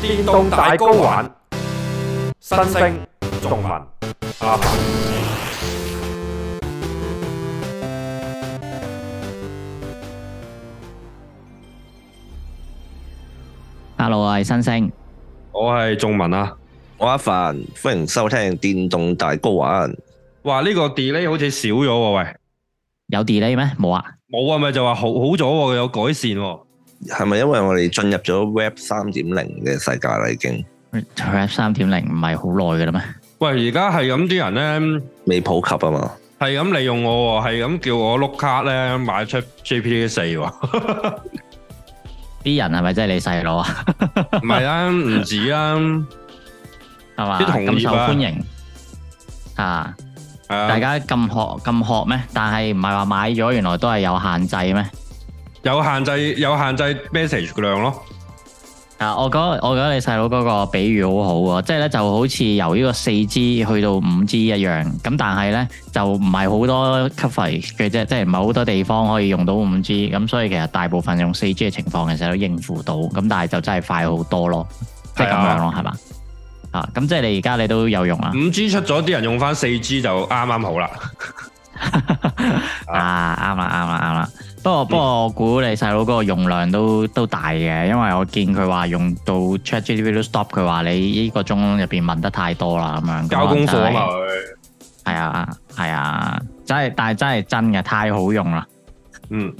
電動大 GO 玩，新星仲文阿凡，Hello，我係新星，我係仲文啊，我阿凡，歡迎收聽電動大 GO 玩。哇，呢個 delay 好似少咗喎，喂，有 delay 咩？冇啊，冇啊，咪就話好好咗，有改善。係咪因為我哋進入咗 Web 三點零嘅世界啦？已經 Web 三點零唔係好耐嘅啦咩？喂，而家係咁啲人咧，未普及啊嘛，係咁利用我，係咁叫我碌卡咧，買出 GPT 四喎。啲人係咪真係你細佬啊？唔係啦，唔止啦，係嘛？咁受歡迎啊！大家咁學咁學咩？但係唔係話買咗，原來都係有限制咩？有限制，有限制 message 量咯。啊，我覺得我覺得你細佬嗰個比喻好好啊，即係咧就好似由呢個四 G 去到五 G 一樣。咁但係咧就唔係好多覆蓋嘅啫，即係唔係好多地方可以用到五 G。咁所以其實大部分用四 G 嘅情況其實都應付到。咁但係就真係快好多咯，即係咁樣咯，係嘛、啊？啊，咁即係你而家你都有用啦。五 G 出咗，啲人用翻四 G 就啱啱好啦。啊，啱、啊、啦，啱、啊、啦，啱、啊、啦。啊。不過不過我估你細佬嗰個容量都都大嘅，因為我見佢話用到 ChatGPT stop，佢話你呢個鐘入邊問得太多啦咁樣交、就是、功課嘛佢係啊係啊，啊啊真係但係真係真嘅，太好用啦！嗯，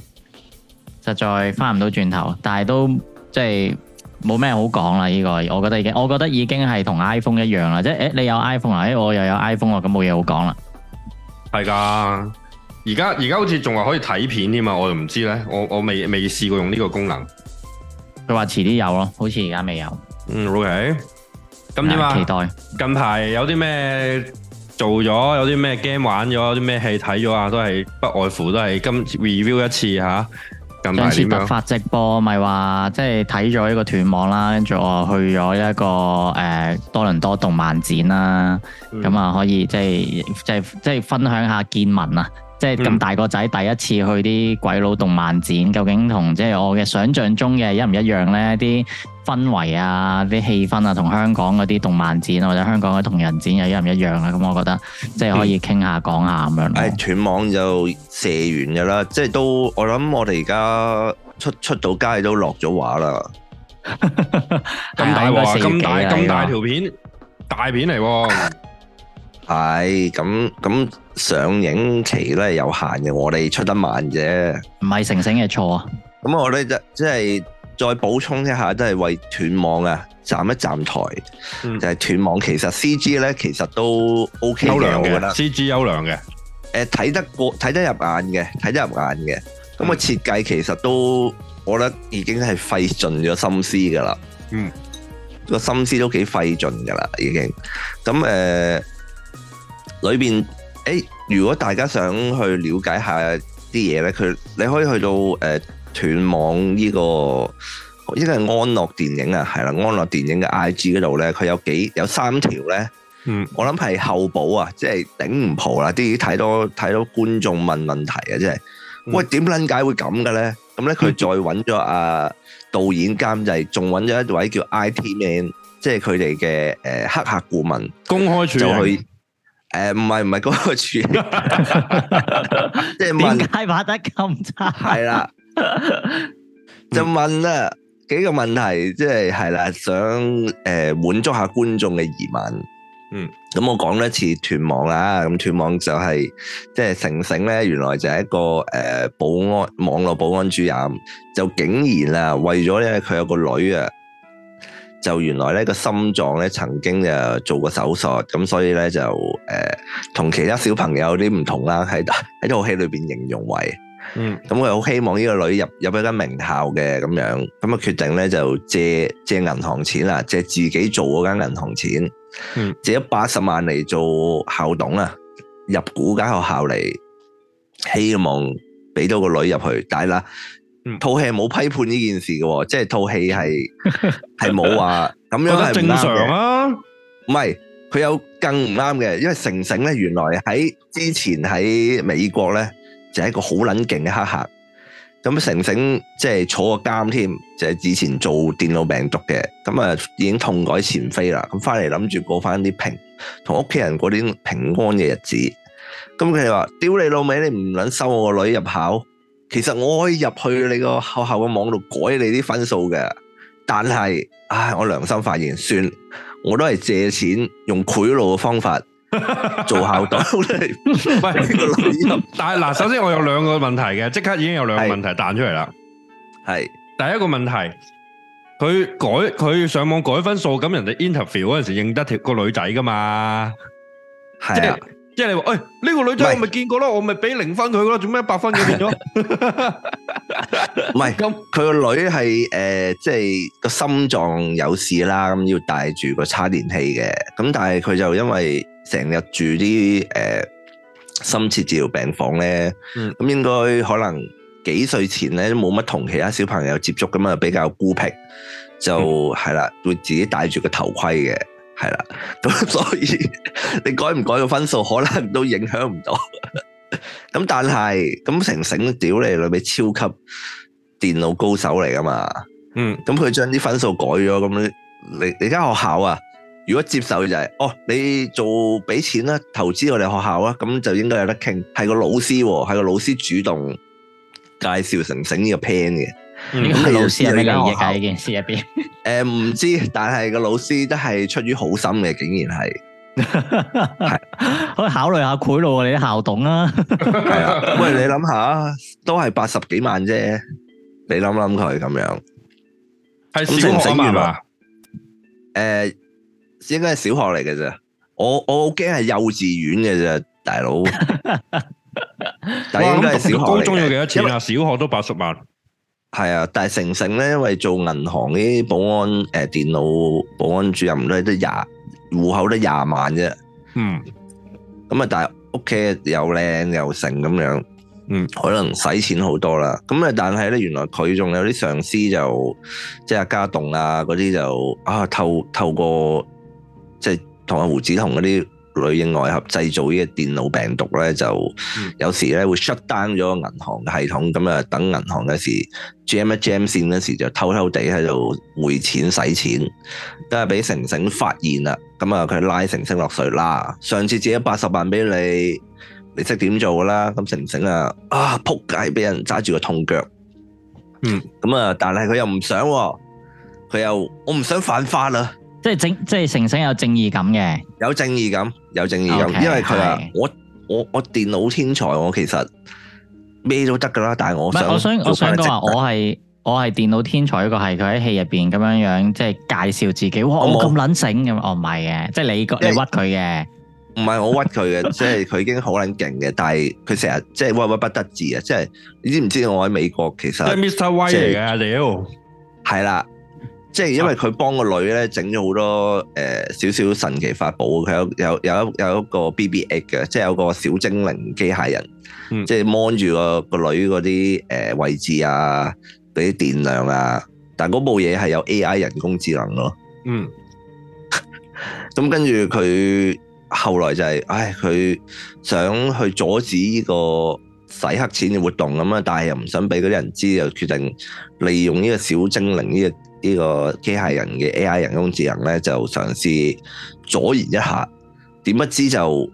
實在翻唔到轉頭，但係都即係冇咩好講啦。呢、這個我覺得已經，我覺得已經係同 iPhone 一樣啦。即係誒、欸，你有 iPhone 啊、欸？誒，我又有 iPhone 啊，咁冇嘢好講啦。係噶。而家而家好似仲話可以睇片添嘛？我就唔知咧，我我未未試過用呢個功能。佢話遲啲有咯，好似而家未有。嗯，羅、okay? 偉，咁點啊？期待。近排有啲咩做咗？有啲咩 game 玩咗？有啲咩戲睇咗啊？都係不外乎都係今次 review 一次吓、啊。上次突發直播，咪話即係睇咗一個斷網啦，跟住我去咗一個誒多倫多動漫展啦，咁啊、嗯、可以即係即係即係分享下見聞啊。即係咁大個仔第一次去啲鬼佬動漫展，究竟同即係我嘅想像中嘅一唔一樣咧？啲氛圍啊，啲氣氛啊，同香港嗰啲動漫展或者香港嘅同人展又一唔一樣啊。咁我覺得即係可以傾下講、嗯、下咁樣。誒、哎，斷網就射完㗎啦！即係都我諗我哋而家出出到街都落咗畫啦。咁 大畫，咁 大咁大，大條片，大片嚟喎！ 係咁，咁上映期咧有限嘅，我哋出得慢啫。唔係成成嘅錯啊！咁我哋就即係再補充一下，都係為斷網啊，站一站台，嗯、就係斷網。其實 C G 咧，其實都 O K 嘅，優良嘅。C G 優良嘅。誒、呃，睇得過，睇得入眼嘅，睇得入眼嘅。咁啊、嗯，個設計其實都我覺得已經係費盡咗心思噶啦。嗯，個心思，思都幾費盡噶啦，已經。咁誒。呃裏邊誒、欸，如果大家想去了解一下啲嘢咧，佢你可以去到誒斷、呃、網呢、這個，應該係安樂電影啊，係啦，安樂電影嘅 I G 嗰度咧，佢有幾有三條咧，嗯、我諗係後補啊，即係頂唔蒲啦，啲睇多睇多觀眾問問題、嗯嗯、啊，即係喂，點捻解會咁嘅咧？咁咧佢再揾咗啊導演監製，仲揾咗一位叫 IT man，即係佢哋嘅誒黑客顧問，公開處理。誒，唔係唔係嗰個處，即係點解拍得咁差？係 啦，就問啦幾個問題，即係係啦，想誒滿、呃、足下觀眾嘅疑問。嗯，咁我講一次斷網啦，咁斷網就係即係成成咧，原來就係一個誒、呃、保安網絡保安主任，就竟然啊為咗咧佢有個女啊。就原來咧個心臟咧曾經就做過手術，咁所以咧就誒同、呃、其他小朋友有啲唔同啦，喺喺套戲裏邊形容為，嗯，咁佢好希望呢個女入入一間名校嘅咁樣，咁啊決定咧就借借銀行錢啦，借自己做嗰間銀行錢，嗯、借咗八十萬嚟做校董啊，入股間學校嚟，希望俾到個女入去，但係啦。套戲係冇批判呢件事嘅，即係套戲係係冇話咁樣係唔正常啊，唔係佢有更唔啱嘅，因為成成咧原來喺之前喺美國咧就係、是、一個好撚勁嘅黑客。咁成成即係坐過監添，就係、是、之前做電腦病毒嘅。咁、嗯、啊已經痛改前非啦，咁翻嚟諗住過翻啲平同屋企人嗰啲平安嘅日子。咁佢哋話：屌你老味，你唔捻收我個女入校。」其實我可以入去你個學校嘅網度改你啲分數嘅，但係，唉，我良心發現，算，我都係借錢用賄賂嘅方法做校董嚟。唔係，但係嗱，首先我有兩個問題嘅，即刻已經有兩個問題彈出嚟啦，係第一個問題，佢改佢上網改分數，咁人哋 interview 嗰陣時認得條個女仔噶嘛，係啊。即係你話，呢、哎呢個女仔我咪見過啦，是我咪俾零分佢啦，做咩一百分嘅變咗？唔係， 咁佢個女係誒，即係個心臟有事啦，咁要戴住個叉電器嘅。咁但係佢就因為成日住啲誒深切治療病房咧，咁、嗯、應該可能幾歲前咧都冇乜同其他小朋友接觸，咁啊比較孤僻，就係啦、嗯，會自己戴住個頭盔嘅。係啦，咁所以 你改唔改個分數，可能都影響唔到。咁 但係，咁成成屌你女俾超級電腦高手嚟㗎嘛，嗯，咁佢將啲分數改咗，咁你你間學校啊，如果接受就係、是，哦，你做俾錢啦，投資我哋學校啊。」咁就應該有得傾。係個老師、啊，係個老師主動介紹成成呢個 plan 嘅。咁、嗯、老師有冇人理解呢件事入邊？誒、嗯，唔知，但係個老師都係出於好心嘅，竟然係， 是可以考慮下賄賂你啲校董啊？係 啊，喂，你諗下，都係八十幾萬啫，你諗諗佢咁樣，係小學嘛？誒、嗯呃，應該係小學嚟嘅啫，我我好驚係幼稚園嘅啫，大佬， 但應該係小學，嗯、高中要幾多錢啊？為小學都八十萬。係啊，但係成城咧，因為做銀行啲保安，誒、呃、電腦保安主任都係得廿戶口都，得廿萬啫。嗯。咁啊，但係屋企又靚又成咁樣，嗯，可能使錢好多啦。咁啊，但係咧，原來佢仲有啲上司就即係阿家棟啊，啊，嗰啲就啊透透過即係同阿胡子彤嗰啲。裏應外合製造呢個電腦病毒咧，就有時咧會 shutdown 咗銀行嘅系統，咁啊、嗯、等銀行嘅時，jam 一 jam 線嗰時就偷偷地喺度匯錢使錢，都係俾成成發現啦。咁啊，佢拉成成落水啦。上次借咗八十萬俾你，你識點做㗎啦？咁成成啊，啊撲街俾人揸住個痛腳。嗯，嗯，咁啊，但係佢又唔想喎，佢又我唔想犯法啦。即係成成有正義感嘅，有正義感，有正義感。因為佢話，我我我電腦天才，我其實咩都得噶啦。但係我想我想我想講話，我係我係電腦天才，呢個係佢喺戲入邊咁樣樣，即係介紹自己。哇，我咁撚醒。咁我唔係嘅，即係你你屈佢嘅，唔係我屈佢嘅，即係佢已經好撚勁嘅。但係佢成日即係屈屈不得志啊！即係你知唔知我喺美國其實？即係 Mr. White 嚟嘅，阿屌，係啦。即係因為佢幫個女咧整咗好多誒少少神奇法寶，佢有有有一有一個 BB8 嘅，即係有個小精靈機械人，嗯、即係 mon 住個個女嗰啲誒位置啊，嗰啲電量啊。但嗰部嘢係有 AI 人工智能咯。嗯。咁跟住佢後來就係、是，唉，佢想去阻止呢個洗黑錢嘅活動咁樣，但係又唔想俾嗰啲人知，又決定利用呢個小精靈呢、這個。呢個機械人嘅 AI 人工智能咧，就嘗試阻燃一下，點不知就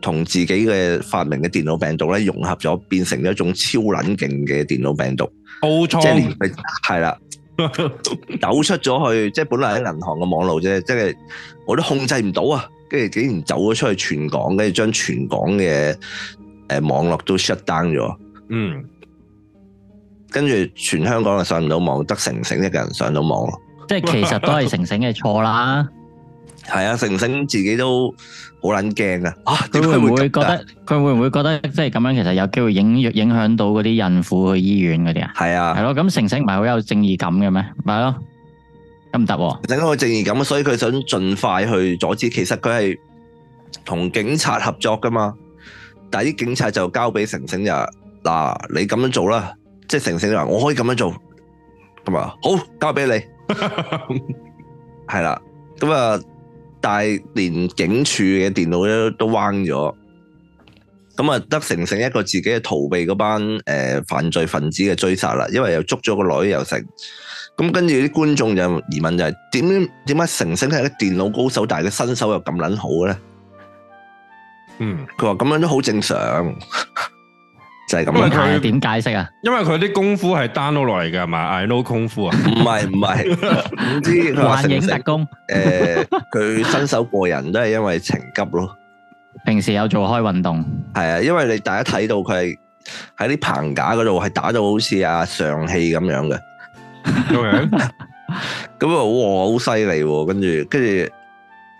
同自己嘅發明嘅電腦病毒咧融合咗，變成一種超撚勁嘅電腦病毒。冇錯槽，即係係啦，走 出咗去，即係本來喺銀行嘅網絡啫，即係我都控制唔到啊！跟住竟然走咗出去全港，跟住將全港嘅誒、呃、網絡都 shutdown 咗。嗯。跟住全香港就上唔到網，得成成一個人上到網咯。即係其實都係成成嘅錯啦。係啊，成成自己都好撚驚噶。啊，佢會唔會覺得？佢會唔會覺得？即係咁樣，其實有機會影影響到嗰啲孕婦去醫院嗰啲啊。係啊，係咯。咁成成唔係好有正義感嘅咩？咪咯，得唔得？整個正義感，所以佢想盡快去阻止。其實佢係同警察合作噶嘛，但係啲警察就交俾成成呀。嗱，你咁樣做啦。即係成成話，我可以咁樣做，咁啊，好交俾你，係啦，咁啊，大連警署嘅電腦都彎咗，咁啊，得成成一個自己嘅逃避嗰班誒犯罪分子嘅追殺啦，因為又捉咗個女又成，咁跟住啲觀眾就疑問就係，點點解成成係一個電腦高手，但係佢身手又咁撚好咧？嗯，佢話咁樣都好正常。就係咁樣，點解釋啊？因為佢啲功夫係 download 落嚟嘅，係嘛 ？I know 功夫啊？唔係唔係，唔知幻 影特工。誒、 呃，佢身手過人都係因為情急咯。平時有做開運動？係啊，因為你大家睇到佢係喺啲棚架嗰度，係打到好似阿上戲咁樣嘅。咁啊，哇，好犀利！跟住跟住，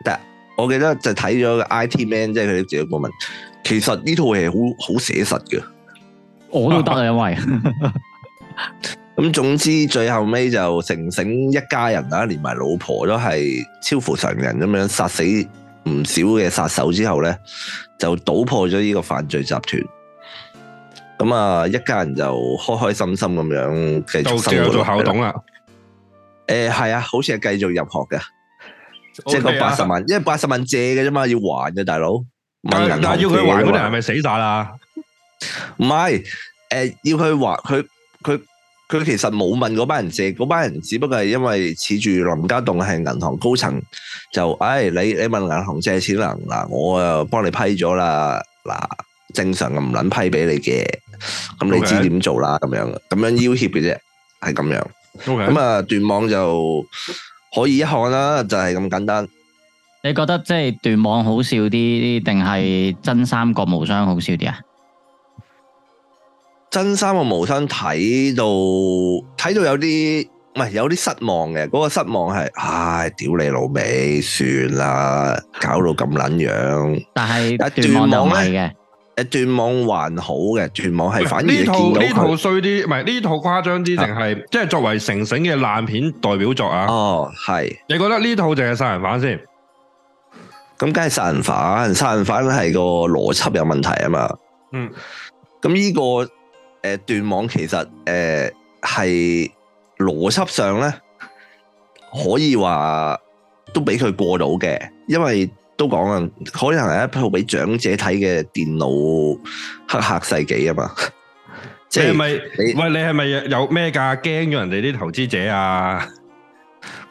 但我記得就睇咗 IT Man，即係佢啲自己個問，其實呢套係好好寫實嘅。我都得啊，因為咁總之最後尾就成成一家人啦，連埋老婆都係超乎常人咁樣殺死唔少嘅殺手之後咧，就搗破咗呢個犯罪集團。咁啊，一家人就開開心心咁樣繼續生活。做校董啊？誒，係啊，好似係繼續入學嘅，即係嗰八十萬，因為八十萬借嘅啫嘛，要還嘅大佬。但係要佢還嗰啲人，係咪死晒啦？唔係，誒、呃，要去話佢佢佢其實冇問嗰班人借，嗰班人只不過係因為恃住林家棟係銀行高層，就誒、哎，你你問銀行借錢啦，嗱，我又幫你批咗啦，嗱，正常唔捻批俾你嘅，咁你知點做啦，咁 Okay. 樣，咁樣要挾嘅啫，係咁樣，咁啊 Okay. 斷網就可以一看啦，就係、是、咁簡單。你覺得即係斷網好笑啲，定係真三國無雙好笑啲啊？新三我無心睇到睇到有啲唔係有啲失望嘅，嗰個失望係唉屌你老味，算啦搞到咁撚樣。但係一斷網咧，一斷網還好嘅，斷網係反而見到，呢套呢套衰啲，唔係呢套誇張之極係，即係作為城城嘅爛片代表作啊。哦，係你覺得呢套淨係殺人犯先？咁梗係殺人犯，殺人犯係個邏輯有問題啊嘛。嗯，咁呢個。誒，斷網其實誒係邏輯上咧，可以話都俾佢過到嘅，因為都講啊，可能係一套俾長者睇嘅電腦黑客世紀啊嘛。即係咪？你係咪？你喂，你係咪有咩噶？驚咗人哋啲投資者啊？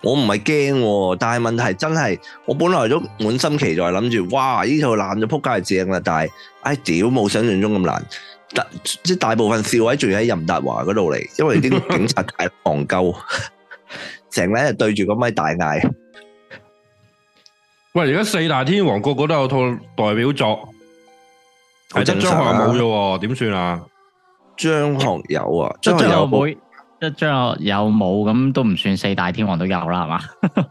我唔係驚，但係問題真係，我本來都滿心期待，諗住哇呢套爛咗仆街係正啦，但係哎屌冇想象中咁爛。即係大部分笑位仲要喺任達華嗰度嚟，因為啲警察太戇鳩，成日 對住個咪大嗌。喂，而家四大天王個個都有套代表作，係得張學友冇咗喎，點、啊、算啊？張學友啊，張學友妹，即係張學友冇咁都唔算四大天王都有啦，係嘛？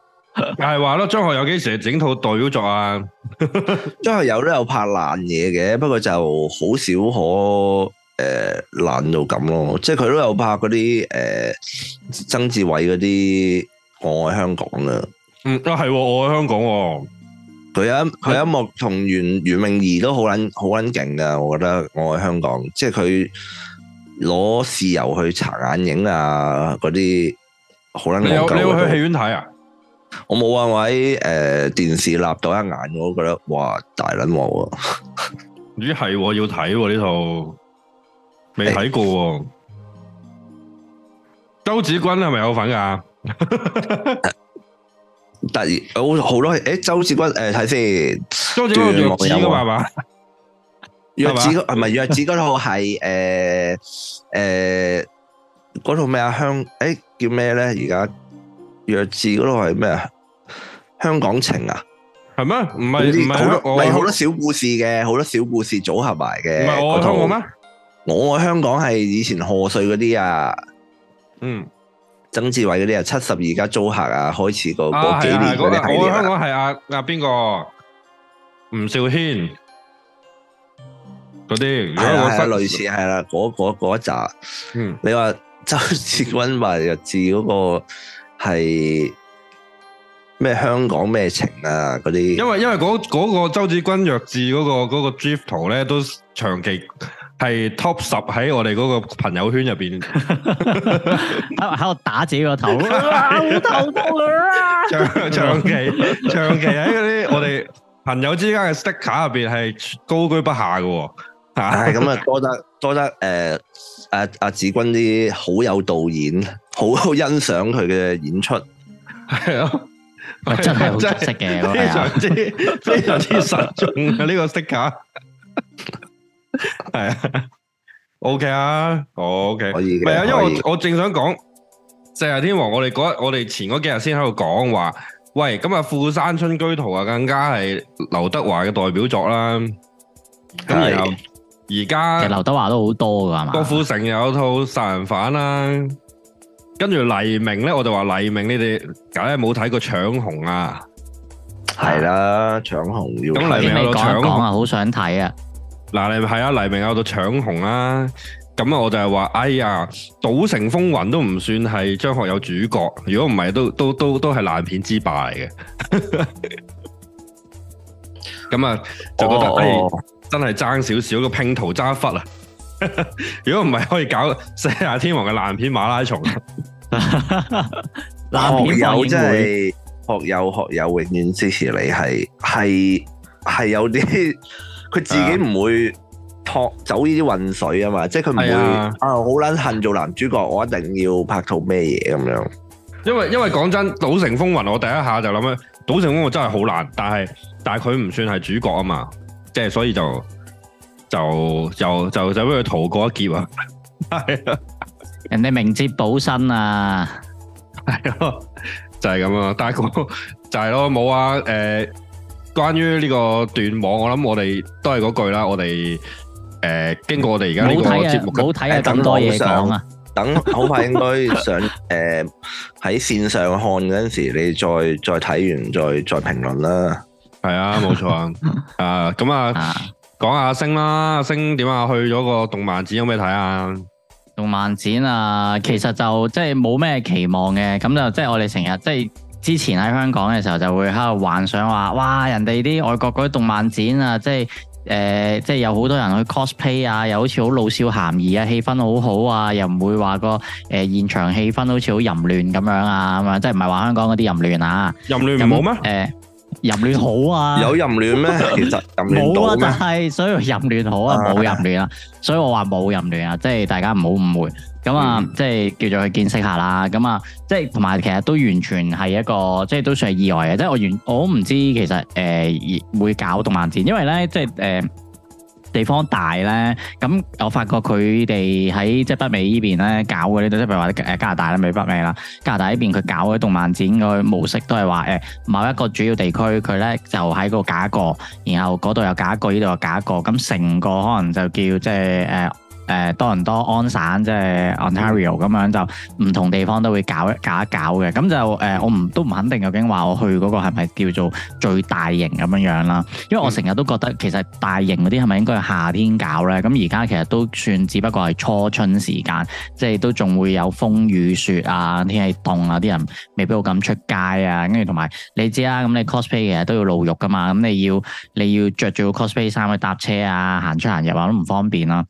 係話咯，張學友幾時整套代表作啊！張 學友都有拍爛嘢嘅，不過就好少可誒爛、呃、到咁咯、啊。即係佢都有拍嗰啲誒曾志偉嗰啲我愛香港啦、啊。都、嗯、啊係、哦、我愛香港、啊。佢有佢一，是一幕同袁袁詠儀都好捻好捻勁噶。我覺得我愛香港，即係佢攞豉油去擦眼影啊，嗰啲好捻。你有你會去戲院睇啊？.我冇、 嗯、啊，我喺誒電視立到一眼，我都覺得哇大捻鑊喎！咦，係要睇呢套未睇過？欸、周子君係咪有份㗎？突然好好多誒、欸，周子君誒，睇、欸、先。周子梓君有啊段 嘛？若友子啊唔係若子君 套係誒誒嗰套咩啊香？誒、呃呃呃呃呃、叫咩咧而家？弱智嗰度係咩啊？香港情啊？係咩？唔係唔係好多小故事嘅，好多小故事組合埋嘅。唔係我同我咩？我喺香港係以前賀歲嗰啲啊。嗯。曾志偉嗰啲啊，七十二家租客啊，開始個嗰幾年。香港係啊，阿邊個？吳少軒嗰啲，如果我類似係啦，嗰嗰集。你話周志軍話弱智嗰個？係咩香港咩情啊？嗰啲因為因為嗰嗰個、那個、周子君弱智嗰個嗰、那個 drift 圖咧，都、er 那個、長期係 top 十喺我哋嗰個朋友圈入邊，喺喺度打自己個、啊、頭啦、啊， 頭禿啦！長期長期喺嗰啲我哋朋友之間嘅 stick 卡入邊係高居不下嘅吓、 啊。咁啊多得多得誒誒阿子君啲好友導演。好好欣賞佢嘅演出，係啊，真係好真實嘅，非常之非常之實中嘅呢個色卡，係啊，OK 啊，OK，可以，唔係啊，因為我我正想講四大天王，我哋嗰我哋前嗰幾日先喺度講話，喂，咁啊《富山春居圖》啊，更加係劉德華嘅代表作啦，咁又而家劉德華都好多㗎，郭富城有套殺人犯啦。跟住黎明咧，我就話黎明你哋梗係冇睇過搶紅啊，係啦，搶紅咁黎明有個搶紅，講啊，好想睇啊！嗱，你係啊，黎明有到搶紅啦，咁啊，啊，我就係話，哎呀，賭城風雲都唔算係張學友主角，如果唔係，都都都都係爛片之霸嘅。咁 啊， 就覺得、就是、哦哦哎，真係爭少少個拼圖爭一忽啊！如果唔係， 可以搞《四大天王》嘅爛片馬拉松。學友真係，學友學友永遠支持你，係係係有啲，佢自己唔會托走呢啲運水啊嘛，啊即係佢唔會啊好捻、啊、恨做男主角，我一定要拍套咩嘢咁樣，樣因，因為因為講真，《賭城風雲》我第一下就諗起，《賭城風雲》真係好難，但係但係佢唔算係主角啊嘛，即、就、係、是、所以就。就就就畀佢逃過一劫啊？係啊，人哋明哲保身啊，係咯，就係咁啊。但係個就係咯，冇啊。誒，關於呢個斷網，我諗我哋都係嗰句啦。我哋誒經過，我哋而家呢個節目，好睇啊，等多嘢講啊。等好快應該想誒喺線上看嗰陣時，你再再睇完，再再評論啦。係啊，冇錯啊。啊，咁啊。講下星啦，星點啊？去咗個動漫展有咩睇啊？看看動漫展啊，其實就即係冇咩期望嘅，咁就即係我哋成日即係之前喺香港嘅時候就會喺度幻想話，哇，人哋啲外國嗰啲動漫展啊，即係誒、呃，即係有好多人去 cosplay 啊，又好似好老少咸宜啊，氣氛好好啊，又唔會話個誒、呃、現場氣氛好似好淫亂咁樣啊，咁啊，即係唔係話香港嗰啲淫亂啊，淫亂唔好咩？誒、呃。淫亂好啊！有淫亂咩？其實淫亂啊、就是、淫亂好啊，但係，所以淫亂好啊，冇淫亂啊，所以我話冇淫亂啊，即係大家唔好誤會。咁啊，即係叫做去見識下啦。咁啊，即係同埋其實都完全係一個，即係都算係意外嘅。即係我完我唔知其實誒、呃、會搞動漫展，因為咧即係誒。呃地方大呢，咁我發覺佢哋喺即係北美呢邊呢搞嘅呢啲，即係譬如話誒加拿大啦、美、就是、北美啦，加拿大呢邊佢搞嘅動漫展嘅模式都係話誒某一個主要地區佢呢就喺嗰度搞一個，然後嗰度又搞一個，呢度又搞一個，咁成個可能就叫即係誒。就是呃誒、呃、多倫多安省，即、就、係、是、Ontario 咁樣就唔同地方都會搞一搞一搞嘅。咁就誒、呃，我唔都唔肯定究竟話我去嗰個係咪叫做最大型咁樣樣啦。因為我成日都覺得其實大型嗰啲係咪應該係夏天搞咧？咁而家其實都算，只不過係初春時間，即係都仲會有風雨雪啊，天氣凍啊，啲人未必好咁出街啊。跟住同埋你知啦、啊，咁你 cosplay 其實都要露肉㗎嘛，咁你要你要着住個 cosplay 衫去搭車啊、行出行入啊，都唔方便咯、啊。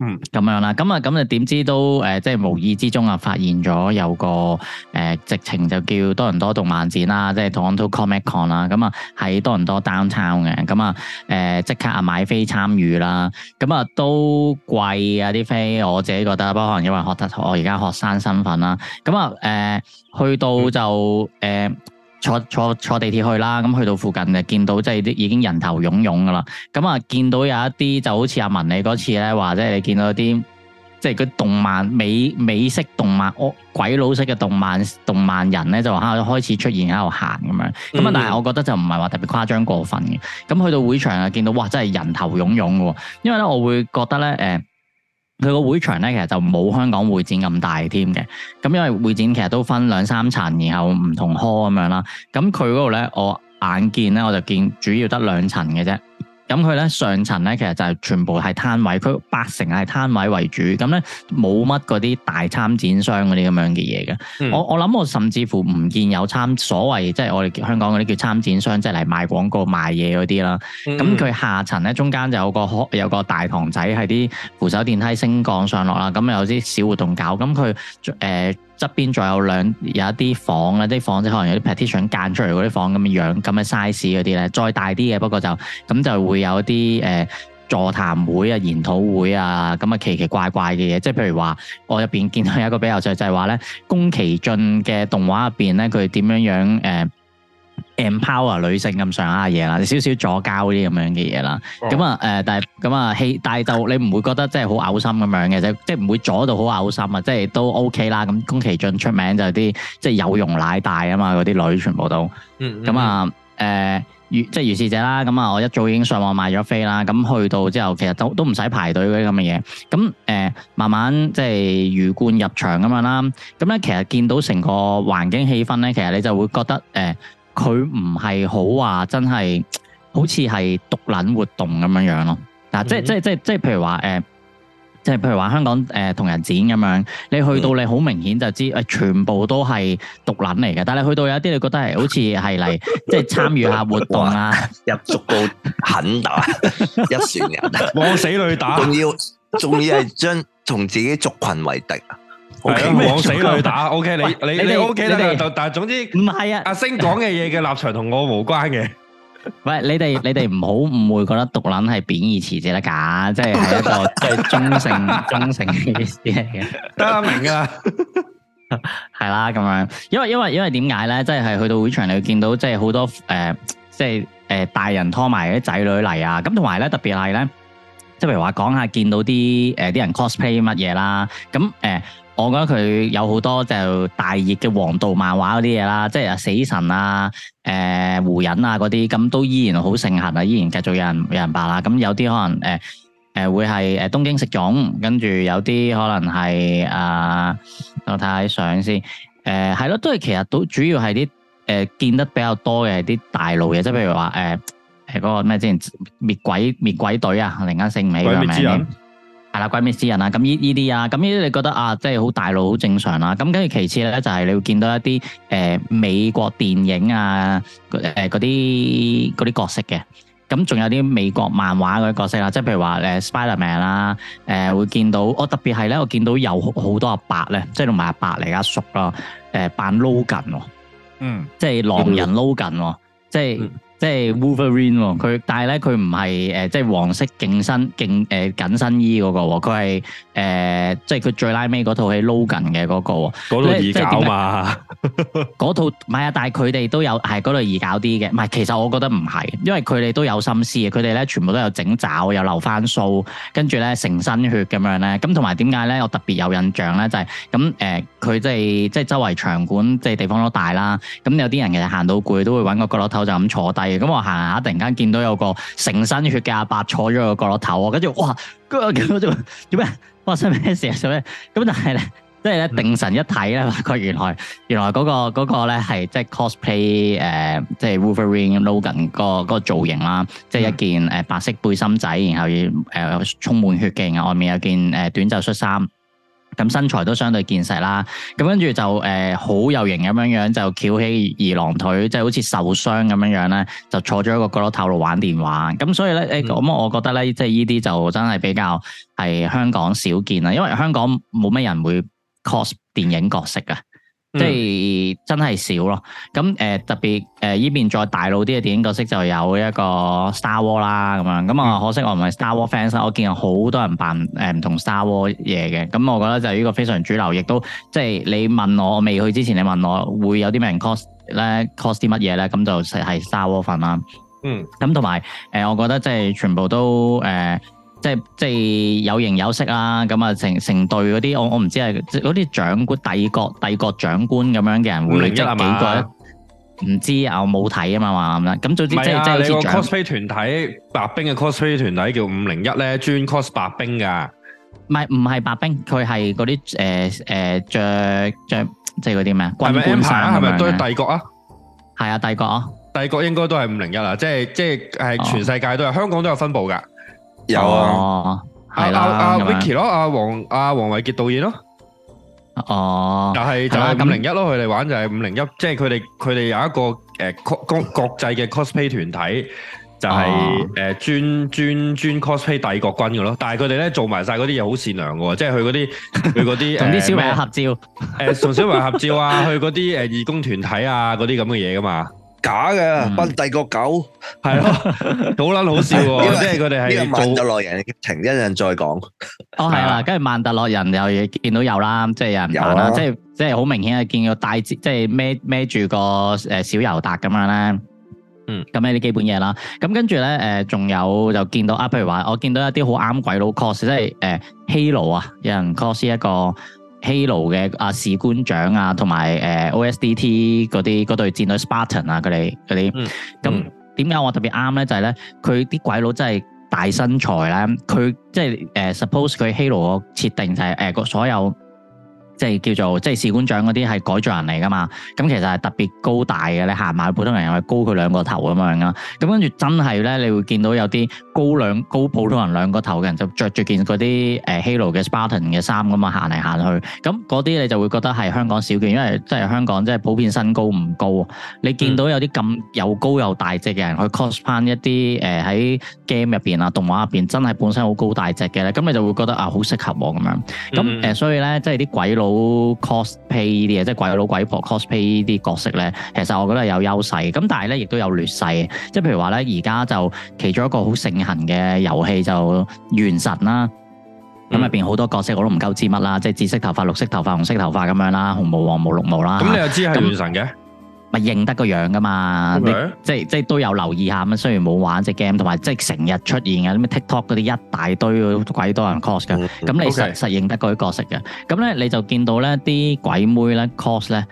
嗯，咁樣啦，咁啊，咁啊，點知都誒，即係無意之中啊，發現咗有個誒，呃、直情就叫多倫多動漫展啦，即係 Toronto Comic Con 啦，咁啊，喺多倫多 downtown 嘅，咁啊，誒，即刻啊買飛參與啦，咁啊，都貴啊啲飛，我自己覺得，包括可能因為學得我而家學生身份啦，咁啊，誒、啊，去到就誒。嗯呃坐坐坐地鐵去啦，咁去到附近就見到即係啲已經人頭湧湧㗎喇。咁啊，見到有一啲就好似阿文你嗰次咧，話，即係你見到啲即係嗰啲動漫美美式動漫或鬼佬式嘅動漫動漫人咧，就話開始出現喺度行咁樣。咁啊，但係我覺得就唔係話特別誇張過分嘅。咁去到會場啊，見到哇，真係人頭湧湧喎。因為咧，我會覺得咧，誒、呃。佢個會場呢，其實就冇香港會展咁大添嘅，咁因為會展其實都分兩三層，然後唔同 hall 咁樣啦，咁佢嗰度呢，我眼見呢，我就見主要得兩層嘅啫。咁佢咧上層咧其實就係全部係攤位，佢八成係攤位為主，咁咧冇乜嗰啲大參展商嗰啲咁樣嘅嘢嘅。我我諗我甚至乎唔見有參所謂即係我哋香港嗰啲叫參展商，即係嚟賣廣告賣嘢嗰啲啦。咁佢、嗯、下層咧中間就有個有個大堂仔，喺啲扶手電梯升降上落啦。咁有啲小活動搞，咁佢誒。呃側邊仲有兩有一啲房咧，啲房即係可能有啲 partition 間出嚟嗰啲房咁嘅樣、咁嘅 size 嗰啲咧，再大啲嘅，不過就咁就會有啲誒、呃、座談會啊、研討會啊，咁啊奇奇怪怪嘅嘢，即係譬如話我入邊見到有一個比較就就係話咧宮崎駿嘅動畫入邊咧，佢點樣樣誒，呃 empower 女性咁上下嘅嘢啦，少少左膠啲咁樣嘅嘢啦。咁啊、oh. 嗯，誒、呃，但係咁啊，氣，但係就你唔會覺得即係好嘔心咁樣嘅、就是，即係即係唔會阻到好嘔心啊。即係都 OK 啦。咁宮崎駿出名就係啲即係有容乃大啊嘛，嗰啲女全部都咁啊，誒、mm hmm. 嗯呃，即係如是者啦。咁啊，我一早已經上網買咗飛啦。咁去到之後，其實都都唔使排隊嗰啲咁嘅嘢。咁、嗯、誒，慢慢即係魚貫入場咁樣啦。咁咧，其實見到成個環境氣氛咧，其實你就會覺得誒。呃佢唔係好話真係好似係獨撚活動咁樣樣咯，嗱即係、mm hmm. 即係即係即係譬如話誒，即、呃、係譬如話香港誒、呃、同人展咁樣，你去到你好明顯就知誒、mm hmm. 全部都係獨撚嚟嘅，但你去到有一啲你覺得係好似係嚟即係參與下活動啊，入足到狠打 一船人，往死裏打，仲要仲要係將同自己族羣為敵。係往死裏打，OK？你你你 OK 得嘅，但但總之唔係啊。阿星講嘅嘢嘅立場同我無關嘅。喂，你哋你哋唔好誤會，覺得毒撚係貶義詞就得噶，即係係一個即係中性中性嘅意思嚟嘅。當然啊，係啦咁樣，因為因為因為點解咧？即係係去到會場，你會見到即係好多誒，即係誒大人拖埋啲仔女嚟啊。咁同埋咧，特別係咧，即係譬如話講下見到啲誒啲人 cosplay 乜嘢啦，咁誒。我覺得佢有好多就大熱嘅王道漫畫嗰啲嘢啦，即係啊死神啊、誒、呃、胡人啊嗰啲，咁都依然好盛行啊，依然繼續有人有人扮啦。咁有啲可能誒誒、呃呃、會係誒東京食種，跟住有啲可能係啊、呃，我睇下啲相先。誒係咯，都係其實都主要係啲誒見得比較多嘅係啲大路嘢，即係譬如話誒誒嗰個咩之前滅鬼滅鬼隊啊，另一個姓美嘅名。係啦、啊，鬼滅之刃啊？咁呢依啲啊，咁呢啲你覺得啊，即係好大路，好正常啦、啊。咁跟住其次咧，就係、是、你會見到一啲誒、呃、美國電影啊，誒嗰啲啲角色嘅。咁仲有啲美國漫畫嗰啲角色啦，即係譬如話誒 Spiderman 啦，誒、uh, 啊呃、會見到我特別係咧，我見到有好多阿伯咧，即係同埋阿伯嚟緊叔咯，誒扮 Logan 喎，呃啊、嗯，即係狼人 Logan 喎，即係。即係 Wolverine 佢，但係咧，佢唔係誒即係黃色勁身勁誒緊身衣嗰個，佢係誒即係佢最拉尾套係 Logan 嘅嗰個喎，易搞嘛，嗰套唔係啊，但係佢哋都有係嗰度易搞啲嘅，唔係，其實我覺得唔係，因為佢哋都有心思嘅，佢哋咧全部都有整爪，有留翻須，跟住咧成身血咁樣咧，咁同埋點解咧我特別有印象咧就係咁誒佢即係即係周圍場館即係地方都大啦，咁有啲人其實行到攰都會揾個角落頭就咁坐低。咁我行下，嗯、突然間見到有個成身血嘅阿伯，伯坐咗喺個角落頭，跟住哇，跟住我見到就做咩？發生咩事啊？做咩？咁但係咧，即係咧定神一睇咧，發覺原來原來嗰、那個嗰、那個咧係即係 cosplay 誒、呃，即係 Wolverine Logan 個、那個造型啦，即係一件誒白色背心仔，然後要誒充滿血嘅，外面有件誒短袖恤衫。咁身材都相對健碩啦，咁跟住就誒好、呃、有型咁樣樣，就翹起二郎腿，即、就、係、是、好似受傷咁樣樣咧，就坐咗一個角落頭度玩電話。咁所以咧，誒咁、嗯哎、我覺得咧，即係呢啲就真係比較係香港少見啊，因為香港冇咩人會 cos 電影角色噶。即係真係少咯。咁、呃、誒，特別誒呢邊再大老啲嘅電影角色就有一個 Star Wars 啦，咁樣咁啊。嗯、可惜我唔係 Star Wars fans 啦。我見有好多人扮誒唔同 Star Wars 嘢嘅。咁我覺得就係呢個非常主流，亦都即係你問我未去之前，你問我會有啲咩人 cos 咧？cos 啲乜嘢咧？咁就係 Star Wars 粉啦。嗯。咁同埋誒，我覺得即係全部都誒。呃即係即係有形有色啦，咁啊成成隊嗰啲，我我唔知係嗰啲長官、帝國、帝國長官咁樣嘅人會即係幾個？唔知啊，我冇睇啊嘛，話咁啦。咁總之即係即係你個 cosplay 團體，白兵嘅 cosplay 團體叫五零一咧，專 cos 白兵噶。唔係唔係白兵，佢係嗰啲誒誒，着着即係嗰啲咩啊？軍裝啊？係咪都係帝國啊？係啊，帝國。帝國應該都係五零一啊，即係即係係全世界都有，香港都有分布噶。有啊，阿阿阿 Vicky 咯，阿王阿王偉傑導演咯。哦，但係就係五零一咯，佢哋玩就係五零一，即係佢哋佢哋有一個誒國國國際嘅 cosplay 團體，就係誒專專專 cosplay 帝國軍嘅咯。但係佢哋咧做埋晒嗰啲嘢好善良嘅，即係去嗰啲去嗰啲同啲小朋友合照，誒同小朋友合照啊，去嗰啲誒義工團體啊嗰啲咁嘅嘢噶嘛。假嘅，班帝國狗，係咯，好捻好笑喎！即係佢哋係有曼特洛人嘅劇情，一陣再講。哦，係啦，跟住曼特洛人又見到有啦，即係有人扮啦，即係即係好明顯係見到帶即係孭孭住個誒小尤達咁樣咧。嗯，咁呢啲基本嘢啦。咁跟住咧，誒，仲有就見到啊，譬如話我見到一啲好啱鬼佬 cos，即係誒，希羅啊，有人 cos 一個。Halo 嘅阿士官長啊，同埋誒、呃、OSDT 嗰啲嗰隊戰隊 Spartan 啊，佢哋啲，咁點解我特別啱咧？就係、是、咧，佢啲鬼佬真係大身材啦。佢即係誒 suppose 佢 Halo 嘅設定就係誒個所有。即係叫做即係士官長，啲係改造人嚟㗎嘛，咁其實係特別高大嘅，你行埋普通人又係高佢兩個頭咁樣啦。咁跟住真係咧，你會見到有啲高兩高普通人兩個頭嘅人就，就着住件嗰啲誒 Halo 嘅 Spartan 嘅衫㗎啊行嚟行去。咁啲你就會覺得係香港少見，因為即係香港即係普遍身高唔高。你見到有啲咁又高又大隻嘅人，嗯、去 cosplay 一啲誒喺 game 入邊啊、動畫入邊真係本身好高大隻嘅咧，咁你就會覺得啊好適合我咁樣咁誒所以咧即係啲鬼佬。好 cosplay 呢啲嘢，即係鬼佬鬼婆 cosplay 呢啲角色咧，其實我覺得有優勢，咁但係咧亦都有劣勢，即係譬如話咧，而家就其中一個好盛行嘅遊戲就原神啦，咁入邊好多角色我都唔夠知乜啦，即係紫色頭髮、綠色頭髮、紅色頭髮咁樣啦，紅毛、黃毛、綠毛啦，咁你又知係原神嘅？啊咪認得個樣噶嘛。Okay? 即係即係都有留意下。咁雖然冇玩隻 game，同埋即係成日出現啊啲咩 TikTok 嗰啲一大堆，鬼多人 cos 嘅。咁、mm hmm. 你實實認得嗰啲角色嘅。咁咧 Okay. 你就見到咧啲鬼妹咧 cos 咧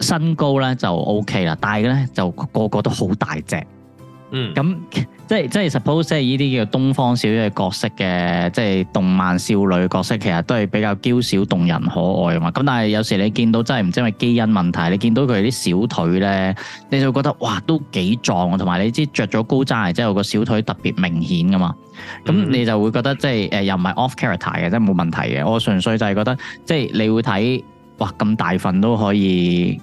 身高咧就 O K 啦，大咧就個個都好大隻。嗯，咁即係即係 suppose 係呢啲叫東方少女角色嘅，即係動漫少女角色，其實都係比較嬌小動人可愛啊嘛。咁但係有時你見到真係唔知因為基因問題，你見到佢啲小腿咧，你就覺得哇都幾壯啊，同埋你知着咗高踭鞋，之後個小腿特別明顯噶嘛。咁、嗯、你就會覺得即係誒、呃、又唔係 off character 嘅，真係冇問題嘅。我純粹就係覺得即係你會睇哇咁大份都可以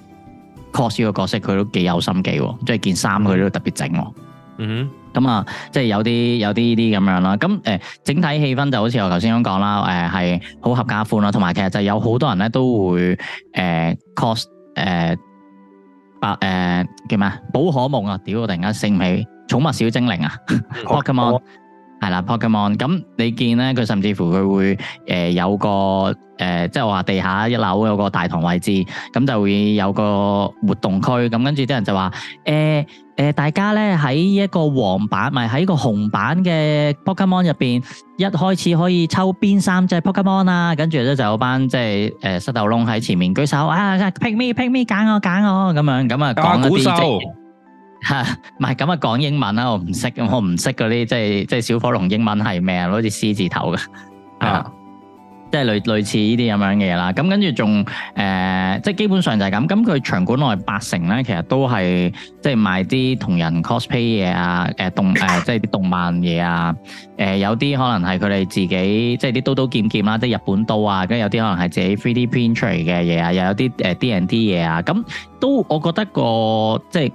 cos 呢角色，佢都幾有心機喎，即係件衫佢都特別整喎。Mm hmm. 嗯，哼，咁啊，即係有啲有啲呢啲咁樣啦，咁誒，整體氣氛就好似我頭先咁講啦，誒係好合家歡咯，同埋其實就係有好多人咧都會誒、呃、cos 誒、呃、百誒、呃、叫咩啊寶可夢啊，屌我突然間醒唔起，寵物小精靈啊、嗯、，Pokemon、嗯。嗯係啦，Pokemon 咁你見咧，佢甚至乎佢會誒、呃、有個誒，即係我話地下一樓有個大堂位置，咁就會有個活動區，咁跟住啲人就話誒誒，大家咧喺一個黃版咪喺個紅版嘅 Pokemon 入邊，一開始可以抽邊三隻 Pokemon 啊。」跟住咧就有班即係誒塞豆窿喺前面舉手啊,啊,啊，pick me pick me 揀我揀我咁樣，咁啊講一啲古唔係咁啊， 講英文啦。我唔識，我唔識嗰啲，即係即係小火龍英文係咩啊？好似獅字頭嘅啊、uh. 呃，即係類類似呢啲咁樣嘅嘢啦。咁跟住仲誒，即係基本上就係咁。咁佢場館內八成咧，其實都係即係賣啲同人 cosplay 嘢啊，誒、呃、動誒、呃、即係啲動漫嘢啊，誒、呃、有啲可能係佢哋自己即係啲刀刀劍劍啦，即係日本刀啊。跟住有啲可能係自己 three D print 出嚟嘅嘢啊，又有啲誒 D N D 嘢啊。咁都我覺得個即係。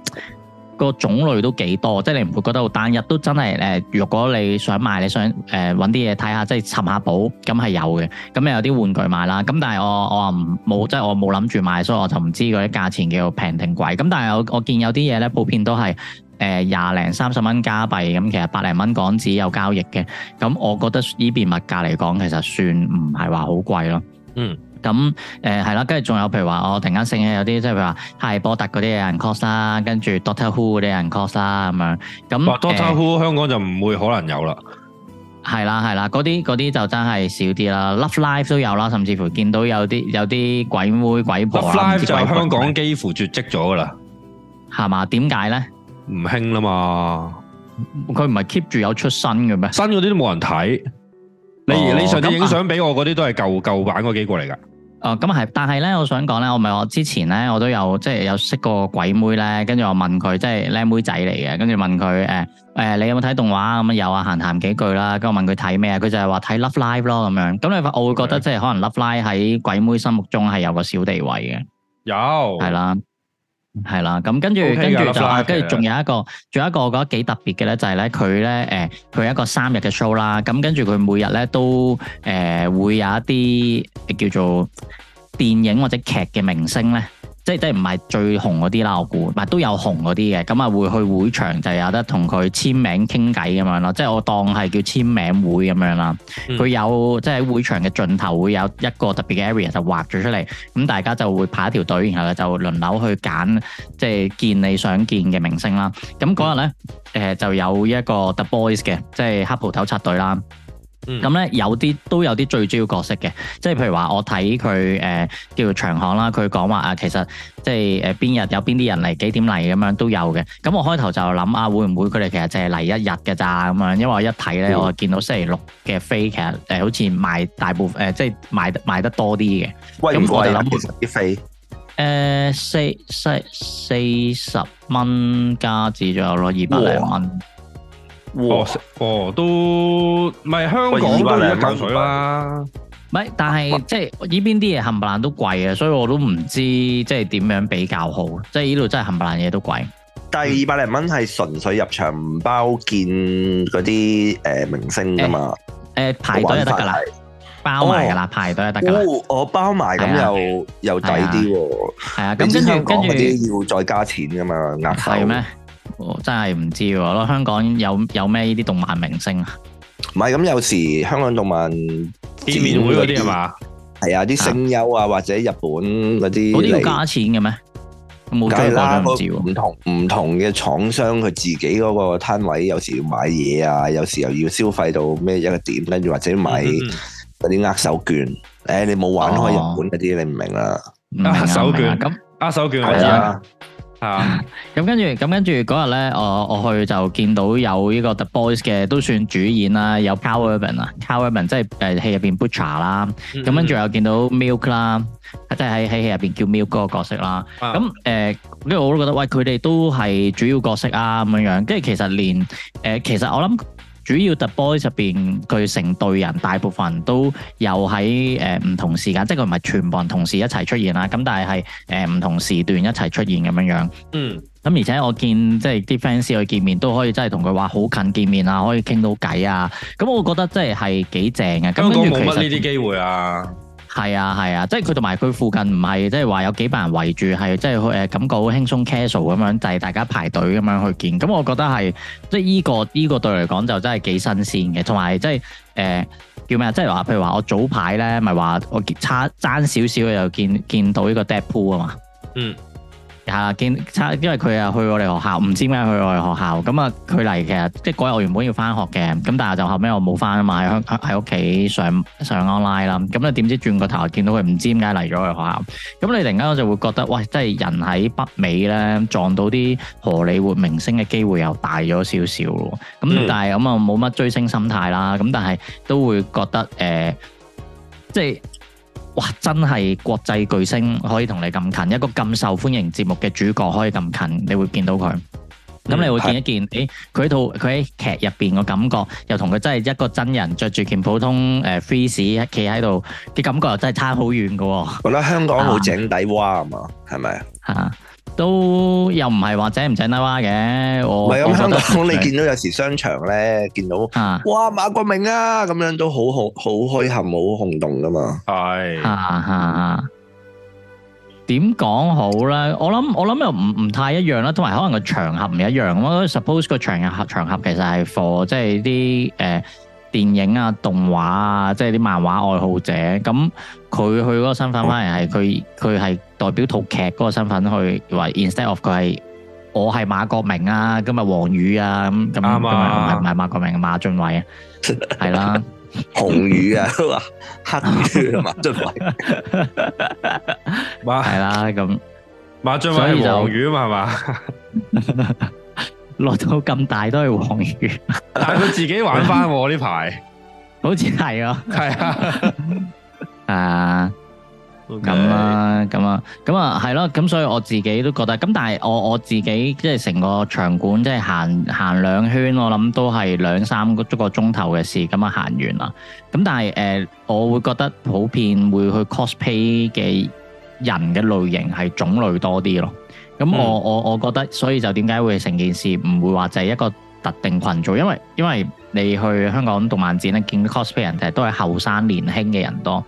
個種類都幾多，即係你唔會覺得好單一，都真係誒。若、呃、果你想買，你想誒搵啲嘢睇下，即係尋下寶，咁係有嘅。咁有啲玩具賣啦，咁但係我我啊唔冇，即係、就是、我冇諗住買，所以我就唔知嗰啲價錢叫平定貴。咁但係我我見有啲嘢咧，普遍都係誒廿零三十蚊加幣，咁其實百零蚊港紙有交易嘅。咁我覺得呢邊物價嚟講，其實算唔係話好貴咯。嗯。咁誒係啦，跟住仲有譬如話，我突然間醒起有啲，即係譬如話，係波特嗰啲人 cos 啦，跟住 Doctor Who 嗰啲人 cos 啦咁樣。咁 Doctor Who 香港就唔會可能有啦。係啦係啦，嗰啲嗰啲就真係少啲啦。Love Life 都有啦，甚至乎見到有啲有啲鬼妹鬼婆。Love Life 就係香港幾乎絕跡咗噶啦。係嘛？點解咧？唔興啦嘛。佢唔係 keep 住有出新嘅咩？新嗰啲都冇人睇。你你上次影相俾我嗰啲都係舊舊版嗰幾個嚟㗎。哦，咁係，但係咧，我想講咧，我咪我之前咧，我都有即係有識過個鬼妹咧，跟住我問佢，即係靚妹仔嚟嘅，跟住問佢，誒、欸、誒、欸，你有冇睇動畫咁啊？有啊，閒談幾句啦，跟住我問佢睇咩啊？佢就係話睇 Love Live 咯，咁樣，咁你我會覺得 Okay. 即係可能 Love Live 喺鬼妹心目中係有個小地位嘅，有 Yo.，係啦。係啦，咁跟住，跟住就，啊、跟住仲有一個，仲有一個我覺得幾特別嘅咧，就係咧佢咧，誒、呃，佢有一個三日嘅 show 啦，咁跟住佢每日咧都，誒、呃，會有一啲叫做電影或者劇嘅明星咧。即係即係唔係最紅嗰啲啦，我估，唔係都有紅嗰啲嘅咁啊，會去會場就有得同佢簽名傾偈咁樣咯。即係我當係叫簽名會咁樣啦。佢、嗯、有即係喺會場嘅盡頭會有一個特別嘅 area 就畫咗出嚟，咁大家就會排一條隊，然後就輪流去揀，即係見你想見嘅明星啦。咁、那、嗰、個、日咧誒、嗯呃、就有一個 The Boys 嘅，即係黑葡萄插隊啦。咁咧、mm hmm. 有啲都有啲最主要角色嘅，即係譬如話我睇佢誒叫做場行啦，佢講話啊，其實即係誒邊日有邊啲人嚟幾點嚟咁樣都有嘅。咁我開頭就諗啊，會唔會佢哋其實淨係嚟一日嘅咋咁樣？因為我一睇咧，我見到星期六嘅飛其實誒、呃、好似賣大部分即係、呃、賣得賣得多啲嘅。喂，咁我哋諗啲飛？誒四四四十蚊加幣左右咯，二百零蚊。哦，哦，都唔係香港都一嚿水啦。唔係，但係即係依邊啲嘢冚唪唥都貴啊，所以我都唔知即係點樣比較好。即係依度真係冚唪唥嘢都貴。但係二百零蚊係純粹入場唔包見嗰啲誒明星噶嘛？誒排隊就得噶啦，包埋噶啦，排隊又得噶。我包埋咁又又抵啲喎。係啊，咁跟住跟住要再加錢噶嘛？壓頭係咩？我真係唔知喎，咯香港有有咩呢啲動漫明星啊？唔係咁有時香港動漫見面會嗰啲係嘛？係啊，啲聲優啊或者日本嗰啲，嗰啲要加錢嘅咩？冇加都唔知喎。唔同唔同嘅廠商佢自己嗰個攤位，有時要買嘢啊，有時又要消費到咩一個點，跟住或者買嗰啲握手券。誒，你冇玩開日本嗰啲，你唔明啦。握手券咁，握手券我知。Uh huh. 啊！咁跟住，咁跟住嗰日咧，我我去就見到有呢個 The Boys 嘅都算主演啦，有 Karl Urban 啊 Karl Urban 即係誒戲入邊 Butcher 啦。咁跟住又見到 Milk 啦，即係喺喺戲入邊叫 Milk 嗰個角色啦。咁誒、uh，跟、huh. 住、呃、我都覺得，喂，佢哋都係主要角色啊，咁樣樣。跟住其實連誒、呃，其實我諗。主要 The Boys 入邊佢成隊人，大部分都又喺誒唔同時間，即係佢唔係全部人同時一齊出現啦。咁但係係誒唔同時段一齊出現咁樣樣。嗯。咁而且我見即係啲 fans 去見面都可以真係同佢話好近見面啊，可以傾到偈啊。咁我覺得真係係幾正嘅。香港冇乜呢啲機會啊。係啊，係啊，即係佢同埋佢附近唔係即係話有幾百人圍住，係即係誒、呃、感覺好輕鬆 casual 咁樣，就係大家排隊咁樣去見。咁我覺得係即係依個依個對嚟講就真係幾新鮮嘅，同埋即係誒叫咩啊？即係話、呃、譬如話我早排咧咪話我差爭少少又見見到呢個 Deadpool 啊嘛。嗯。見差，因為佢啊去我哋學校，唔知點解去我哋學校咁啊？佢嚟嘅，即係嗰日我原本要翻學嘅，咁但係就後尾我冇翻啊嘛，喺香喺屋企上上 online 啦。咁你點知轉個頭見到佢唔知點解嚟咗我哋學校？咁你突然間我就會覺得，喂，真係人喺北美咧撞到啲荷里活明星嘅機會又大咗少少咯。咁但係咁啊冇乜追星心態啦。咁但係都會覺得誒、呃，即係。真係國際巨星可以同你咁近，一個咁受歡迎節目嘅主角可以咁近，你會見到佢。咁、嗯、你會見一見，誒佢的、欸、套佢喺劇入邊嘅感覺，又同佢真係一個真人着住件普通誒 free 士，企喺度嘅感覺又真係差好遠㗎，哦。我覺得香港好井底蛙啊嘛，係咪啊？吧都又唔係話整唔整拉拉嘅，我唔係咁香港，你見到有時商場咧見到啊，哇馬國明啊咁樣，都好好好墟冚好轟動噶嘛，係，嚇嚇嚇，點講好咧？我諗我諗又唔唔太一樣啦，同埋可能個場合唔一樣咯。Suppose 個場合場合其實係貨，即係啲誒。電影啊、動畫啊，即係啲漫畫愛好者，咁佢去嗰個身份反而係佢佢係代表套劇嗰個身份去，話 instead of 佢係我係馬國明啊，今日黃雨啊咁咁啱，唔係唔係馬國明，馬俊偉啊，係啦，紅雨啊，黑雨啊，馬俊偉，馬係啦咁，馬俊偉係黃雨嘛係嘛？ 落到咁大都係黃魚，但係佢自己玩翻喎呢排，好似係啊，係啊，啊，咁啊，咁啊，咁啊，係咯，咁所以我自己都覺得，咁但係我我自己即係成個場館即係行行兩圈，我諗都係兩三個鐘頭嘅事，咁啊行完啦。咁但係誒，我會覺得普遍會去 cosplay 嘅人嘅類型係種類多啲咯。咁我我、嗯、我覺得，所以就點解會成件事唔會話就係一個特定群組，因為因為你去香港動漫展咧，見 cosplay 人哋都係後生年輕嘅人多，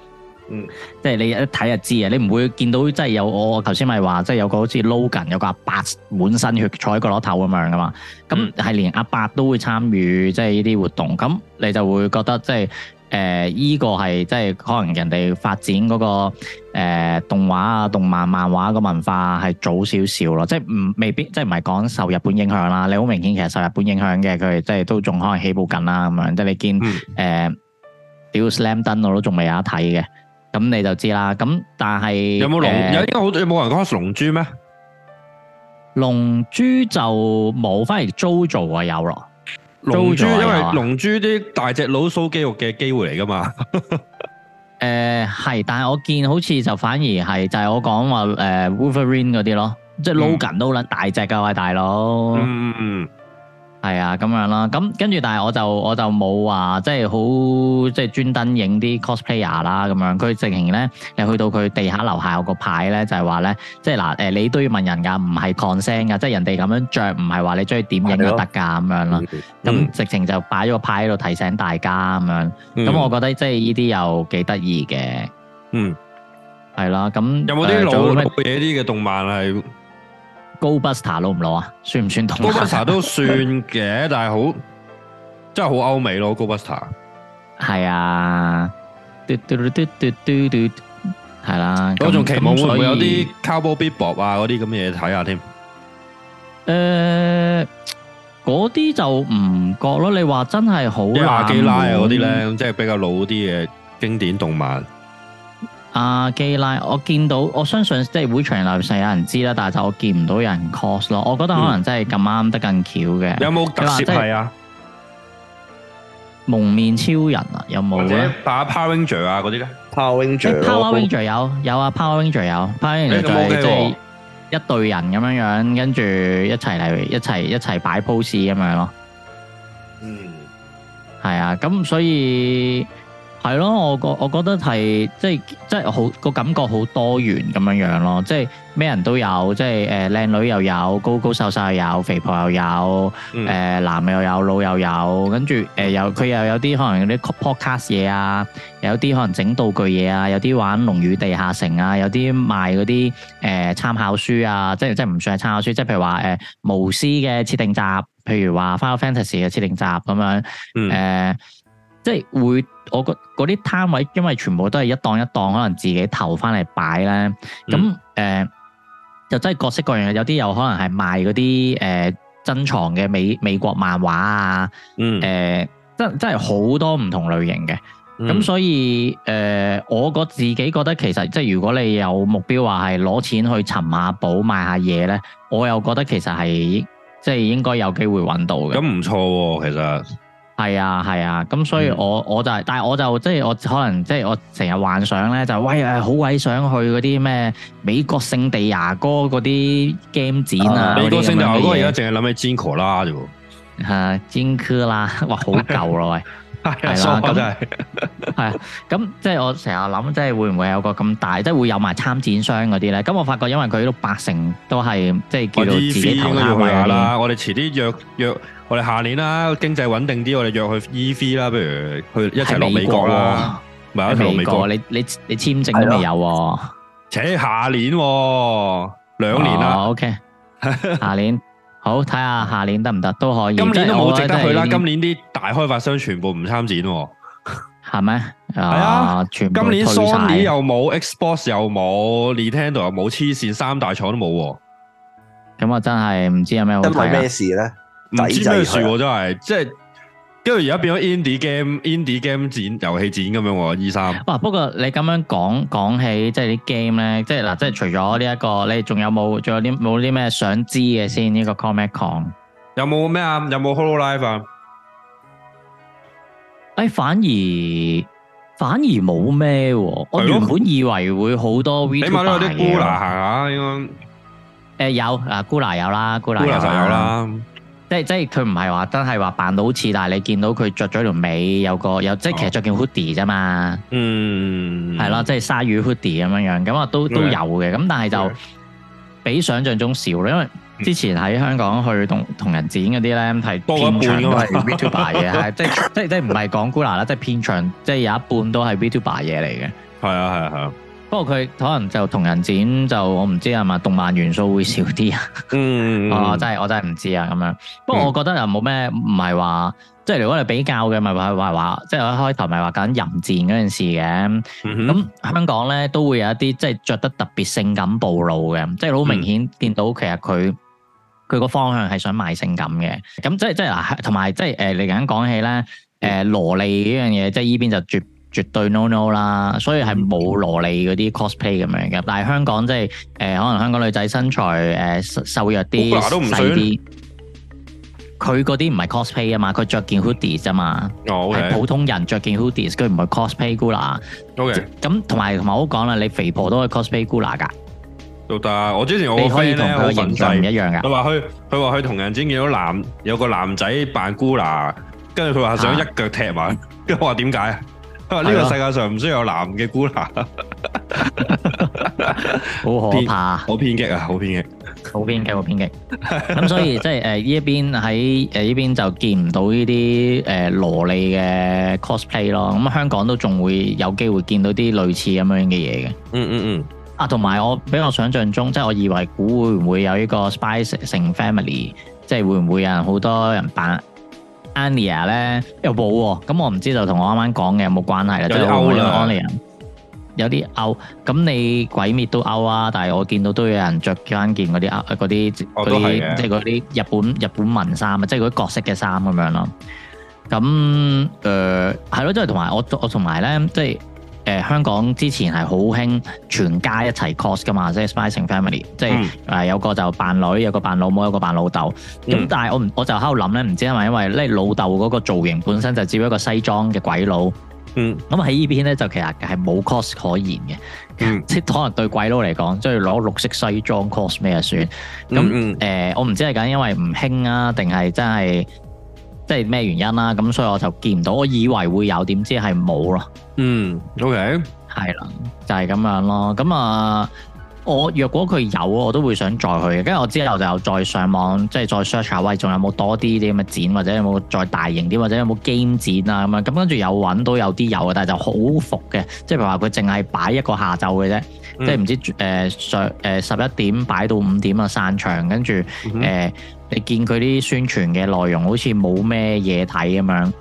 嗯，即係你一睇就知啊，你唔會見到即係、就是、有我我頭先咪話，即、就、係、是、有個好似 Logan 有個阿伯滿身血坐喺個落頭咁樣噶嘛，咁係、嗯、連阿伯都會參與即係呢啲活動，咁你就會覺得即係。就是誒，依、呃這個係即係可能人哋發展嗰、那個誒、呃、動畫啊、動漫漫畫個文化係早少少咯，即係唔未必，即係唔係講受日本影響啦。你好明顯其實受日本影響嘅佢，即係都仲可能起步緊啦咁樣。即係你見誒《屌、嗯》呃《Slam Dunk》我都仲未有得睇嘅，咁你就知啦。咁但係有冇龍、呃？有依個好有冇人講《龍珠》咩？《龍珠》就冇，反而《JoJo》啊有咯。龍珠，因為龍珠啲大隻佬騷肌肉嘅機會嚟㗎嘛。誒 係、呃，但係我見好似就反而係就係我講話誒、呃、Wolverine 嗰啲咯，即係 Logan、嗯、都好撚大隻㗎喎，大佬。嗯嗯嗯係啊，咁樣啦，咁跟住，但係我就我就冇話即係好即係專登影啲 cosplayer 啦咁樣。佢直情咧，又去到佢地下樓下有個牌咧，就係話咧，即係嗱誒，你都要問人噶，唔係 consent 噶，即係人哋咁樣着，唔係話你中意點影都得噶咁樣咯。咁、啊嗯、直情就擺咗個牌喺度提醒大家咁樣。咁、嗯、我覺得即係呢啲又幾得意嘅。嗯，係啦。咁有冇啲老老嘢啲嘅動漫係？GoBuster 攞唔攞啊？算唔算同 GoBuster 都算嘅，但係好真係好歐美咯。GoBuster 係啊，係啦。我仲期望會唔會有啲 Cowboy Bebop 啊嗰啲咁嘢睇下添。誒，嗰啲就唔覺咯。你話真係好亞基拉啊嗰啲咧，即係比較老啲嘅經典動漫。.阿基拉，我見到我相信即係會場內上有人知啦，但係就我見唔到有人 cos 咯。我覺得可能真係咁啱得咁巧嘅。有冇接係啊？幪面超人啊，有冇？或者打 Power Ranger 啊嗰啲咧？Power Ranger，Power Ranger 有有啊，Power Ranger 有，Power Ranger 即係一隊人咁樣樣，跟住一齊嚟，一齊一齊擺 pose 咁樣咯。嗯，係啊，咁所以。係咯，我覺我覺得係即係即係好個感覺好多元咁樣樣咯，即係咩人都有，即係誒靚女又有，高高瘦瘦又有，肥婆又有，誒、嗯呃、男又有，老有、呃、又，又有，跟住誒又佢又有啲可能啲 podcast 嘢啊，有啲可能整道具嘢啊，有啲玩龍與地下城啊，有啲賣嗰啲誒參考書啊，即係即係唔算係參考書，即係譬如話誒巫師嘅設定集，譬如話 Final Fantasy 嘅設定集咁樣，誒、嗯呃、即係會。我覺得嗰啲攤位，因為全部都係一檔一檔，可能自己投翻嚟擺咧。咁誒、嗯呃，就真係各式各樣嘅，有啲又可能係賣嗰啲誒珍藏嘅美美國漫畫啊。嗯。誒、呃，真真係好多唔同類型嘅。咁、嗯、所以誒、呃，我自己覺得其實，即係如果你有目標話係攞錢去尋下寶買下嘢咧，我又覺得其實係即係應該有機會揾到嘅。咁唔錯、啊，其實。係啊係啊，咁、啊、所以我、嗯、我，我就係、係，但係我就即係我可能即係我成日幻想咧，就係、喂誒好鬼想去嗰啲咩美國聖地牙哥嗰啲 game 展啊，哦、那些 美國聖地牙哥而家淨係諗起 Genkola 啦，啫喎、啊，嚇 Genkola 啦，哇好 舊咯、啊、 喂。係啦，咁係啊，咁即係我成日諗，即係會唔會有個咁大，即係會有埋參展商嗰啲咧？咁我發覺因為佢都八成都係即係叫到自己投入下啦。我哋遲啲約約，我哋下年啦，經濟穩定啲，我哋約去 E.V. 啦，不如去一齊落美國啦，咪落美國？你你你簽證都未有喎？請下年，兩年啦，OK，下年。好睇下下年得唔得都可以。今年都冇值得去啦，是今年啲大開發商全部唔參展、啊，係、哦、咩？係 啊，全部今年 Sony 又冇，Xbox 又冇，Nintendo 又冇，黐線三大廠都冇、啊。咁啊，啊，真係唔知有咩好睇。因為咩事咧？唔知咩事，真係即係。跟住而家變咗 indie game、indie game 展、遊戲展咁樣喎，醫生。哇！不過你咁樣講講起即係啲 game 咧，即係嗱，即係除咗呢一個，你仲有冇？仲有啲冇啲咩想知嘅先？呢個 Comic Con 有冇咩啊？有冇 Hololive 啊？誒，反而反而冇咩喎。我原本以為會好多 video game 嘅。起碼有啲 Gura 係啊，應該。誒，有嗱，Gura 有啦，Gura 有就有啦。即係即係佢唔係話真係話扮到好似，但係你見到佢着咗條尾，有個有即係其實着件 hoodie 啫嘛。嗯，係咯，即係鯊魚 hoodie 咁樣樣，咁啊都都有嘅。咁但係就比想象中少咯，因為之前喺香港去同同人展嗰啲咧係片場嘅 VTuber 嘅， 即係即係即係唔係講 Gula 啦，即係片場，即係有一半都係 VTuber 嘢嚟嘅。係啊係啊係啊！不過佢可能就同人展就我唔知係咪動漫元素會少啲啊？嗯， 哦、真係我真係我真係唔知啊咁樣。 嗯、不過我覺得又冇咩，唔係話即係如果你比較嘅，咪話係話即係我一開頭咪話緊淫展嗰陣時嘅。咁、嗯、哼香港咧都會有一啲即係着得特別性感暴露嘅，即係好明顯見到其實佢佢個方向係想賣性感嘅。咁即係即係同埋即係誒，你啱講起咧誒、呃，羅莉呢樣嘢，即係依邊就絕絕對 no no 啦，所以係冇羅莉嗰啲 cosplay 咁樣嘅。但係香港即係誒，可能香港女仔身材誒瘦弱啲，Gula 都低啲。佢嗰啲唔係 cosplay 啊嘛，佢著件 hoodies 啫嘛，係普通人著件 hoodies，佢唔係 cosplay Gula。OK，咁同埋同埋好講啦，你肥婆都可以 cosplay Gula 㗎，都得，我之前我 friend 咧，佢話佢佢話佢同人見見到男有個男仔扮 Gula，跟住佢話想一腳踢埋，跟住我話點解？呢 個世界上唔需要有男嘅姑娘，好 可怕，好偏激啊，好偏激，好偏激，好偏激。咁 所以即係誒呢一邊喺誒呢邊就見唔到呢啲誒蘿莉嘅 cosplay 咯。咁、嗯、香港都仲會有機會見到啲類似咁樣嘅嘢嘅。嗯嗯嗯。啊，同埋我比我想象中，即、就、係、是、我以為估會唔會有呢個 Spy Family，即係會唔會有人好多人扮？Anya 咧又冇喎、啊，咁、嗯、我唔知就同我啱啱講嘅有冇關係啦，即係歐咧 Anya 有啲歐，咁你鬼滅都歐啊，但係我見到都有人着翻件嗰啲歐啲啲即係啲日本日本文衫啊，即係嗰啲角色嘅衫咁樣咯。咁誒係咯，即係同埋我我同埋咧，即係。誒、呃、香港之前係好興全家一齊 cos 㗎嘛，即係 spicing family，即係誒、嗯呃、有個就扮女，有個扮老母，有個扮老豆。咁、嗯嗯嗯、但係我唔，我就喺度諗咧，唔知係咪因為咧老豆嗰個造型本身就只不過一個西裝嘅鬼佬，嗯，咁喺呢邊咧就其實係冇 cos 可言嘅，嗯、即係可能對鬼佬嚟講，即係攞綠色西裝 cos 咩算？咁誒、嗯嗯嗯嗯呃，我唔知係緊因為唔興啊，定係真係。即係咩原因啦、啊？咁所以我就見唔到，我以為會有，點知係冇咯。嗯，OK，係啦，就係、是、咁樣咯。咁啊。我若果佢有，我都會想再去嘅。跟住我之後就再上網，即係再 search 下，喂，仲有冇多啲啲咁嘅展，或者有冇再大型啲，或者有冇堅展啊咁樣。咁跟住有揾到有啲有，但係就好服嘅，即係譬如話佢淨係擺一個下晝嘅啫，即係唔知誒上誒十一點擺到五點啊散場，跟住誒你見佢啲宣傳嘅內容好似冇咩嘢睇咁樣。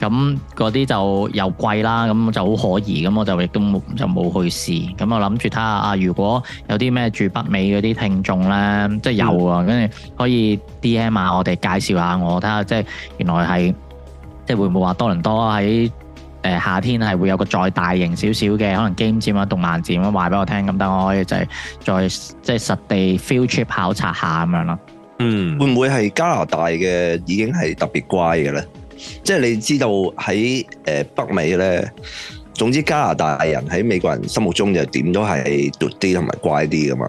咁嗰啲就又貴啦，咁就好可疑，咁我就亦都冇就冇去試。咁我諗住睇下啊，如果有啲咩住北美嗰啲聽眾咧，即係有啊，跟住、嗯、可以 DM 下我哋介紹下我，睇下即係原來係即係會唔會話多倫多喺誒夏天係會有個再大型少少嘅可能 game 展啊、動漫展咁話俾我聽，咁等我可以就係再即係實地 field trip 考察下咁樣咯。嗯，會唔會係加拿大嘅已經係特別貴嘅咧？即係你知道喺誒、呃、北美咧，總之加拿大人喺美國人心目中又點都係獨啲同埋乖啲㗎嘛。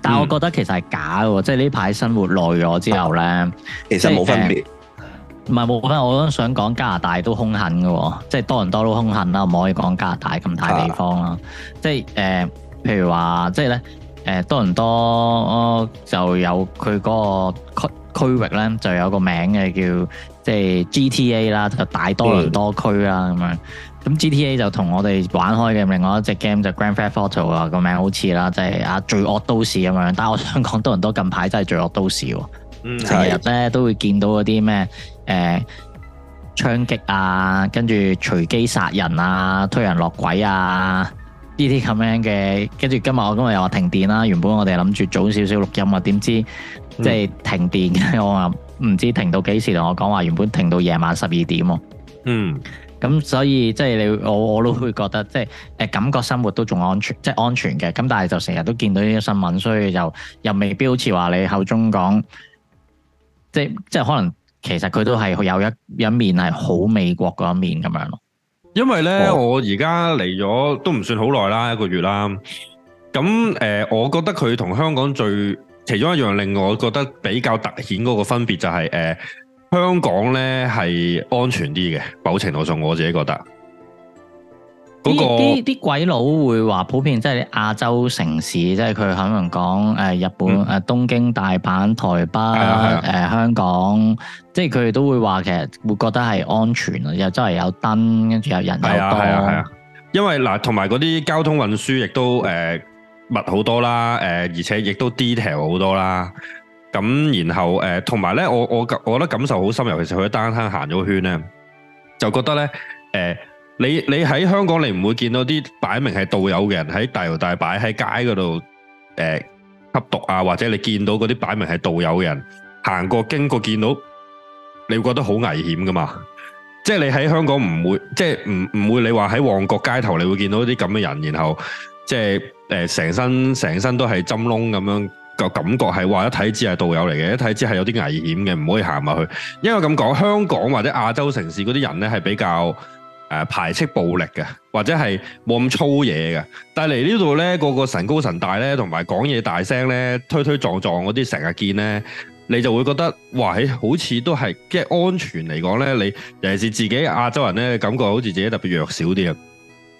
但係我覺得其實係假嘅，嗯、即係呢排生活耐咗之後咧，其實冇是分別，唔係冇分別。我都想講加拿大都凶狠㗎，即係多倫多都凶狠啦，唔可以講加拿大咁大地方啦。啊、即係誒、呃，譬如話即係咧，誒、呃、多倫多就有佢嗰個區區域咧，就有，個，就有個名嘅叫。即係 GTA 啦，就大多倫多區啦咁樣。咁、嗯、GTA 就同我哋玩開嘅另外一隻 game 就 Grand Theft Auto 啊，個 名好似啦。就係、是、啊，罪惡都市咁樣。但係我想講多倫多近排真係罪惡都市喎，成日咧都會見到嗰啲咩誒槍擊啊，跟住隨機殺人啊，推人落軌啊呢啲咁樣嘅。跟住今日我今日又話停電啦，原本我哋諗住早少少錄音啊，點知即係停電我話。嗯 唔知停到幾時，同我講話原本停到夜晚十二點喎。嗯，咁所以即係你我我都會覺得即係誒感覺生活都仲安全，即係安全嘅。咁但係就成日都見到呢啲新聞，所以就又，又未必好似話你口中講，即即係可能其實佢都係有一一面係好美國嗰一面咁樣咯。因為咧，哦、我而家嚟咗都唔算好耐啦，一個月啦。咁誒、呃，我覺得佢同香港最其中一樣令我覺得比較突顯嗰個分別就係、是，誒、呃、香港咧係安全啲嘅，某程度上我自己覺得。啲啲啲鬼佬會話普遍，即係亞洲城市，即係佢可能講誒日本誒、嗯、東京、大阪、台北、誒、啊啊呃、香港，即係佢哋都會話其實會覺得係安全，周圍有燈啊，又真係有燈，跟住又人又多。因為嗱，同埋嗰啲交通運輸亦都誒。呃物好多啦，誒、呃，而且亦都 detail 好多啦，咁、啊、然後誒，同埋咧，我我我覺得感受好深，尤其是去單坑行咗圈咧，就覺得咧，誒、呃，你你喺香港你唔會見到啲擺明係道友嘅人喺大搖大擺喺街嗰度誒吸毒啊，或者你見到嗰啲擺明係道友嘅人行過經過見到，你會覺得好危險噶嘛，即係你喺香港唔會，即係唔唔會你話喺旺角街頭你會見到啲咁嘅人，然後即係。誒成、呃、身成身都係針窿咁樣個感覺係話，一睇知係道友嚟嘅，一睇知係有啲危險嘅，唔可以行埋去。因為咁講，香港或者亞洲城市嗰啲人咧係比較誒、呃、排斥暴力嘅，或者係冇咁粗野嘅。但嚟呢度咧，個個神高神大咧，同埋講嘢大聲咧，推推撞撞嗰啲成日見咧，你就會覺得哇！誒，好似都係即係安全嚟講咧，你尤其是自己亞洲人咧，感覺好似自己特別弱小啲啊。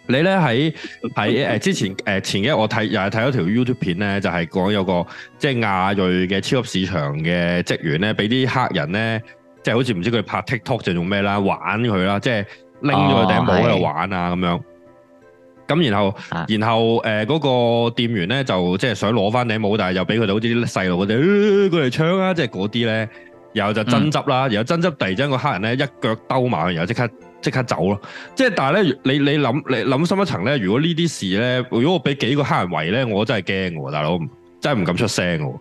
你咧喺喺誒之前誒前幾日我睇又係睇咗條 YouTube 片咧，就係講有個即係亞裔嘅超級市場嘅職員咧，俾啲黑人咧，即係好似唔知佢拍 TikTok 就用咩啦玩佢啦，即係拎咗個頂帽喺度玩啊咁樣。咁然後然後誒嗰個店員咧就即係想攞返頂帽，但係又俾佢哋好似啲細路嗰啲佢嚟搶啊！即係嗰啲咧，然後就爭執啦，然後爭執，突然之間個黑人咧一腳兜埋，然後即刻。即刻走咯！即係，但係咧，你你諗你諗深一層咧，如果呢啲事咧，如果我俾幾個黑人圍咧，我真係驚嘅，大佬真係唔敢出聲嘅，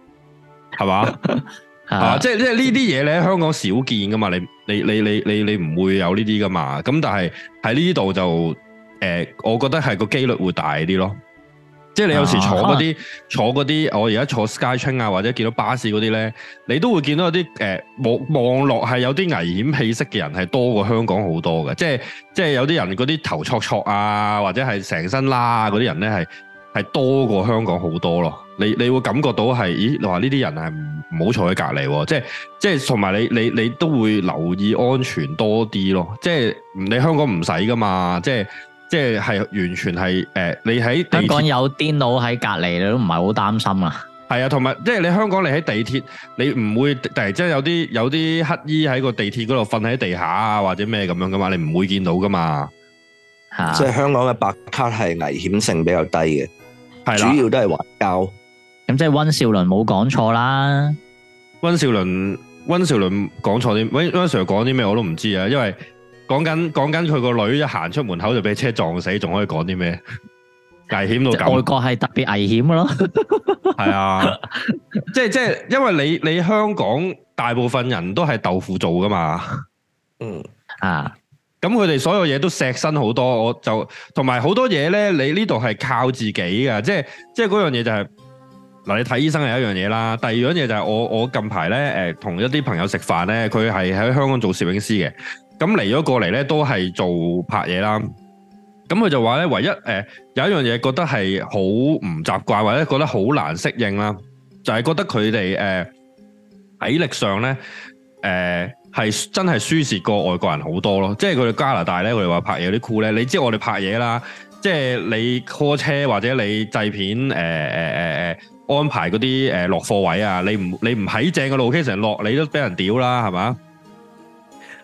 係嘛？ 啊！即係即係呢啲嘢咧，香港少見嘅嘛，你你你你你你唔會有呢啲嘅嘛。咁但係喺呢度就誒、呃，我覺得係個機率會大啲咯。即係你有時坐嗰啲能坐嗰啲，我而家坐 SkyTrain 啊，或者見到巴士嗰啲咧，你都會見到有啲誒望望落係有啲危險氣息嘅人係多過香港好多嘅，即係即係有啲人嗰啲頭挫挫啊，或者係成身拉嗰啲人咧，係係多過香港好多咯。你你會感覺到係，咦你話呢啲人係唔唔好坐喺隔離，即係即係同埋你你你都會留意安全多啲咯。即係你香港唔使㗎嘛，即係。即係完全係誒、呃，你喺香港有電腦喺隔離，你都唔係好擔心啊。係啊，同埋即係你香港，你喺地鐵，你唔會突然之間有啲有啲乞衣喺個地鐵嗰度瞓喺地下啊，或者咩咁樣嘅話，你唔會見到噶嘛。即係、啊、香港嘅白卡係危險性比較低嘅，啊、主要都係環教。咁即係温兆倫冇講錯啦。温兆倫，温兆倫講錯啲，温温 Sir 講啲咩我都唔知啊，因為。講緊講緊佢個女一行出門口就俾車撞死，仲可以講啲咩？ 危險到咁外國係特別危險噶咯，係 啊，即係即係，因為你你香港大部分人都係豆腐做噶嘛，嗯啊，咁佢哋所有嘢都錫身好多，我就同埋好多嘢咧，你呢度係靠自己噶，即係即係嗰樣嘢就係，嗱，你睇醫生係一樣嘢啦，第二樣嘢就係我我近排咧誒，同一啲朋友食飯咧，佢係喺香港做攝影師嘅。咁嚟咗過嚟咧，都係做拍嘢啦。咁佢就話咧，唯一誒、呃、有一樣嘢覺得係好唔習慣，或者覺得好難適應啦，就係、是、覺得佢哋誒體力上咧誒係真係輸蝕過外國人好多咯。即係佢哋加拿大咧，佢哋話拍嘢有啲酷咧。你知我哋拍嘢啦，即係你 call 車或者你製片誒誒誒誒安排嗰啲誒落貨位啊，你唔你唔喺正嘅路 K 成落，你都俾人屌啦，係嘛？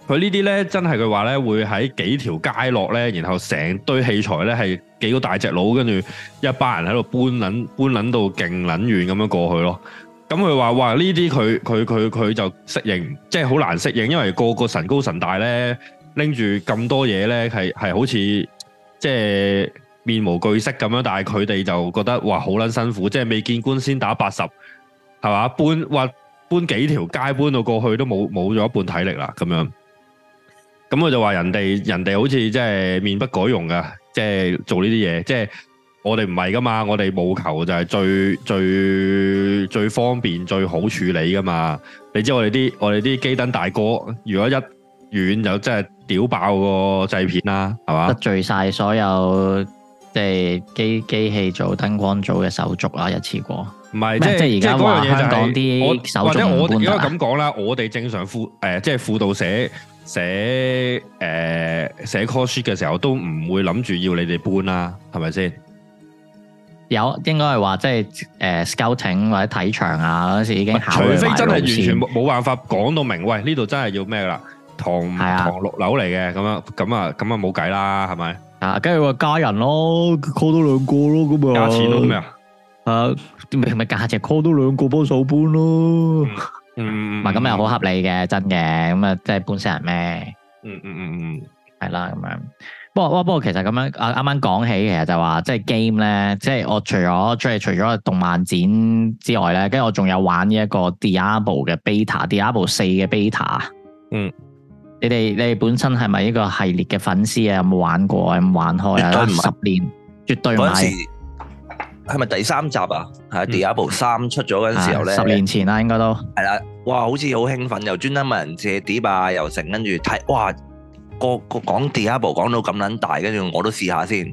佢呢啲呢，真係佢話呢，會喺幾條街落呢，然後成堆器材呢，係幾個大隻佬跟住一班人喺度搬撚搬撚到勁撚遠咁樣過去咯。咁佢話：哇，呢啲佢佢佢佢就適應，即係好難適應，因為個個神高神大呢，拎住咁多嘢呢，係係好似即係面無懼色咁樣。但係佢哋就覺得哇，好撚辛苦，即係未見官先打八十，係嘛？搬哇，搬幾條街搬到過去都冇冇咗一半體力啦，咁樣。咁佢就話人哋人哋，好似即係面不改容噶，即係做呢啲嘢。即係我哋唔係噶嘛，我哋務求就係最最最方便、最好處理噶嘛。你知我哋啲我哋啲機燈大哥，如果一遠就真係屌爆個製片啦，係嘛？得罪晒所有即係機機器組、燈光組嘅手續啊，一次過。唔係，即係而家嗰嘢就係講啲或者我而家咁講啦，啊、我哋正常輔誒即係輔導社。寫誒寫 call sheet 嘅時候，都唔會諗住要你哋搬啦，啊，係咪先？有，應該係話即係誒、呃、scouting 或者睇場啊嗰時已經考慮埋路線。除非真係完全冇冇辦法講到明，喂呢度真係要咩啦？唐唐六樓嚟嘅，咁啊咁啊咁啊冇計啦，係咪？啊，跟住話加人咯，call 多兩個咯，咁啊。價錢都咩啊？誒、嗯，咪咪加隻 call 多兩個幫手搬咯。嗯，咪咁又好合理嘅，真嘅，咁啊，即係半新人咩？嗯嗯嗯嗯，係啦，咁樣。不過，不過，其實咁樣，啊，啱啱講起，其實就話，即係 game 咧，即係我除咗即係除咗動漫展之外咧，跟住我仲有玩呢一個 Diablo 嘅 beta，Diablo 四嘅 beta。嗯，你哋你哋本身係咪呢個系列嘅粉絲啊？有冇玩過、啊？有冇玩開啊？十年了絕對唔係。係咪第三集啊？係《Diablo 三》出咗嗰陣時候咧，十年前啦，應該都係啦。哇，好似好興奮，又專登問人借碟啊，又成，跟住睇哇，個個講《Diablo》講到咁撚大，跟住我都試下先。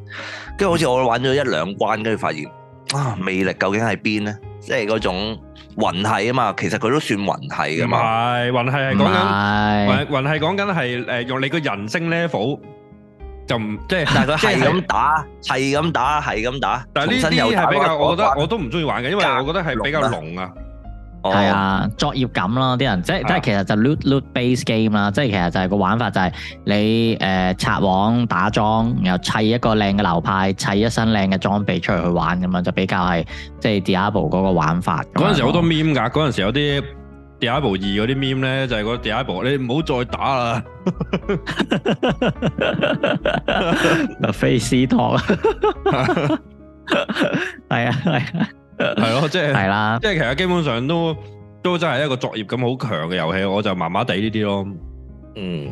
跟住好似我玩咗一兩關，跟住發現啊，魅力究竟喺邊咧？即係嗰種魂係啊嘛，其實佢都算魂係噶嘛。係魂係係講緊，魂魂係講緊係誒，用你個人生 level。就唔即係，但係佢係咁打，係咁打，係咁打。但係呢啲係比較，我覺得我都唔中意玩嘅，因為我覺得係比較濃龍啊。係、哦、啊，作業感咯，啲人即係即係其實就 loot loot base game 啦，即係其實就係個玩法就係你誒刷王打裝，然後砌一個靚嘅流派，砌一身靚嘅裝備出嚟去玩咁樣，就比較係即係 Diablo 嗰個玩法。嗰陣時好多 meme 噶，嗰陣時有啲。第二部二嗰啲 meme 咧，就係嗰第二部，你唔好再打啦。墨菲斯托啊，係啊，係啊，係咯，即係，係啦，即係其實基本上都都真係一個作業咁好強嘅遊戲，我就麻麻地呢啲咯，嗯。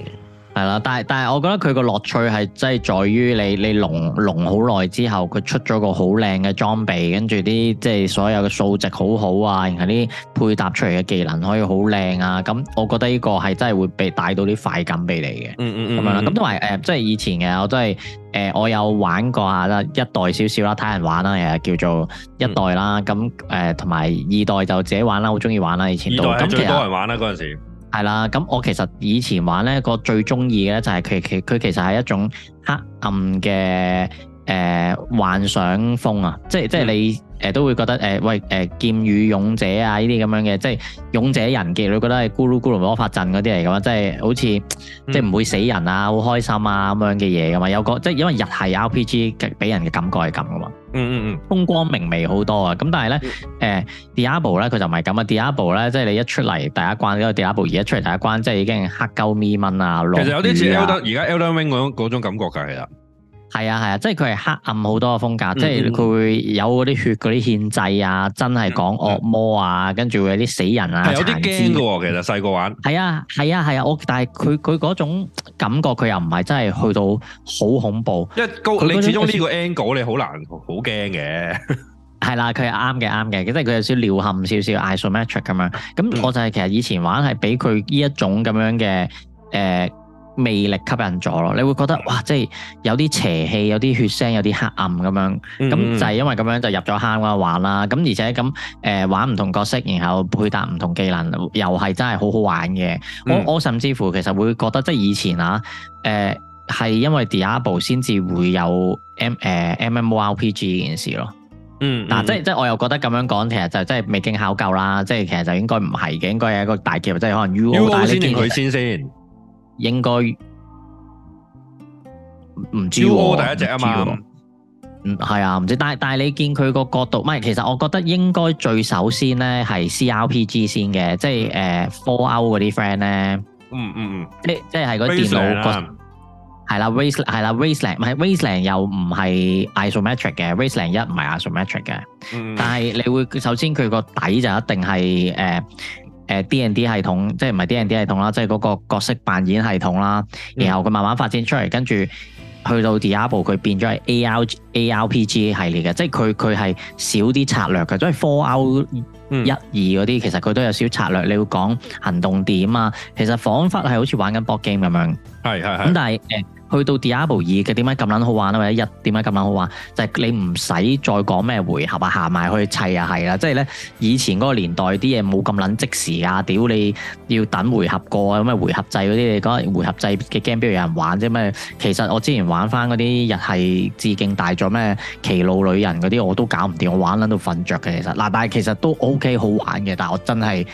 係啦，但係但係，我覺得佢個樂趣係真係在於你你龍龍好耐之後，佢出咗個好靚嘅裝備，跟住啲即係所有嘅數值好好啊，然後啲配搭出嚟嘅技能可以好靚啊，咁我覺得呢個係真係會被帶到啲快感俾你嘅。嗯嗯嗯，嗯。咁樣啦，咁都係即係以前嘅我都係誒、呃，我有玩過下啦一代少少啦，睇人玩啦，誒叫做一代啦，咁誒同埋二代就自己玩啦，好中意玩啦以前。二代最多人玩啦嗰陣時。係啦，咁我其實以前玩呢個最中意嘅就係其其佢其實係一種黑暗嘅。誒、呃、幻想風啊，即係即係你誒、呃、都會覺得誒、呃、喂誒、呃、劍與勇者啊呢啲咁樣嘅，即係勇者人傑，你覺得係咕嚕咕嚕魔法陣嗰啲嚟㗎嘛？即係好似、嗯、即係唔會死人啊，好開心啊咁樣嘅嘢㗎嘛？有個即係因為日系 RPG，俾人嘅感覺係咁啊嘛。嗯嗯嗯，風光明媚好多啊。咁但係咧誒 Diablo 咧，佢、嗯呃、就唔係咁啊。Diablo 咧，即係你一出嚟第一關，呢個 Diablo 而一出嚟第一關，即係已經黑鳩咪蚊啊。其實有啲似 Elden 而家 Elden Ring 感覺㗎，其實。啊啊其實有係啊，係啊，啊，即係佢係黑暗好多嘅風格，嗯、即係佢會有嗰啲血、嗰啲獻祭啊，嗯、真係講惡魔啊，跟住會有啲死人啊，有啲驚嘅喎。其實細個玩係啊，係啊，係啊，我、啊啊、但係佢佢嗰種感覺，佢又唔係真係去到好恐怖。因為你始終呢個 angle 你好難好驚嘅。係啦，佢係啱嘅，啱嘅，即係佢有少少鳥瞰少少 isometric 咁樣。咁我就係其實以前玩係俾佢呢一種咁樣嘅誒。呃魅力吸引咗咯，你會覺得哇，即係有啲邪氣，有啲血腥，有啲黑暗咁樣，咁、mm hmm. 就係因為咁樣就入咗坑嗰度玩啦。咁而且咁誒、呃、玩唔同角色，然後配搭唔同技能，又係真係好好玩嘅。Mm hmm. 我我甚至乎其實會覺得即係以前啊，誒、呃、係因為 Diablo 先至會有 M 誒、呃、MMO RPG 呢件事咯。嗯、mm，嗱、hmm.，即係即係我又覺得咁樣講，其實就即係未經考究啦，即係其實就應該唔係嘅，應該係一個大劫，即係可能 UO 先佢先先。應該唔知，超第一隻啊嘛，嗯係啊，唔知，但係但係你見佢個角度，唔係，其實我覺得應該最首先咧係 C R P G 先嘅，即係誒 Fallout 嗰啲 friend 咧、嗯，嗯嗯嗯，即係即係喺電腦嗰，係啦 Race，係啦 Race 零，唔係 Race 零又唔係 isometric 嘅，Race 一唔係 isometric 嘅，但係你會首先佢個底就一定係誒。呃誒 D&D 系統，即係唔係 D&D 系統啦，即係嗰個角色扮演系統啦。然後佢慢慢發展出嚟，跟住去到第二部佢變咗係 ARPG 系列嘅，即係佢佢係少啲策略嘅，即係 Fallout 一二嗰啲其實佢都有少策略，你要講行動點啊，其實仿佛係好似玩緊博 game 咁樣。係係係。咁但係誒。呃去到 Diablo 二嘅點解咁撚好玩啊？或者一點解咁撚好玩？就係你唔使再講咩回合啊，行埋去砌又係啦。即係咧以前嗰個年代啲嘢冇咁撚即時啊！屌你要等回合過啊，咁啊回合制嗰啲你講回合制嘅 game 邊有人玩啫？咩？其實我之前玩翻嗰啲日系致敬大作咩《歧路旅人》嗰啲，我都搞唔掂，我玩撚到瞓着嘅其實嗱，但係其實都 OK 好玩嘅，但係我真係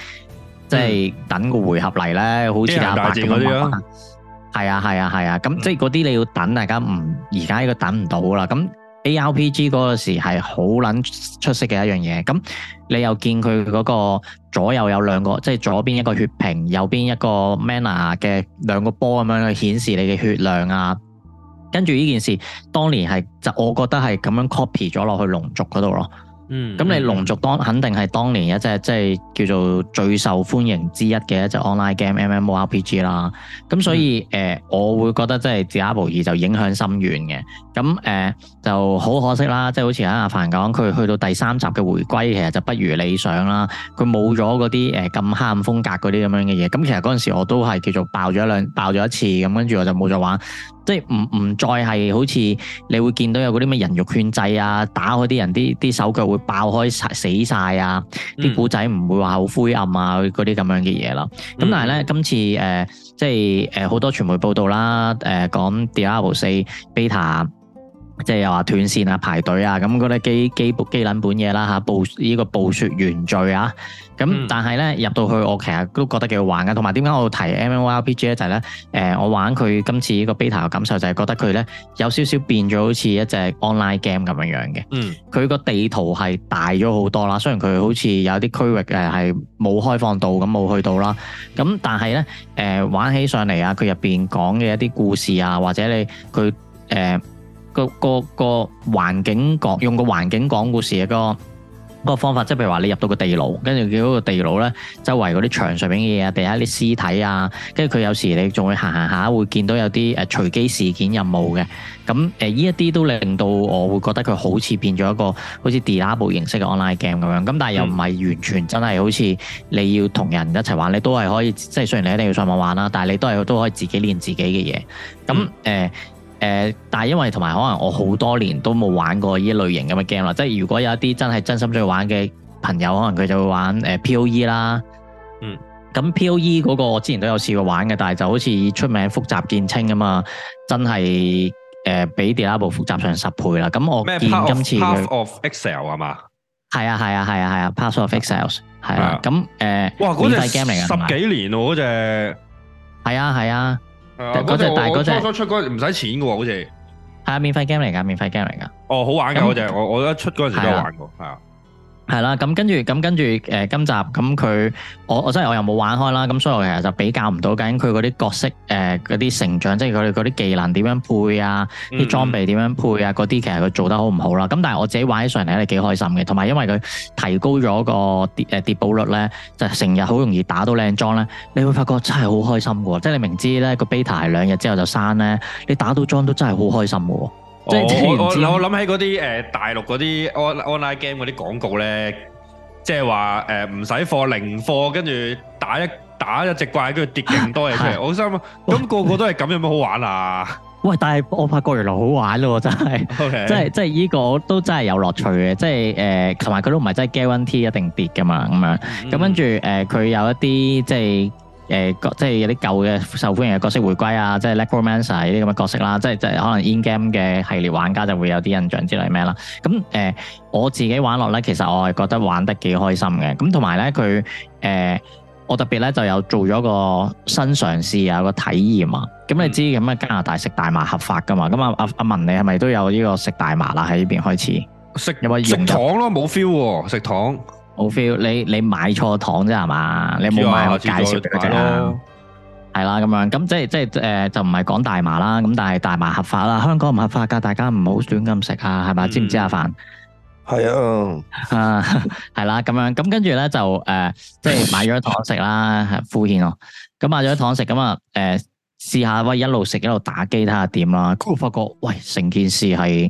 即係等個回合嚟咧，好似阿係啊，係啊，係啊，咁、啊、即係嗰啲你要等，大家唔而家呢個等唔到啦。咁 A R P G 嗰個時係好捻出色嘅一樣嘢，咁你又見佢嗰個左右有兩個，即係左邊一個血瓶，右邊一個 mana 嘅兩個波咁樣去顯示你嘅血量啊。跟住呢件事，當年係就我覺得係咁樣 copy 咗落去龍族嗰度咯。嗯，咁 你隆《龍族》當肯定係當年一隻即係叫做最受歡迎之一嘅一隻 online game MMORPG 啦，咁所以誒、 呃，我會覺得即係 Diablo II 就影響深遠嘅，咁誒、呃、就好可惜啦，即係好似喺阿凡講，佢去到第三集嘅回歸其實就不如理想啦，佢冇咗嗰啲誒咁黑暗風格嗰啲咁樣嘅嘢，咁其實嗰陣時我都係叫做爆咗一兩，爆咗一次咁，跟住我就冇再玩。即係唔唔再係好似你會見到有嗰啲咩人肉圈制啊，打開啲人啲啲手腳會爆開曬死晒啊，啲古仔唔會話好灰暗啊，嗰啲咁樣嘅嘢啦。咁、嗯、但係咧今次誒、呃、即係誒好多傳媒報道啦，誒、呃、講 Diablo 四 Beta，即係又話斷線啊、排隊啊，咁嗰啲基基基撚本嘢啦嚇，暴、這、呢個暴雪原罪啊！咁，嗯、但係咧入到去，我其實都覺得幾好玩嘅。同埋點解我會提 M M O R P G 咧，就係、是、咧，誒、呃，我玩佢今次呢個 beta 嘅感受，就係覺得佢咧有少少變咗，好似一隻 online game 咁樣樣嘅。嗯。佢個地圖係大咗好多啦，雖然佢好似有啲區域誒係冇開放到咁冇去到啦。咁但係咧，誒、呃、玩起上嚟啊，佢入邊講嘅一啲故事啊，或者你佢誒、呃、個個個環境講用個環境講故事嘅、那個個方法，即係譬如話你入到個地牢，跟住佢嗰個地牢咧，周圍嗰啲牆上面嘅嘢啊，地下啲屍體啊，跟住佢有時你仲會行行下，會見到有啲誒隨機事件任務嘅。咁誒，呢一啲都令到我會覺得佢好似變咗一個好似 Diablo 形式嘅 online game 咁樣。咁但係又唔係完全真係好似你要同人一齊玩，你都係可以，即係雖然你一定要上網玩啦，但係你都係都可以自己練自己嘅嘢。咁誒。嗯呃誒，uh, 但係因為同埋可能我好多年都冇玩過呢啲類型咁嘅 game 啦，即係如果有一啲真係真心中意玩嘅朋友，可能佢就會玩誒、呃、P.O.E 啦。嗯，咁 P.O.E 嗰個我之前都有試過玩嘅，但係就好似出名複雜見稱啊嘛，真係誒俾 Diablo 複雜上十倍啦。咁我見今次佢 Path of Exile 係嘛？係啊，係啊，係啊，係啊 Path of Exile 係啊。咁誒哇，啲隻 game 嚟㗎，啊啊啊啊啊那個、十幾年喎嗰隻。係啊，係啊。嗰隻、啊、大嗰隻，初初出嗰陣唔使錢嘅喎，好似係啊，免費 game 嚟噶，免費 game 嚟噶。哦，好玩㗎嗰隻，我我一出嗰陣時都玩過，係啊。係啦，咁跟住，咁跟住，誒、嗯嗯，今集咁佢，我我真係我又冇玩開啦，咁所以我其實就比較唔到緊佢嗰啲角色，誒，嗰啲成長，即係佢哋嗰啲技能點樣配啊，啲裝備點樣配啊，嗰啲其實佢做得好唔好啦。咁但係我自己玩起上嚟，係幾開心嘅，同埋因為佢提高咗個跌誒跌寶率咧，就成日好容易打到靚裝咧，你會發覺真係好開心嘅，即係你明知咧個 beta 兩日之後就刪咧，你打到裝都真係好開心嘅。即我我諗起嗰啲誒大陸嗰啲 online game 嗰啲廣告咧，即係話誒唔使貨零貨，跟住打一打一隻怪，怪，跟住跌勁多嘢出嚟。啊、我心諗，咁個個都係咁，有乜好玩啊？喂，但係我發覺原來好玩咯、啊，真係。O K，即係即係依個都真係有樂趣嘅，即係誒同埋佢都唔係真係 guarantee 一定跌噶嘛，咁樣咁跟住誒佢有一啲即係。就是誒、呃，即係有啲舊嘅受歡迎嘅角色回歸啊，即係 Necromancer 呢啲咁嘅角色啦，即係即係可能 in game 嘅系列玩家就會有啲印象之類咩啦。咁誒、呃，我自己玩落咧，其實我係覺得玩得幾開心嘅。咁同埋咧，佢誒、呃，我特別咧就有做咗個新嘗試啊，個體驗啊。咁你知咁嘅加拿大食大麻合法㗎嘛？咁阿阿阿文，你係咪都有呢個食大麻啦？喺呢邊開始食，有冇食糖咯？冇 feel 喎，食糖。冇 feel 你你買錯糖啫係嘛，你冇買我介紹嗰隻啦，係啦咁樣，咁即係即係誒、呃、就唔係講大麻啦，咁但係大麻合法啦，香港唔合法噶，大家唔好亂咁食啊，係嘛，嗯、知唔知阿凡？係啊，啊係 啦咁樣，咁跟住咧就誒即係買咗糖食啦，敷衍咯，咁買咗糖食咁啊誒試下喂一路食一路打機睇下點啦，看看我發覺喂成件事係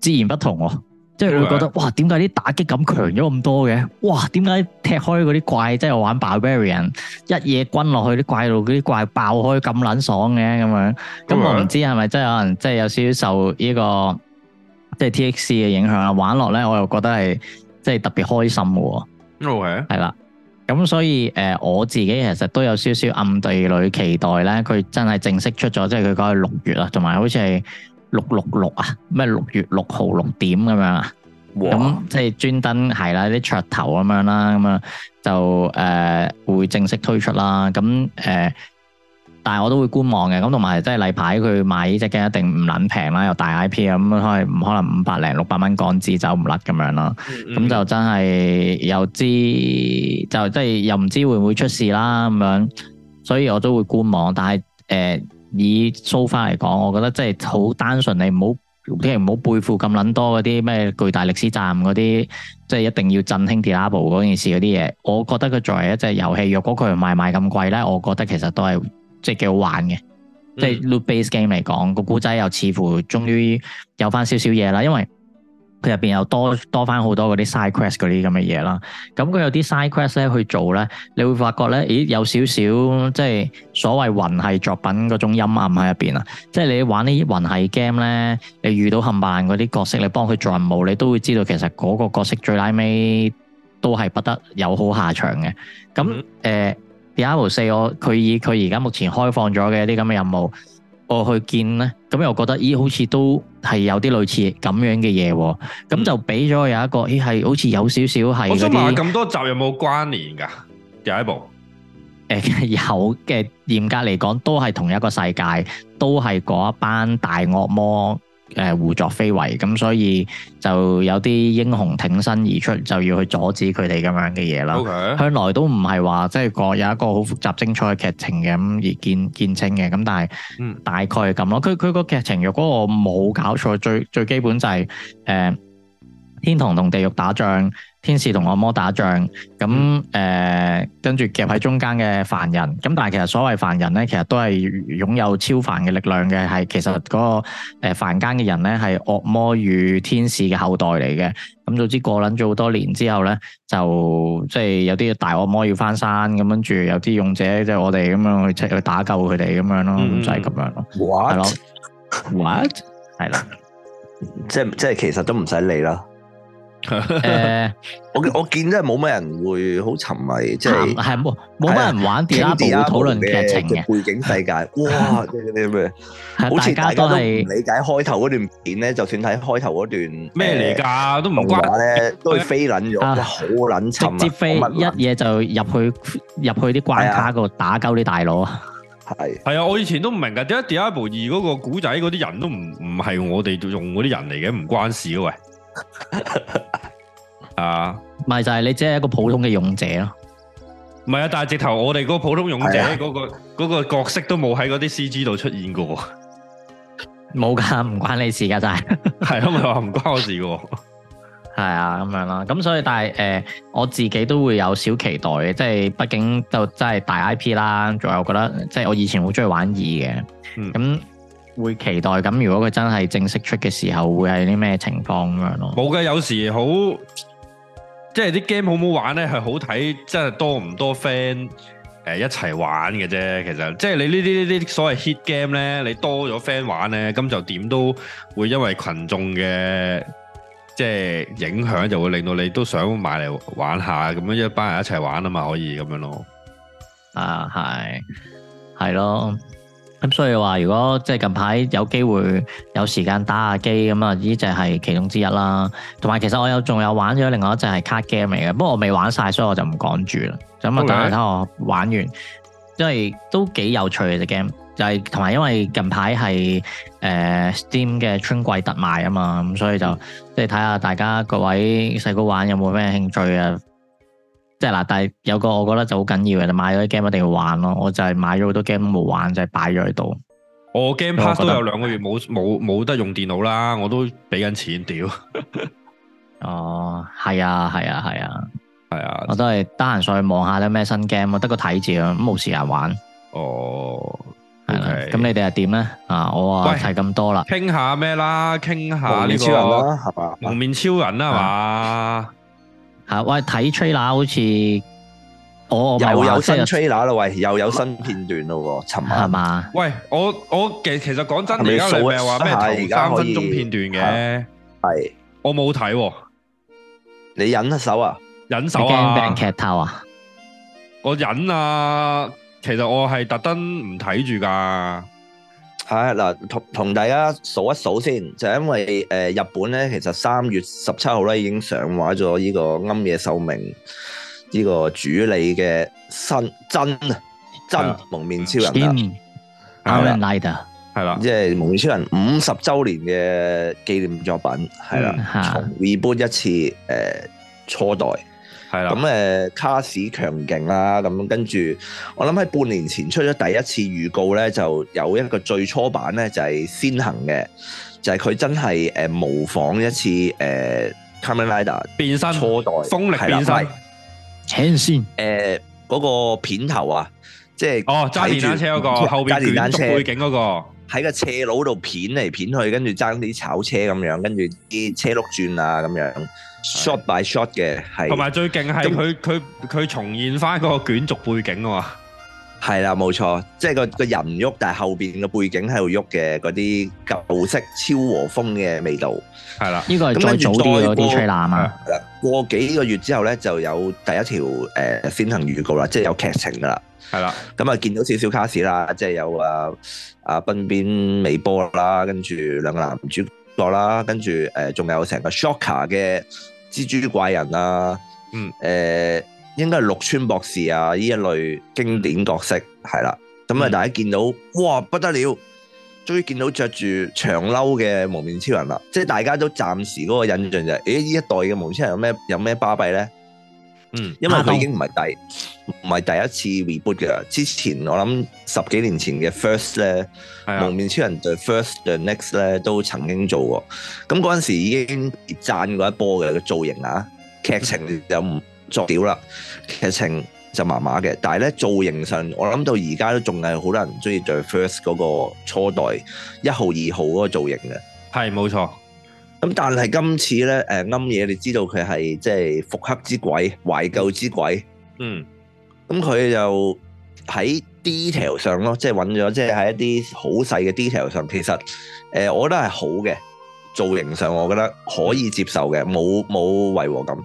截然不同哦、啊。即係會覺得哇，點解啲打擊感強咗咁多嘅？哇，點解踢開嗰啲怪，即係玩 Barbarian 一嘢轟落去啲怪度嗰啲怪爆開咁撚爽嘅咁樣？咁、嗯嗯嗯、我唔知係咪真係可能即係有少少受呢、這個即係、就是、TXC 嘅影響啊？玩落咧我又覺得係即係特別開心嘅喎，係啦 Okay.。咁所以誒、呃，我自己其實都有少少暗地裏期待咧，佢真係正式出咗，即係佢講係六月啊，同埋好似係。六六六啊，咩六月六號六點咁樣啊，咁即係專登係啦，啲噱頭咁樣啦，咁樣就誒、呃、會正式推出啦，咁誒、呃，但係我都會觀望嘅，咁同埋即係例牌佢買呢隻機一定唔撚平啦，又大 IP 啊。咁，唔可能五百零六百蚊港紙走唔甩咁樣咯，咁、嗯、就真係又知就即係又唔知會唔會出事啦咁樣，所以我都會觀望，但係誒。呃以 so far 嚟講，我覺得即係好單純，你唔好啲人唔好背負咁撚多嗰啲咩巨大歷史站嗰啲，即係一定要振興 Diablo 嗰件事嗰啲嘢。我覺得佢作為一隻遊戲，若果佢唔賣賣咁貴咧，我覺得其實都係即係幾好玩嘅，嗯、即係 Loot Based Game 嚟講，個故仔又似乎終於有翻少少嘢啦，因為。佢入邊又多多翻好多嗰啲 side quest 嗰啲咁嘅嘢啦，咁佢有啲 side quest 咧去做咧，你會發覺咧，咦，有少少即係所謂魂系作品嗰種陰暗喺入邊啊！即係你玩啲魂系 game 咧，你遇到冚唪唥嗰啲角色，你幫佢做任務，你都會知道其實嗰個角色最拉尾都係不得有好下場嘅。咁誒 D4，呃、4, 我佢以佢而家目前開放咗嘅啲咁嘅任務。我去見咧，咁又覺得咦，好似都係有啲類似咁樣嘅嘢喎，咁、嗯、就俾咗有一個，咦、哎，係好似有少少係。我想問下咁多集有冇關聯㗎？第一部，誒 有嘅，嚴格嚟講都係同一個世界，都係嗰一班大惡魔。誒胡作非為咁，所以就有啲英雄挺身而出，就要去阻止佢哋咁樣嘅嘢啦。Okay. 向來都唔係話即係個有一個好複雜精彩嘅劇情嘅咁而見見稱嘅咁，但係大概係咁咯。佢佢、嗯、個劇情若果我冇搞錯，最最基本就係、是、誒、呃、天堂同地獄打仗。天使同惡魔打仗，咁誒跟住夾喺中間嘅凡人，咁但係其實所謂凡人咧，其實都係擁有超凡嘅力量嘅，係其實嗰、那個誒、呃、凡間嘅人咧係惡魔與天使嘅後代嚟嘅，咁早知過捻咗好多年之後咧，就即係、就是、有啲大惡魔要翻山咁跟住，有啲勇者即係、就是、我哋咁樣去去打救佢哋咁樣 What? 咯，就係咁樣咯，係咯，what 係啦， 即係即係其實都唔使理啦。誒，我我見真係冇乜人會好沉迷，即係係冇乜人玩《迪拉布》討論劇情嘅背景世界，哇！即啲咩，好似大家都唔理解開頭嗰段片咧。就算睇開頭嗰段咩嚟噶，都唔關咧，都係飛撚咗，好撚！直接飛一嘢就入去入去啲關卡度打鳩啲大佬啊！係係啊！我以前都唔明噶，點解《迪拉布二》嗰個古仔嗰啲人都唔唔係我哋用嗰啲人嚟嘅，唔關事嘅喂。 啊，咪就係、是、你只係一個普通嘅勇者咯，唔係啊？但係直頭我哋個普通勇者嗰、那個、啊、個角色都冇喺嗰啲 C G 度出現過，冇噶，唔關你的事噶，就係。係 啊，咪話唔關我事噶，係啊，咁樣啦。咁所以但係誒、呃，我自己都會有少期待嘅，即係畢竟就真係大 I P 啦。仲有我覺得，即、就、係、是、我以前好中意玩二嘅，咁、嗯。會期待咁，如果佢真係正式出嘅時候，會係啲咩情況咁樣咯？冇嘅，有時好，即係啲 game 好唔好玩咧，係好睇，真係多唔多 friend 誒一齊玩嘅啫。其實即係你呢啲呢啲所謂 hit game 咧，你多咗 friend 玩咧，咁就點都會因為群眾嘅即係影響，就會令到你都想買嚟玩下，咁樣一班人一齊玩啊嘛，可以咁樣、啊、咯。啊，係係咯。咁所以話，如果即係近排有機會有時間打下機咁啊，呢隻係其中之一啦。同埋其實我有仲有玩咗另外一隻係卡 game 嚟嘅，不過我未玩晒，所以我就唔講住啦。咁啊等睇我玩完，因為都幾有趣嘅隻 game。就係同埋因為近排係誒 Steam 嘅春季特賣啊嘛，咁所以就即係睇下大家各位細個玩有冇咩興趣啊。即係嗱，但係有個我覺得就好緊要嘅，就買咗啲 game 一定要玩咯。我就係買咗好多 game 都冇玩，就係擺咗喺度。哦、game Pass 我 game Pass 都有兩個月冇冇冇得用電腦啦，我都俾緊錢屌。哦，係、okay. 啊，係啊，係啊，係啊，我都係得閒上去望下啲咩新 game，得個睇字啊，冇時間玩。哦，係啦，咁你哋又點咧？啊，我啊係咁多一啦，傾下咩啦？傾下呢個幪面超人啦，係嘛？幪面超人啊嘛？ 吓、啊、喂，睇吹 r 好似我，我是是又有新吹 r a 啦，喂，又有新片段咯，尋嗎晚係嘛？吧喂，我我其實其實講真，你而家係咪話咩頭三分鐘片段嘅？係，我冇睇，你忍一手啊？啊忍手啊？驚病劇透啊？我忍啊，其實我係特登唔睇住噶。係嗱，同同大家數一數先，就因為誒、呃、日本咧，其實三月十七號咧已經上畫咗呢個庵野秀明呢、這個主理嘅新真真的幪面超人，係啦，即係、就是、幪面超人五十週年嘅紀念作品，係啦，重的的搬一次誒、呃、初代。係啦，咁誒卡士強勁啦，咁、嗯、跟住我諗喺半年前出咗第一次預告咧，就有一個最初版咧就係、是、先行嘅，就係、是、佢真係誒、呃、模仿一次誒 Kamen Rider 變身錯代風力變身，睇先誒嗰個片頭啊，即係哦揸著電單車嗰、那個，後面建築背景嗰個。喺個斜路度片嚟片去，跟住爭啲炒車咁樣，跟住啲車碌轉啊咁樣的，shot by shot 嘅，係同埋最勁係佢佢佢重現翻嗰個卷軸背景啊嘛！係啦，冇錯，即係個個人喐，但係後邊嘅背景喺度喐嘅嗰啲舊式超和風嘅味道，係啦的，呢個係最早啲嗰啲吹喇嘛。的過幾個月之後咧，就有第一條誒、呃、先行預告啦，即係有劇情噶啦。係啦的，咁啊見到少少卡士啦，即係有啊啊濱邊美波啦，跟住兩個男主角啦，跟住誒仲有成個 Shocker 嘅蜘蛛怪人啊，嗯誒。呃應該係綠川博士啊！呢一類經典角色係啦，咁啊、嗯、大家見到哇不得了，終於見到着住長褸嘅蒙面超人啦！即係大家都暫時嗰個印象就係、是：，誒呢一代嘅蒙面超人有咩有咩巴閉咧？嗯，因為佢已經唔係第唔係、嗯、第一次 reboot 嘅。之前我諗十幾年前嘅 First 咧，的蒙面超人 The First The Next 咧都曾經做過。咁嗰陣時已經讚過一波嘅造型啊，劇情有。唔、嗯、～作屌啦，劇情就麻麻嘅，但係咧造型上，我諗到而家都仲係好多人中意 The First 嗰個初代一號二號嗰個造型嘅，係冇錯。咁但係今次咧誒啱嘢，你知道佢係即係復刻之鬼、懷舊之鬼，嗯，咁佢、嗯、就喺 detail 上咯，即係揾咗，即係喺一啲好細嘅 detail 上，其實誒、呃、我覺得係好嘅。造型上我覺得可以接受嘅，冇冇違和感。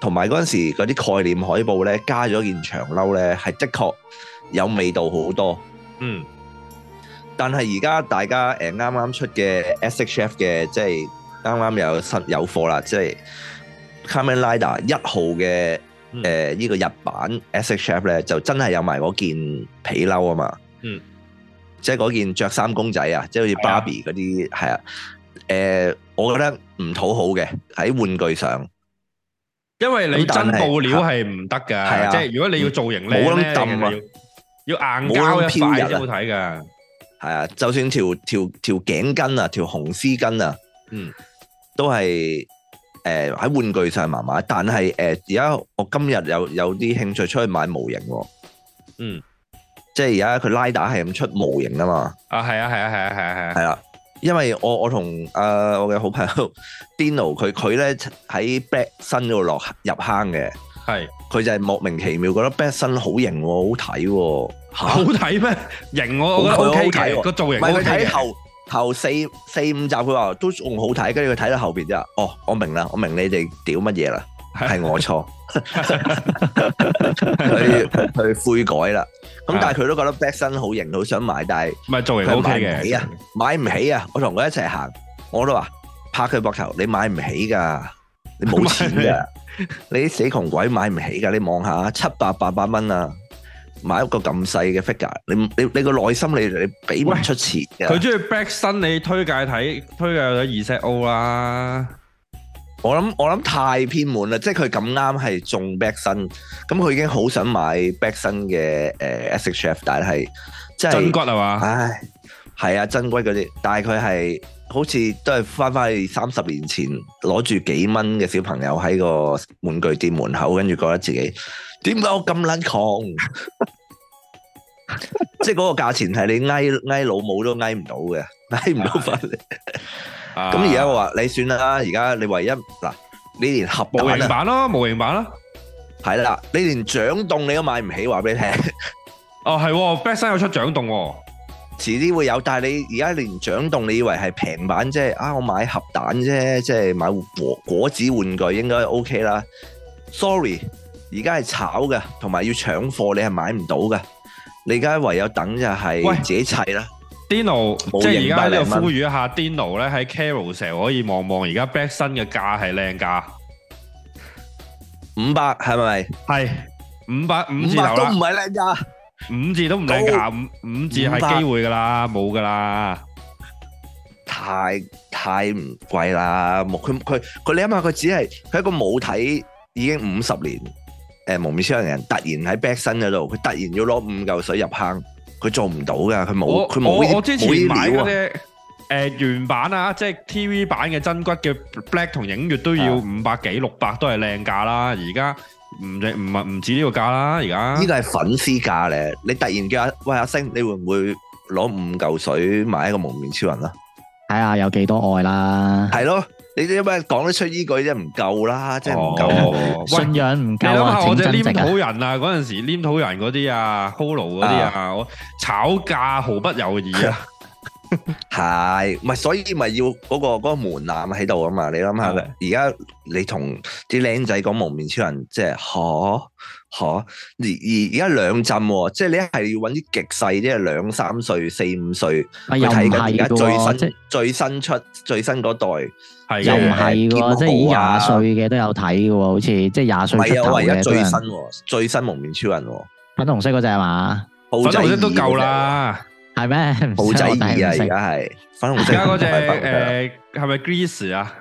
同埋嗰陣時嗰啲概念海報咧，加咗件長褸咧，係的確有味道好多。嗯。但係而家大家誒啱啱出嘅 SHF 嘅，即係啱啱有新有貨啦，即係 Kamen Rider 一號嘅誒呢個日版 SHF 咧，就真係有埋嗰件皮褸啊嘛。嗯。即係嗰件着衫公仔啊，即係好似 Barbie 嗰啲係、嗯、啊。誒，我覺得唔討好嘅，喺玩具上，因為你真布料係唔得噶即係如果你要造型靚咧，要硬膠一擺先好睇噶。係啊，就算條條條頸巾啊，條紅絲巾啊，嗯，都係誒喺玩具上麻麻。但係誒而家我今日有有啲興趣出去買模型，嗯，即係而家佢拉打係咁出模型啊嘛。啊，係啊，係啊，係啊，係啊，係啊，係啦。因為我我同啊、呃、我嘅好朋友 Dino 佢佢咧喺 Black Sun 嗰度落入坑嘅，係佢是就係莫名其妙覺得 Black Sun 好型喎、喔，好睇喎、喔，好睇咩？ 型，我覺得 O K 睇個造型不，唔係佢睇後後四四五集佢話都仲好睇，跟住佢睇到後邊啫。哦，我明啦，我明你哋屌乜嘢啦。係我錯，佢佢悔改啦。咁但係佢都覺得 Black Sun 好型，好想買，但係唔係做唔到買嘅，買唔起啊！買唔起啊！我同佢一齊行，我都話拍佢膊頭，你買唔起噶，你冇錢噶，你死窮鬼買唔起噶！你望下，七百八百蚊啊，買一個咁細嘅 figure，你你你個內心你你俾唔出錢。佢中意 Black Sun，你推介睇推介二石 O 啦。我諗我諗太偏門啦，即係佢咁啱係中 back 身，咁佢已經好想買 back 身嘅誒 SHF，但係真，真骨係嘛？唉，係啊，真骨嗰啲，但係佢係好似都係翻返去三十年前攞住幾蚊嘅小朋友喺個玩具店門口，跟住覺得自己點解我咁撚窮？ 即係嗰個價錢係你嗌嗌老母都嗌唔到嘅，嗌唔到份。咁而家我話你算啦，而家你唯一嗱，你連盒模型版咯，模型版咯，係啦，你連掌動你都買唔起，話俾你聽。哦，係，Best 有出掌動喎，遲啲會有，但係你而家連掌動你以為係平版即係啊，我買盒蛋啫，即係買果果子玩具應該 OK 啦。Sorry，而家係炒嘅，同埋要搶貨，你係買唔到嘅。你而家唯有等就係自己砌啦喂。Dino，即係而家喺度呼籲一下，Dino 咧喺 Carousell 成日可以望望而家 Black Sun 嘅價係靚價五百，係咪？係五百五字頭啦，都唔係靚價，五字都唔靚價，五五字係機會噶啦，冇噶啦，太太唔貴啦。佢佢佢你諗下佢只係佢一個冇睇，已經五十年誒幪面超人突然喺 Black Sun 嗰度，佢突然要攞五嚿水入坑。佢做唔到㗎，佢冇，佢冇呢啲。我我之前買嗰啲誒原版啊，即係 TV 版嘅真骨嘅 Black 同影月都要五百幾六百，都係靚價啦。而家唔唔唔係唔止呢個價啦。而家呢個係粉絲價咧。你突然叫喂，阿星，你會唔會攞五嚿水買一個幪面超人啊？睇下有幾多愛啦。係咯。你哋啲乜講得出呢句真係唔夠啦，真係唔夠信人唔夠。你諗下我隻黏土人啊，嗰陣、啊、時黏土人嗰啲啊，Holo 嗰啲啊，啊啊我炒價毫不猶豫啊，係， 咪所以咪要嗰、那個嗰、那個門檻喺度啊嘛？你諗下咧，而家你同啲僆仔講幪面超人，即係可。吓而而而家兩針，即係你係要揾啲極細，即係兩三歲、四五歲去睇緊。而家最新最新出最新嗰代，又唔係噶，即係廿歲嘅都有睇噶，好似即係廿歲出頭嘅都有。最新最新幪面超人，粉紅色嗰隻係嘛？仔，粉紅色都夠啦，係咩？布仔二啊，而家係粉紅色。而家嗰隻誒係咪 Gris e 啊？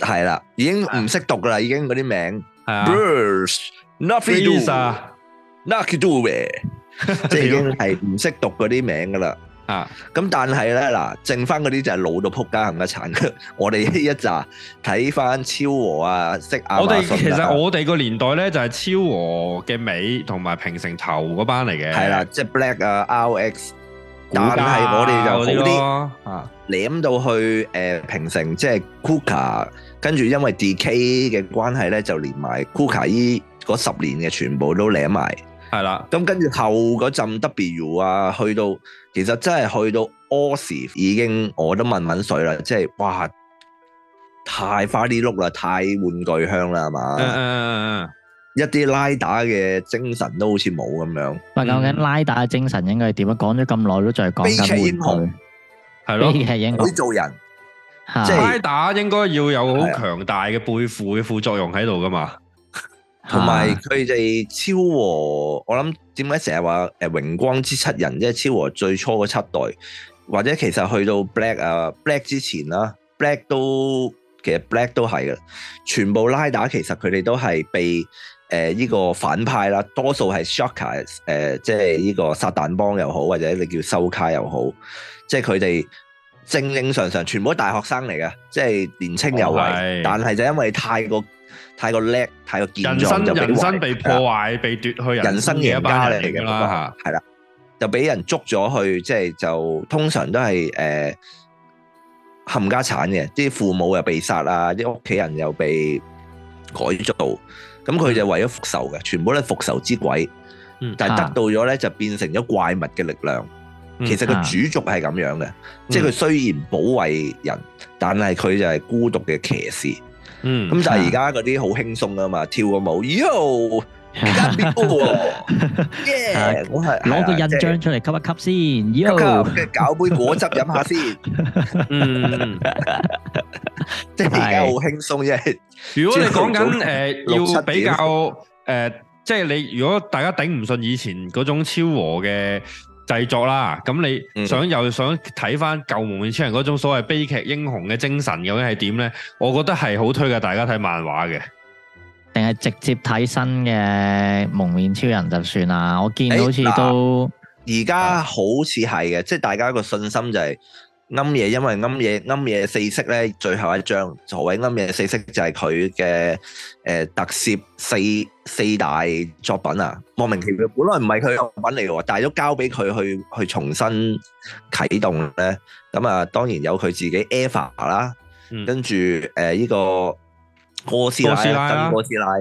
係啦，已經唔識讀啦，已經嗰啲名係啊。Not freezer，Not do 咩？即係已經係唔識讀嗰啲名噶啦。啊，咁但係咧嗱，剩翻嗰啲就係老到仆街冚得鏟。我哋呢一集睇翻昭和啊，識啊，我哋其實我哋個年代咧就係昭和嘅尾同埋平成頭嗰班嚟嘅。係啦，即係 black 啊，RX，但係我哋就好啲，啊，黏到去誒平成即係 Kuka，跟住因為 DK 嘅關係咧，就連埋 Kuka 依。嗰十年嘅全部都領埋，係啦。咁跟住後嗰陣 W 啊，去到其實真係去到 Allive 已經我都問問水啦，即係哇，太花啲碌啦，太玩具香啦，係嘛？嗯嗯嗯嗯。一啲拉打嘅精神都好似冇咁樣。喂，究竟拉打嘅精神應該係點啊？講咗咁耐都仲係講緊背負，係咯？背負應該做人，即係拉打應該要有好強大嘅背負嘅副作用喺度噶嘛？同埋佢哋超和，我諗點解成日話誒榮光之七人，即係超和最初嗰七代，或者其實去到 Black 啊 Black 之前啦，Black 都其實 Black 都係嘅，全部拉打其實佢哋都係被誒呢、呃這個反派啦，多數係 Shocker、呃、即係呢個撒旦幫又好，或者你叫收卡又好，即係佢哋正正常常全部都大學生嚟嘅，即係年青有為，是但係就因為太過。太過叻，太過健壯就俾壞，人生，人生被，壞被破壞，被奪去人，人生贏家嚟嘅啦，係啦，就俾人捉咗去，即係就通常都係誒冚家產嘅，啲父母又被殺啦，啲屋企人又被改造，咁佢就為咗復仇嘅，全部都係復仇之鬼，但係得到咗咧就變成咗怪物嘅力量，其實個主軸係咁樣嘅，即係佢雖然保衛人，但係佢就係孤獨嘅騎士。嗯，咁就而家嗰啲好輕鬆啊嘛，跳個舞，Yo，我係攞個印章出嚟，吸一吸先，Yo，跟住攪杯果汁飲下先。嗯，即係而家好輕鬆啫。如果你講緊誒，要比較誒，即係你如果大家頂唔順以前嗰種昭和嘅。製作啦，咁你想又想睇返舊幪面超人嗰種所謂悲劇英雄嘅精神究竟係點呢？我覺得係好推介大家睇漫畫嘅，定係直接睇新嘅幪面超人就算啦。我見到好似都而家、欸、好似係嘅，即係、嗯、大家個信心就係、是。庵野因為庵野，庵野四色咧最後一張，何謂庵野四色就係佢嘅誒特攝四四大作品啊！莫名其妙，本來唔係佢作品嚟、啊、嘅，但係都交俾佢去去重新啟動咧。咁啊，嗯、當然有佢自己 Eva、e、啦，嗯、跟住誒呢個哥斯拉，跟哥斯拉、啊，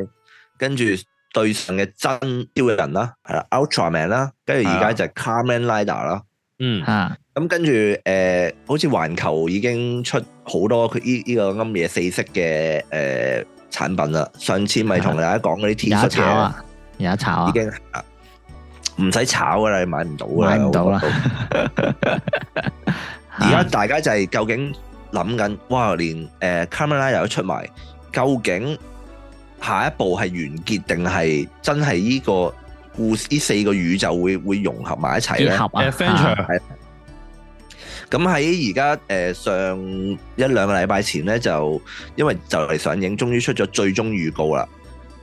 跟住對上嘅真超人啦，係啦，Ultra Man 啦，跟住而家就係 Kamen Rider 啦。嗯啊，咁跟住誒、呃，好似環球已經出好多佢呢呢個暗夜、這個這個、四色嘅誒產品啦，上次咪同大家講嗰啲天鵝車啊，有得炒已經唔使炒噶啦，你買唔到啦，買唔到啦。而家 大家就係究竟諗緊，哇！連誒 Cartier 又出埋，究竟下一步係完結定係真係呢、這個？故事呢四個宇宙會會融合埋一齊合誒，分場是。咁喺而家誒上一兩個禮拜前咧，就因為就嚟上映，終於出咗最終預告啦。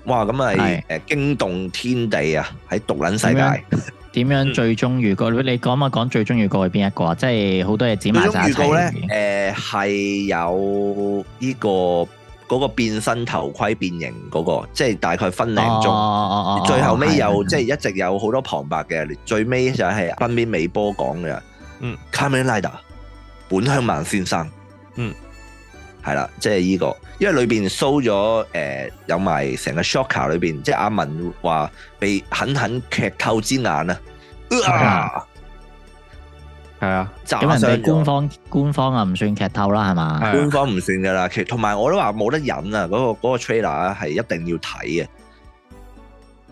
哇！咁係誒驚動天地啊，喺獨撚世界。點樣、樣最終預告？嗯、你講啊，講最終預告係邊一個啊？即係好多嘢剪埋預告。最終預告咧，誒、呃、係有呢、這個。嗰個變身頭盔變形嗰、那個，即係大概分兩鐘，哦、最後尾有，哦、即係一直有好多旁白嘅，嗯、最尾就係殞滅尾波講嘅。嗯，Kamen Rider 本鄉猛先生，嗯，係啦、嗯，即係呢、這個，因為裏邊 show 咗誒、呃，有埋成個 shocker 裏邊，即係阿文話被狠狠劇透之眼啊！呃啊係啊，咁人哋官方官方啊唔算劇透啦，係嘛？官方唔算噶啦，同埋我都話冇得忍啊！嗰、那個嗰、那個 trailer 啊，係一定要睇嘅。咁、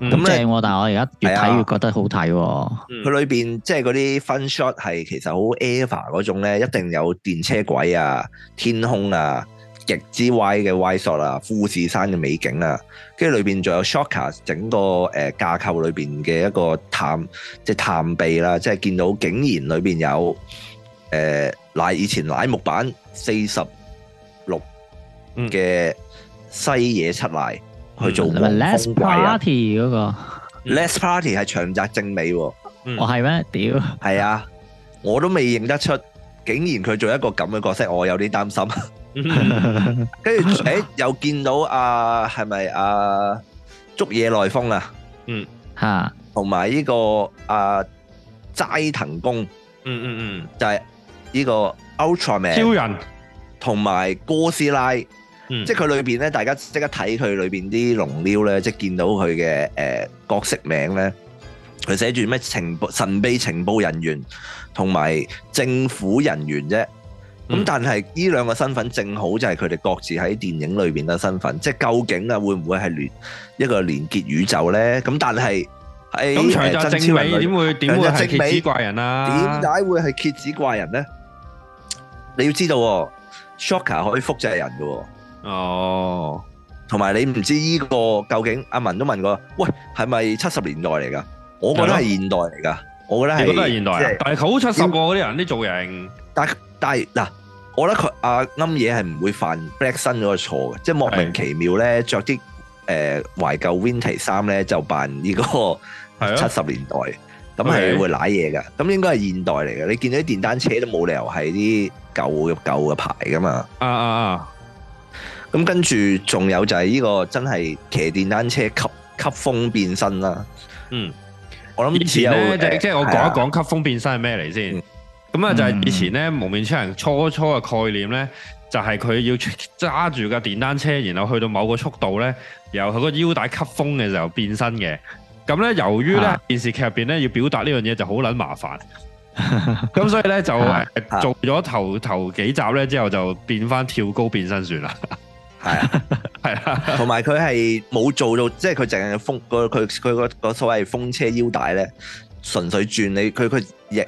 嗯、正、啊，但係我而家越睇越覺得好睇、啊。佢裏邊即係嗰啲分 shot 係其實好 Eva 嗰種咧，一定有電車軌啊、天空啊。極之歪嘅歪索啦，富士山嘅美景啦，跟住裏邊仲有 Shocker 整個誒、呃、架構裏邊嘅一個探即係探秘啦，即係見到竟然裏邊有誒乃、呃、以前乃木坂四十六嘅西野七瀨、嗯、去做 Last 光復派啊！嗰、嗯那個 last party 係長澤正美喎，哦係咩？屌，係啊！我都未認得出，竟然佢做一個咁嘅角色，我有啲擔心。 跟住， 誒，又見到啊，係咪啊？竹野內豐啊？嗯，吓，同埋呢個阿齋藤工，嗯嗯嗯，就係呢個 Ultra Man 超人，同埋哥斯拉。嗯、即係佢裏邊咧，大家即刻睇佢裏邊啲龍 U 咧，即係見到佢嘅誒角色名咧，佢寫住咩情報，神秘情報人員，同埋政府人員啫。咁但係呢兩個身份正好就係佢哋各自喺電影裏邊嘅身份，即係究竟啊會唔會係連一個連結宇宙咧？咁但係係咁長就正比點會點會係蠍子怪人啊？點解會係蠍子怪人咧？你要知道，Shocker 可以複製人噶哦，同埋你唔知呢個究竟阿文都問過，喂，係咪七十年代嚟噶？我覺得係現代嚟噶，我覺得係，你覺得係現代啊？但係九七十個嗰啲人啲造型，但。但係嗱、啊，我覺得佢阿啱嘢係唔會犯 black 新嗰個錯嘅，即係莫名其妙咧着啲誒懷舊 v i n t e 衫咧就扮呢個七十年代，咁係、啊、會賴嘢噶，咁、啊、應該係現代嚟噶。你見到啲電單車都冇理由係啲舊嘅舊嘅牌噶嘛？啊啊啊,啊！咁跟住仲有就係呢個真係騎電單車吸吸風變身啦。嗯，我諗以前咧、uh, 即係我講一講吸風變身係咩嚟先。嗯咁啊，就係以前咧，幪面超人初初嘅概念咧，就係、是、佢要揸住架電單車，然後去到某個速度咧，由佢個腰帶吸風嘅時候變身嘅。咁咧，由於咧電視劇入邊咧要表達呢樣嘢就好捻麻煩，咁 所以咧就做咗頭、啊、頭幾集咧之後就變翻跳高變身算啦。係 啊，係啦，同埋佢係冇做到，即係佢淨係風佢佢個所謂風車腰帶咧。純粹轉你，佢佢，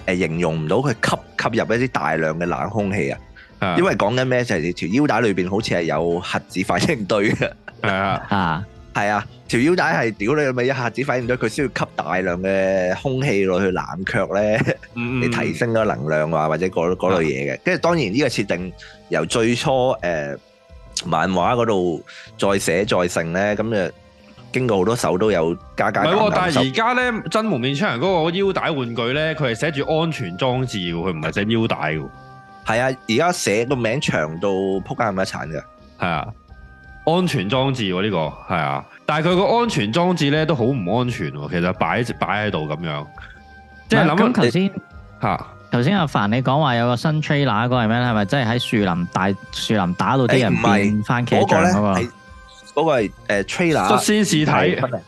誒，形容唔到佢，吸吸入一啲大量嘅冷空氣啊，因為講緊咩就係你條腰帶裏邊好似係有核子反應堆嘅，係啊，啊，係啊，條腰帶係，屌你咪一核子反應堆，佢需要吸大量嘅空氣落去冷卻咧，你提升咗能量啊或者嗰嗰類嘢嘅，跟住當然呢個設定由最初誒漫畫嗰度再寫再成咧咁就。經過好多手都有加加，加價，啊。但係而家咧《真幪面超人》嗰個腰帶玩具咧，佢係寫住安全裝置，佢唔係寫腰帶。係啊，而家寫個名長到撲街咁一鏟嘅。係啊，安全裝置喎呢個，係啊，但係佢個安全裝置咧都好唔安全喎。其實擺住擺喺度咁樣，即係諗諗頭先吓，頭先你、啊、阿凡你講話有個新 trailer，嗰個係咩咧？係咪真係喺樹林大樹林打到啲人變番茄醬嗰，那個？欸嗰個係誒 trailer，率先試睇。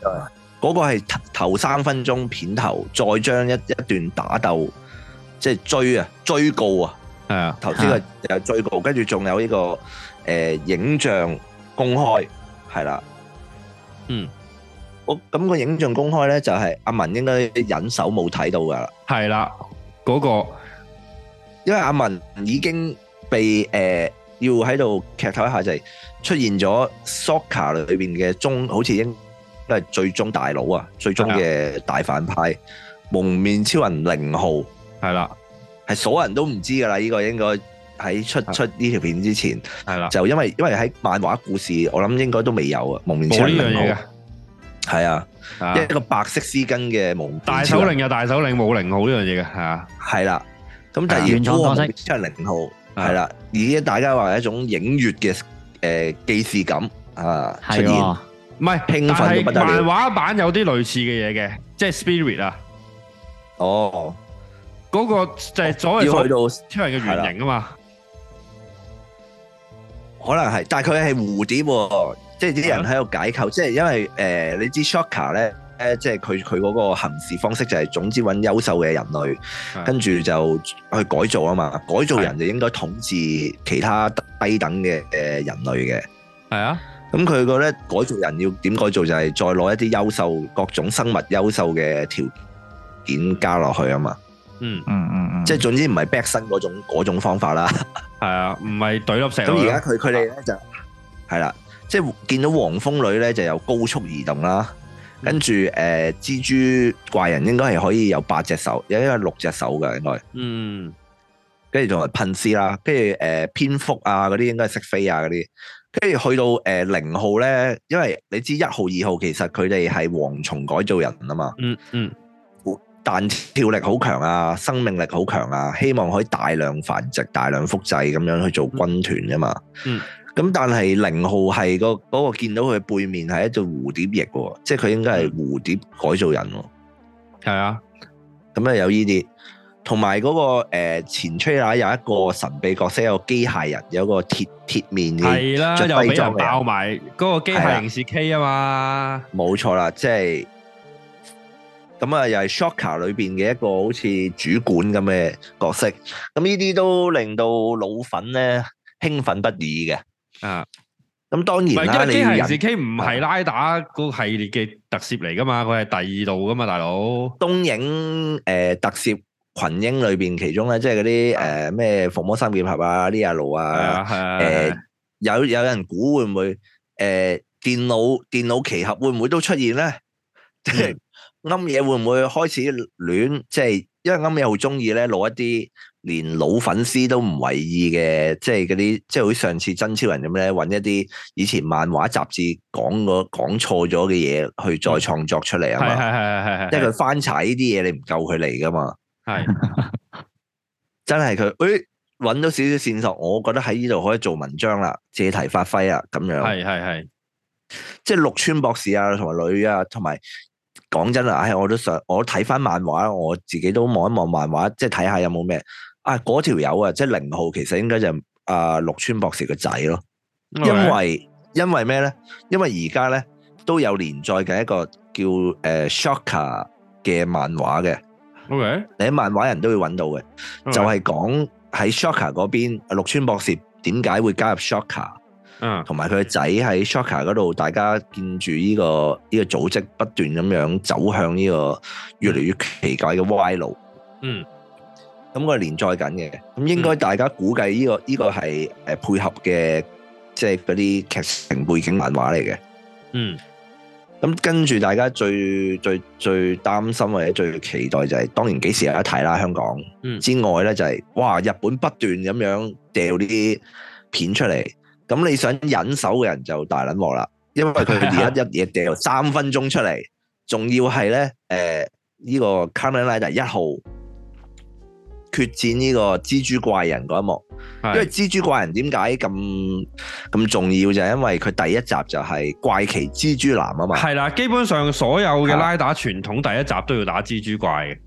嗰個係頭三分鐘片頭，再將一一段打鬥，即係追啊追告啊。係啊，頭先係又追告，跟住仲有呢個誒影像公開，係啦。嗯，我咁個影像公開咧，就係阿文應該忍手冇睇到噶啦。係啦，嗰個因為阿文已經被誒。要喺度劇透一下，就係出現咗 Saka 裏邊嘅中，好似應都係最終大佬啊，最終嘅大反派幪面超人零號，係啦，係所有人都唔知噶啦，呢個應該喺出出呢條片之前，係啦，就因為因為喺漫畫故事，我諗應該都未有啊，幪面超人零號，係啊，一一個白色絲巾嘅幪面超人大首領，有大首領冇零號呢樣嘢嘅，係啊，係啦，咁第二個即係零號。係啦，而家大家話一種影月嘅誒既視感啊，的出現唔係興奮都不得了，漫畫版有啲類似嘅嘢嘅，即係 spirit 啊。哦，嗰個就係所謂到超人嘅原型啊嘛。可能係，但係佢係蝴蝶，哦，即係啲人喺度解構，的即係因為誒、呃，你知 Shocker 咧。咧，即係佢佢嗰個行事方式就係總之揾優秀嘅人類，跟住就去改造啊嘛。改造人就應該統治其他低等嘅誒人類嘅。係啊，咁佢覺得改造人要點改造就係再攞一啲優秀各種生物優秀嘅條件加落去啊嘛。嗯嗯嗯，即係總之唔係 back 身嗰種嗰種方法啦。係啊，唔係懟粒石。咁而家佢佢哋咧就係啦，即係見到黃蜂女咧就有高速移動啦。跟住誒、呃、蜘蛛怪人應該係可以有八隻手，有一個六隻手嘅應該。嗯，跟住仲係噴絲啦，跟住誒蝙蝠啊嗰啲應該識飛啊嗰啲，跟住去到誒零、呃、號咧，因為你知一號二號其實佢哋係蝗蟲改造人啊嘛。嗯嗯，嗯但跳力好強啊，生命力好強啊，希望可以大量繁殖、大量複製咁樣去做軍團嘅嘛嗯。嗯。咁但係零號係個嗰、嗰個見到佢背面係一隻蝴蝶翼喎，即係佢應該係蝴蝶改造人咯。係啊，咁啊有呢啲，同埋嗰個、呃、前吹奶有一個神秘角色，有個機械人，有個鐵鐵面嘅，着盔、啊、裝又爆埋嗰個機械人士 K 啊嘛，冇、啊、錯啦，即係咁啊，又係 Shocker 裏邊嘅一個好似主管咁嘅角色。咁呢啲都令到老粉咧興奮不已嘅。啊，咁當然，唔係因為機械人 K 唔係拉打個系列嘅特攝嚟噶嘛，佢係第二度噶嘛，大佬。東映誒特攝群英裏邊，其中咧即係嗰啲誒咩伏魔三劍俠啊，李亞魯啊，誒有有人估會唔會誒電腦電腦奇俠會唔會都出現咧？即係啱嘢會唔會開始亂即係？因為啱尾好中意咧攞一啲連老粉絲都唔為意嘅，即係嗰啲，即係好似上次真超人咁咧，揾一啲以前漫畫雜誌講過講錯咗嘅嘢，去再創作出嚟啊！系系系系系，是是是是是，因為佢翻查呢啲嘢，你唔夠佢嚟噶嘛？係是是， 真係佢誒，揾到少少線索，我覺得喺呢度可以做文章啦，借題發揮啊，咁樣。係系系，即係綠川博士啊，同埋女啊，同埋。講真啊，唉，我都想。我睇翻漫畫，我自己都望一望漫畫，即係睇下有冇咩啊嗰條友啊，即係零號，其實應該就阿綠川博士個仔咯，因為因為咩咧？因為而家咧都有連載嘅一個叫誒 Shocker 嘅漫畫嘅，Okay，你喺漫畫人都會揾到嘅，就係講喺 Shocker 嗰邊，綠川博士點解會加入 Shocker？嗯，同埋佢個仔喺 Shocker 嗰度，大家見住呢、呢個呢、呢個組織不斷咁樣走向呢個越嚟越奇怪嘅歪路。嗯，咁佢連載緊嘅，咁應該大家估計呢、呢個呢、呢個係誒配合嘅，即係嗰啲劇情背景漫畫嚟嘅。嗯，咁跟住大家最最最擔心或者最期待就係、是、當然幾時有得睇啦，香港、嗯、之外咧就係、是、哇，日本不斷咁樣掉呢啲片出嚟。咁你想忍手嘅人就大捻鑊啦，因為佢而家一嘢掉三分鐘出嚟，仲要係咧誒呢個 Kamen Rider 一號決戰呢個蜘蛛怪人嗰一幕。是因為蜘蛛怪人點解咁咁重要就係、是、因為佢第一集就係怪奇蜘蛛男啊嘛。係啦的，基本上所有嘅拉打傳的統第一集都要打蜘蛛怪嘅。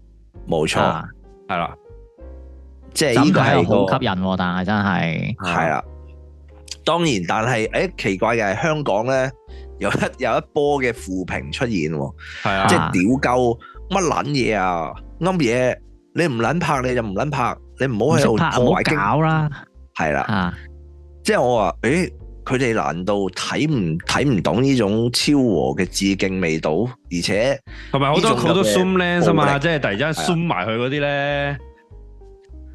冇錯錯，係啦的，即係呢個係好吸引，但係真係係啦。當然，但係誒、欸、奇怪嘅係香港咧，有一有一波嘅負評出現喎，即係屌鳩乜撚嘢啊，啱嘢、啊、你唔撚拍你就唔撚拍，你唔好喺度搞啦，係啦，啊、即係我話誒，佢、欸、哋難道睇唔睇唔懂呢種昭和嘅致敬味道，而且同埋好多好多 zoom lens 啊嘛，即係突然之間 zoom 埋去嗰啲咧。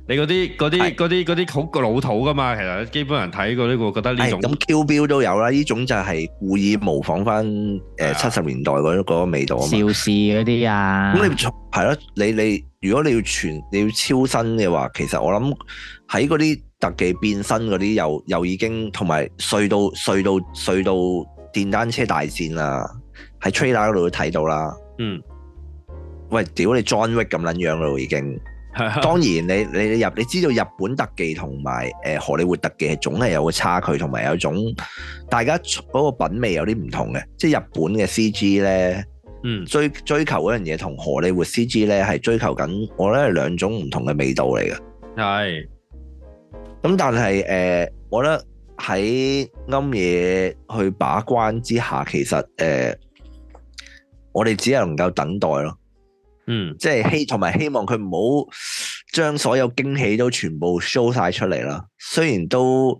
你嗰啲嗰啲嗰啲嗰啲好個老土噶嘛，其實基本人睇過呢個覺得呢種咁 Q 標都有啦，呢種就係故意模仿翻誒七十年代嗰、啊、個味道嘛啊！邵氏嗰啲啊！咁你係咯，你你如果你要傳你要超新嘅話，其實我諗喺嗰啲特技變身嗰啲又又已經同埋隧道隧道,隧道,隧,道,隧,道隧道電單車大戰啊，喺 trailer 嗰度都睇到啦。嗯，喂，屌你 John Wick 咁撚樣咯，已經。 當然，你你你入你知道日本特技同埋誒荷里活特技，總係有個差距，同埋有一種大家嗰個品味有啲唔同嘅。即係日本嘅 CG 咧，追追求嗰樣嘢同荷里活 CG 咧係追求緊，我覺得係兩種唔同嘅味道嚟嘅。係。咁但係誒，我覺得喺啱嘢去把關之下，其實誒、呃，我哋只係能夠等待咯。嗯即，即係希同埋希望佢唔好將所有驚喜都全部 show 晒出嚟啦。雖然都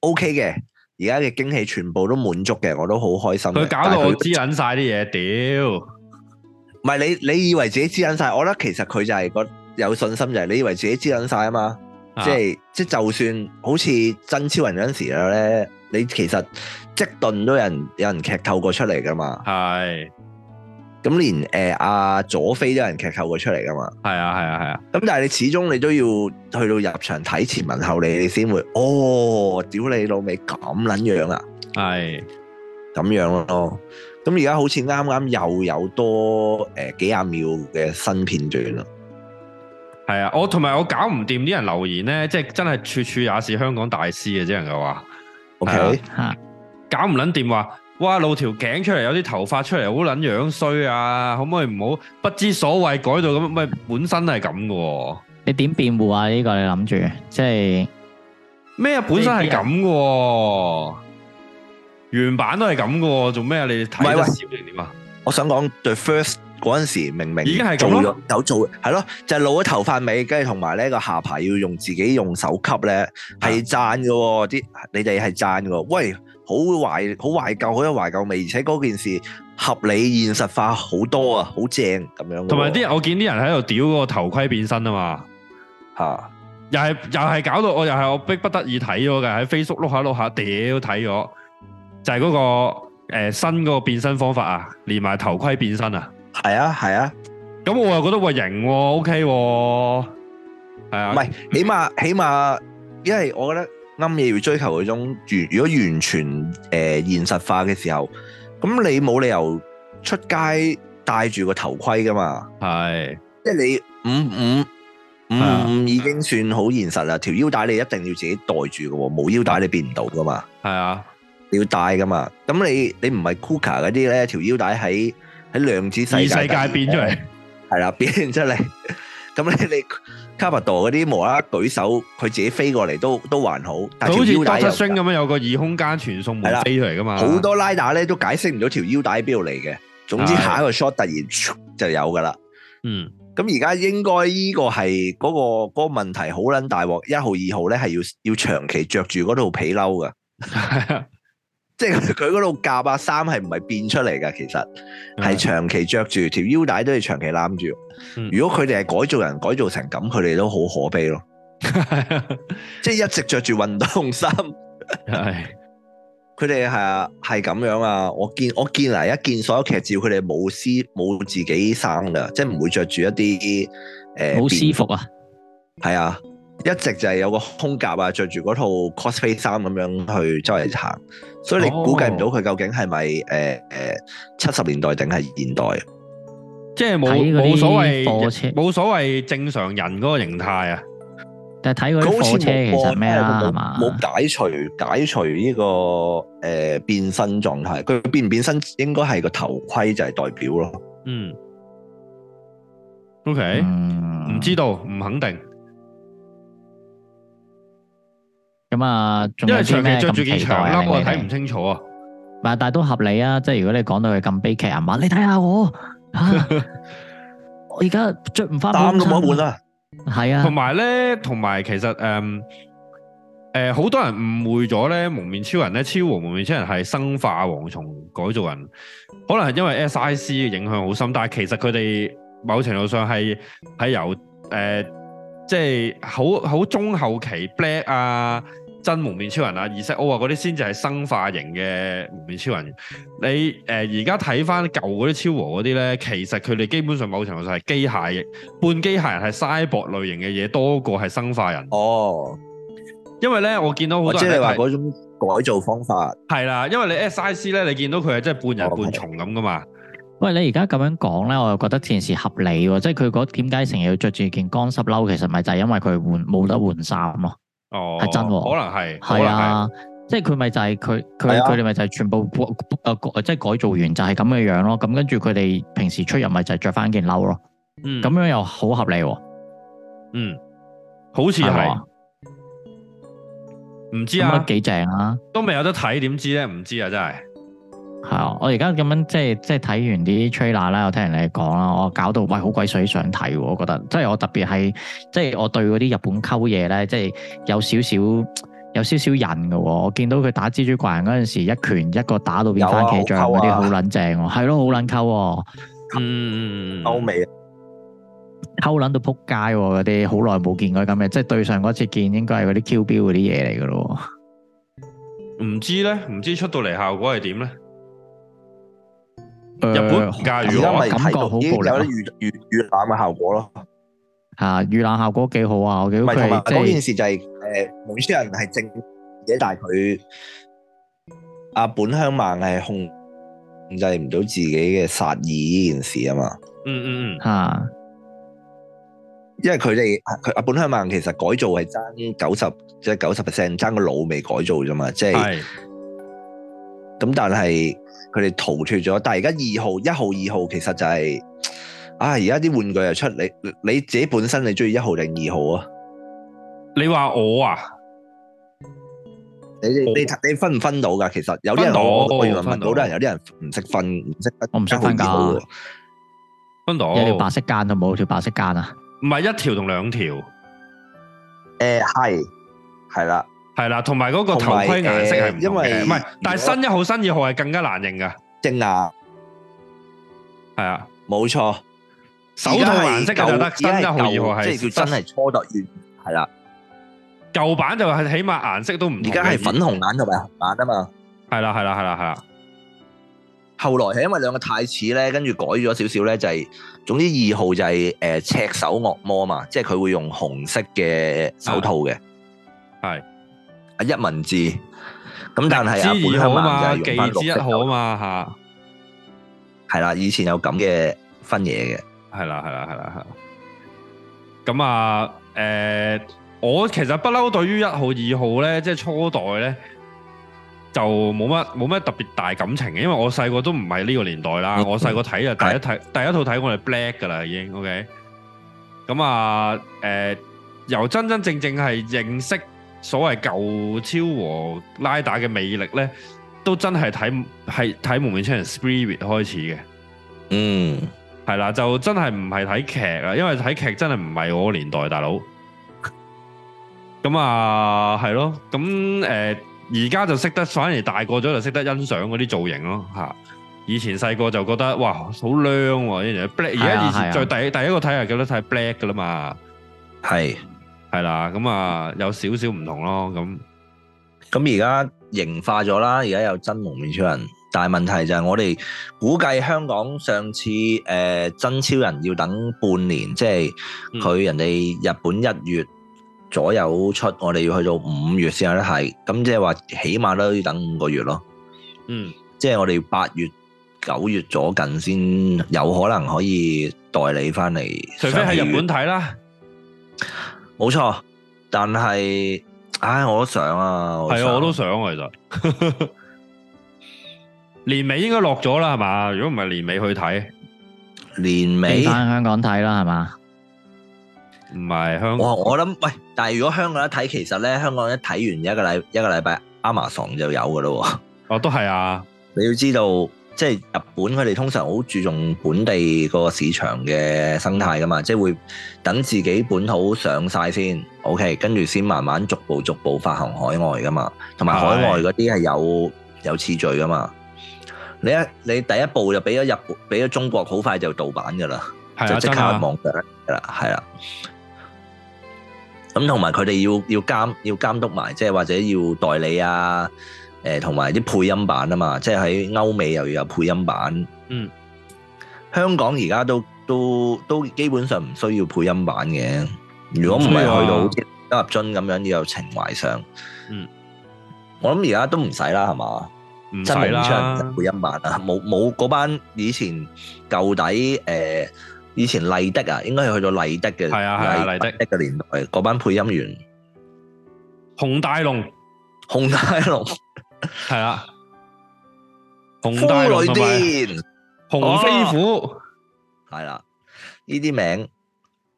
O K 嘅，而家嘅驚喜全部都滿足嘅，我都好開心。佢搞到我知撚晒啲嘢，屌！唔係 你，你以為自己知撚晒？我覺得其實佢就係、是、個有信心，就係你以為自己知撚晒啊嘛。即係即係，就算好似曾超人嗰陣時咧，你其實即係盾都有人有人劇透過出嚟噶嘛。係。咁連誒阿佐菲都有人劇透佢出嚟噶嘛？係啊，係啊，係啊！咁但係你始終你都要去到入場睇前文後理，你先會哦，屌你老味咁撚樣啊！係咁是樣咯。咁而家好似啱啱又有多誒、呃、幾廿秒嘅新片段啦。係啊，我同埋我搞唔掂啲人留言咧，即係真係處處也是香港大師嘅、啊，只能夠話 OK 嚇、啊，搞唔撚掂話。哇！露條頸出嚟，有啲頭髮出嚟，好撚樣衰啊！可唔可以唔好不知所謂，改到咁咪本身係咁噶？你點辯護啊？呢個你諗住，即係咩？本身係咁噶，原版都係咁噶，做咩啊？這個、你睇得點啊？我想講 The First 嗰陣時，明明已經係做咗有做，係咯，就係、是、露咗頭髮尾，跟住同埋呢個下排要用自己用手吸咧，係讚噶啲，嗯、你哋係讚噶，喂。好懷好懷舊，好有懷舊味，而且嗰件事合理現實化好多啊，好正咁樣。同埋啲人，我見啲人喺度屌嗰個頭盔變身啊嘛，吓、啊、又係又係搞到我又係我逼不得已睇咗嘅，喺 Facebook 碌下碌下屌睇咗，就係、是、嗰、嗰個誒、呃、新嗰個變身方法啊，連埋頭盔變身啊，係啊係啊，咁、啊啊、我又覺得喂，型，ok，係啊，唔、okay、係、啊啊、起碼起碼，因為我覺得。 啱嘢，要追求嗰種完，如果完全誒、呃、現實化嘅時候，咁你冇理由出街戴住個頭盔噶嘛？係、啊，即係你五五五已經算好現實啦。條腰帶你一定要自己戴住噶，冇腰帶你變唔到噶嘛。係啊，你要戴噶嘛。咁你你唔係 Cooker 嗰啲咧，條腰帶喺喺量子世界變出嚟，係啦， 變出嚟。咁 咧你。你卡巴多嗰啲無啦舉手，佢自己飛過嚟都都還好，好似德特宣咁樣有個異空間傳送門飛出嚟噶嘛，好 多拉打咧都解釋唔到條腰帶喺邊度嚟嘅。總之下一個 shot 突然、啊、就有噶啦，嗯，咁而家應該呢個係嗰個嗰個問題好撚大鑊，一號二號咧係要要長期着住嗰套皮褸噶。 即係佢嗰度夾把衫係唔係變出嚟噶？其實係長期着住條腰帶都要長期攬住。如果佢哋係改造人，改造成咁，佢哋都好可悲咯。 即係一直着住運動衫。係， 佢哋係啊，係咁樣啊。我見我見嚟一見所有劇照，佢哋冇撕，冇自己生噶，即係唔會着住一啲誒，好、呃、舒服啊。係啊。一直就係有個空格啊，着住嗰套 cosplay 衫咁樣去周圍行，所以你估計唔到佢究竟係咪誒誒七十年代定係現代？即係冇冇所謂冇所謂正常人嗰個形態啊！但係睇佢個火車其實係咩係嘛？冇解除解除呢、呢個誒、呃、變身狀態，佢變唔變身應該係個頭盔就係代表咯。嗯。O K，唔知道，唔肯定。咁啊，因為長期着住幾長，啦我睇唔清楚啊。唔係，但係都合理啊。即係如果你講到佢咁悲劇人物，你睇下我，吓我而家着唔翻，衫可唔可換啊？係啊。同埋咧，同埋其實誒誒，好多人誤會咗咧，幪面超人咧，昭和幪面超人係生化蝗蟲改造人，可能係因為 SIC 嘅影響好深。但係其實佢哋某程度上係係由誒，即係好好中後期 Black 啊。真幪面超人啊！而且我話嗰啲先至係生化型嘅幪面超人。你誒而家睇翻舊嗰啲超和嗰啲咧，其實佢哋基本上某程度上係機械型、半機械人，係曬薄類型嘅嘢多過係生化人。哦，因為咧，我見到好多即係你話嗰種改造方法係啦，因為你 SIC 咧，你見到佢係即係半人半蟲咁噶嘛？哦、喂，你而家咁樣講咧，我又覺得件事合理喎。即係佢嗰點解成日要着住件乾濕褸？其實咪就係因為佢換冇得換衫嘛。哦，係真喎，可能係，係啊，即係佢咪就係佢佢佢哋咪就係全部改誒即係改造完就係咁嘅樣咯，咁跟住佢哋平時出入咪就係着翻件褸咯，嗯，咁樣又好合理喎，嗯，好似係，唔知啊，咁都幾正啊，都未有得睇，點知咧？唔知啊，真係。係啊、嗯，我而家咁樣即係即係睇完啲 trailer 啦，我聽人哋講啦，我搞到喂好鬼水想睇，我覺得即係我特別係即係我對嗰啲日本溝嘢咧，即係有少少有少少癮噶。我見到佢打蜘蛛怪人嗰陣時，一拳一個打到變番茄醬嗰啲好撚正，啊，係咯好撚溝。嗯，歐、哦嗯、美溝撚到撲街嗰啲，好耐冇見過嗰啲咁嘅，即係對上嗰次見應該係嗰啲 Q 標嗰啲嘢嚟噶咯。唔知咧，唔知出到嚟效果係點咧。日本噶，而家咪睇到好暴力，有啲預預預冷嘅效果咯，吓預冷效果幾好啊，我記唔係同埋嗰件事就係誒，有些人係正嘅，但係佢阿本鄉猛係控控制唔到自己嘅殺意呢件事啊嘛，嗯嗯嗯吓，因為佢哋佢阿本鄉猛其實改造係爭九十即係九十 percent 爭個腦未改造啫嘛，即係。咁但係佢哋逃脫咗，但係而家二號、一號、二號其實就係、是、啊，而家啲玩具又出你你自己本身你中意一號定二號啊？你話我啊？你你你分唔分到噶？其實有啲人分到啲人，有啲人唔識分，唔識我唔識分、啊、分到有條白色間有冇條白色間啊？唔係一條同兩條？誒係係啦。係啦，同埋嗰個頭盔顏色係唔同嘅。唔係，但係新一號、新二號係更加難認噶，正啊係啊，冇錯，手套顏色就得，新一號、二號係真係初得遠，係啦，舊版就係起碼顏色都唔同，而家係粉紅眼同埋紅眼嘛啊嘛，係啦、啊，係啦、啊，係啦，係啦，後來係因為兩個太似咧，跟住改咗少少咧，就係、是、總之二號就係誒、呃、赤手惡魔啊嘛，即係佢會用紅色嘅手套嘅、啊，係。啊一文字咁，但係啊二號啊嘛，本鄉萬就係一號啊嘛吓，係啦，以前有咁嘅分嘢嘅，係啦，係啦，係啦，係啦。咁啊，誒，我其實不嬲對於一號、二號咧，即係初代咧，就冇乜冇乜特別大感情嘅，因為我細個都唔係呢個年代啦。我細個睇就第一睇第一套睇我係 Black 噶啦，已經 OK。咁啊，誒，由真真正正係認識。所謂舊超和拉打嘅魅力呢，都真係睇係睇幪面超人 spirit 開始嘅。嗯，係啦，就真係唔係睇劇啊，因為睇劇真係唔係我年代大佬。咁啊，係咯，咁誒，而家就識得反而大個咗就識得欣賞嗰啲造型咯嚇。以前細個就覺得哇好靚喎，啲而家以前最第一的第一個睇係覺得睇 black 噶啦嘛，係。係啦，咁啊有少少唔同咯，咁咁而家型化咗啦，而家有新·幪面超人，但係問題就係我哋估計香港上次誒、呃、真超人要等半年，即係佢人哋日本一月左右出，我哋要去到五月先有得睇，咁即係話起碼都要等五個月咯。嗯即，即係我哋八月九月左近先有可能可以代理翻嚟，除非喺日本睇啦。冇錯，但係，唉，我都想啊，係啊，我都想啊，其實年尾應該落咗啦，係嘛？如果唔係年尾去睇，年尾翻香港睇啦，係嘛？唔係香港，我我諗喂，但係如果香港一睇，其實咧香港一睇完一個禮一個禮拜，Amazon 就有噶啦，哦，都係啊，你要知道。即係日本，佢哋通常好注重本地個市場嘅生態噶嘛，即係會等自己本土上晒先，OK，跟住先慢慢逐步逐步發行海外噶嘛，同埋海外嗰啲係有有次序噶嘛。你一你第一步就俾咗日本，俾咗中國好快就盜版噶啦，啊、就即刻冇噶啦，係啦、啊。咁同埋佢哋要要監要監督埋，即係或者要代理啊。誒同埋啲配音版啊嘛，即係喺歐美又要有配音版。嗯，香港而家都都都基本上唔需要配音版嘅。嗯、如果唔係去到好似一立樽咁樣要有情懷上。嗯，我諗而家都唔使啦，係嘛？唔使啦，配音版啊，冇冇嗰班以前舊底誒以前麗的啊，應該係去到麗的嘅麗麗的嘅年代嗰班配音員，熊大龍，熊紅大龍。 係啦，洪大龍、紅飛虎，係啦，呢啲名，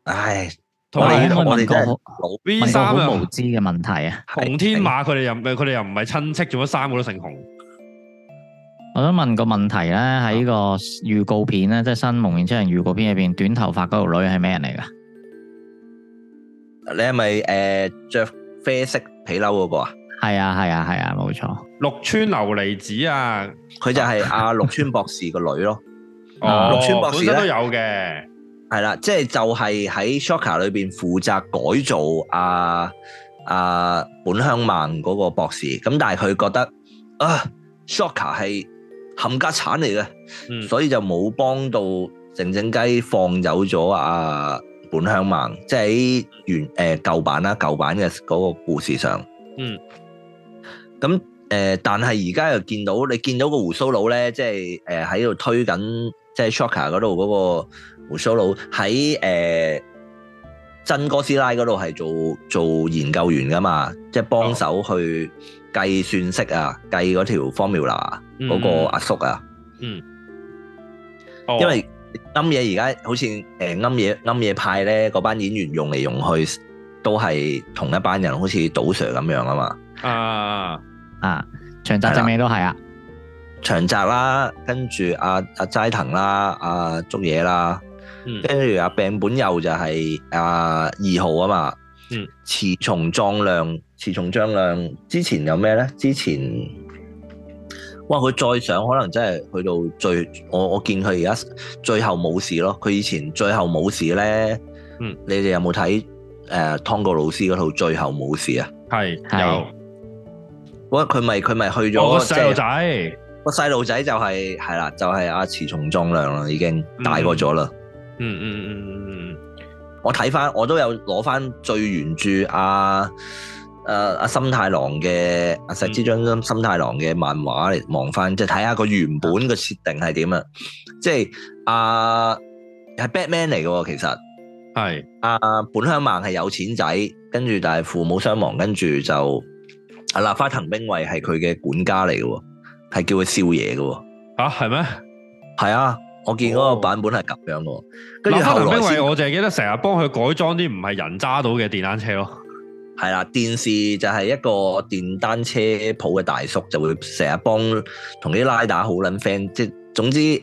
唉，我哋同問個老 B 三嘅無知嘅問題啊！紅天馬佢哋又佢哋又唔係親戚，做乜三個都姓紅？我想問個問題咧，喺呢個預告片咧，即係《新幪面超人》預告片入邊，短頭髮嗰條女係咩人嚟噶？你係咪誒着啡色皮褸嗰個啊？係啊係啊係啊，冇錯、啊。啊、錯六川琉璃子啊，佢就係阿、啊、 六川博士個女咯。哦，六川博士都有嘅，係啦、啊，即係就係、是、喺 Shocker、ok、裏邊負責改造阿、啊、阿、啊、本鄉猛嗰個博士，咁但係佢覺得啊，Shocker 係冚家鏟嚟嘅，ok 嗯、所以就冇幫到靜靜雞放走咗阿本鄉猛，即係喺原誒舊、呃、版啦，舊版嘅嗰個故事上，嗯。咁誒、呃，但係而家又見到你見到個鬍鬚佬咧，即係誒喺度推緊即係 Shocker 嗰度嗰個鬍鬚佬喺誒真哥斯拉嗰度係做做研究員噶嘛，即係幫手去計算，啊 oh. 計算式啊，計嗰條 formula 嗰個阿叔啊，嗯、mm，hmm. mm hmm. oh. 因為庵野而家好似誒庵野庵野派咧嗰班演員用嚟用去都係同一班人，好似杜 Sir 咁樣啊嘛～啊啊，長澤正美都係啊，長澤啦，跟住阿阿齋藤啦，阿竹野啦，跟住阿柄本佑就係啊二號啊嘛，嗯，池松壯亮，池松壯亮之前有咩咧？之前，哇佢再上可能真係去到最，我我見佢而家最後冇事咯，佢以前最後冇事咧，嗯，你哋有冇睇誒湯告老師嗰套最後冇事啊？係有。佢咪佢咪去咗個細路仔，個細路仔就係、是、係啦，就係阿池松壯亮啦，已經大個咗啦，嗯嗯嗯嗯嗯，嗯，我睇翻，我都有攞翻最原著阿、誒、阿章太郎嘅，阿、啊、石之森章太郎嘅漫畫嚟望翻，即係睇下個原本嘅設定係點、嗯、啊，即係阿，係 Batman 嚟嘅、啊、其實係阿是、啊、本鄉猛係有錢仔，跟住但係父母雙亡，跟住就。啊！嗱，立花藤兵衛係佢嘅管家嚟嘅，係叫佢少爺嘅。啊，係咩？係啊，我見嗰個版本係咁樣嘅。立花藤兵衛，我淨係記得成日幫佢改裝啲唔係人揸到嘅電單車咯。係啦，電視就係一個電單車鋪嘅大叔，就會成日幫同啲拉打好撚 friend，即係總之，誒、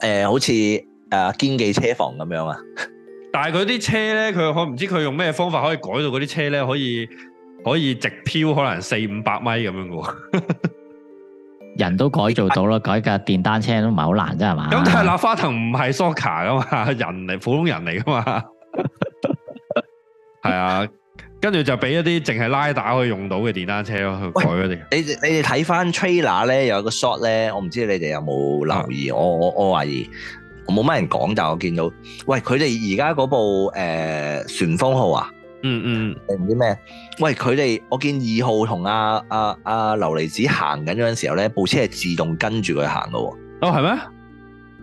呃，好似誒堅記車房咁樣啊。 但係佢啲車咧，佢可唔知佢用咩方法可以改到嗰啲車咧，可以。可以直飄可能四五百米咁樣嘅喎， 人都改造到啦，哎、改架電單車都唔係好難啫係嘛？咁但係嗱，立花藤唔係 Shocker 噶嘛，人嚟，普通人嚟噶嘛，係 啊，跟住就俾一啲淨係拉打可以用到嘅電單車喂去改嗰啲。你你哋睇翻 trailer 咧，有個 shot 咧，我唔知你哋有冇留意，嗯、我我我懷疑，我冇乜人講，但我見到，喂，佢哋而家嗰部誒旋風號啊！呃呃嗯嗯，定唔知咩？嗯、喂，佢哋我見二號同阿阿阿琉璃子行緊嗰陣時候咧，部車係自動跟住佢行噶喎。哦，係咩？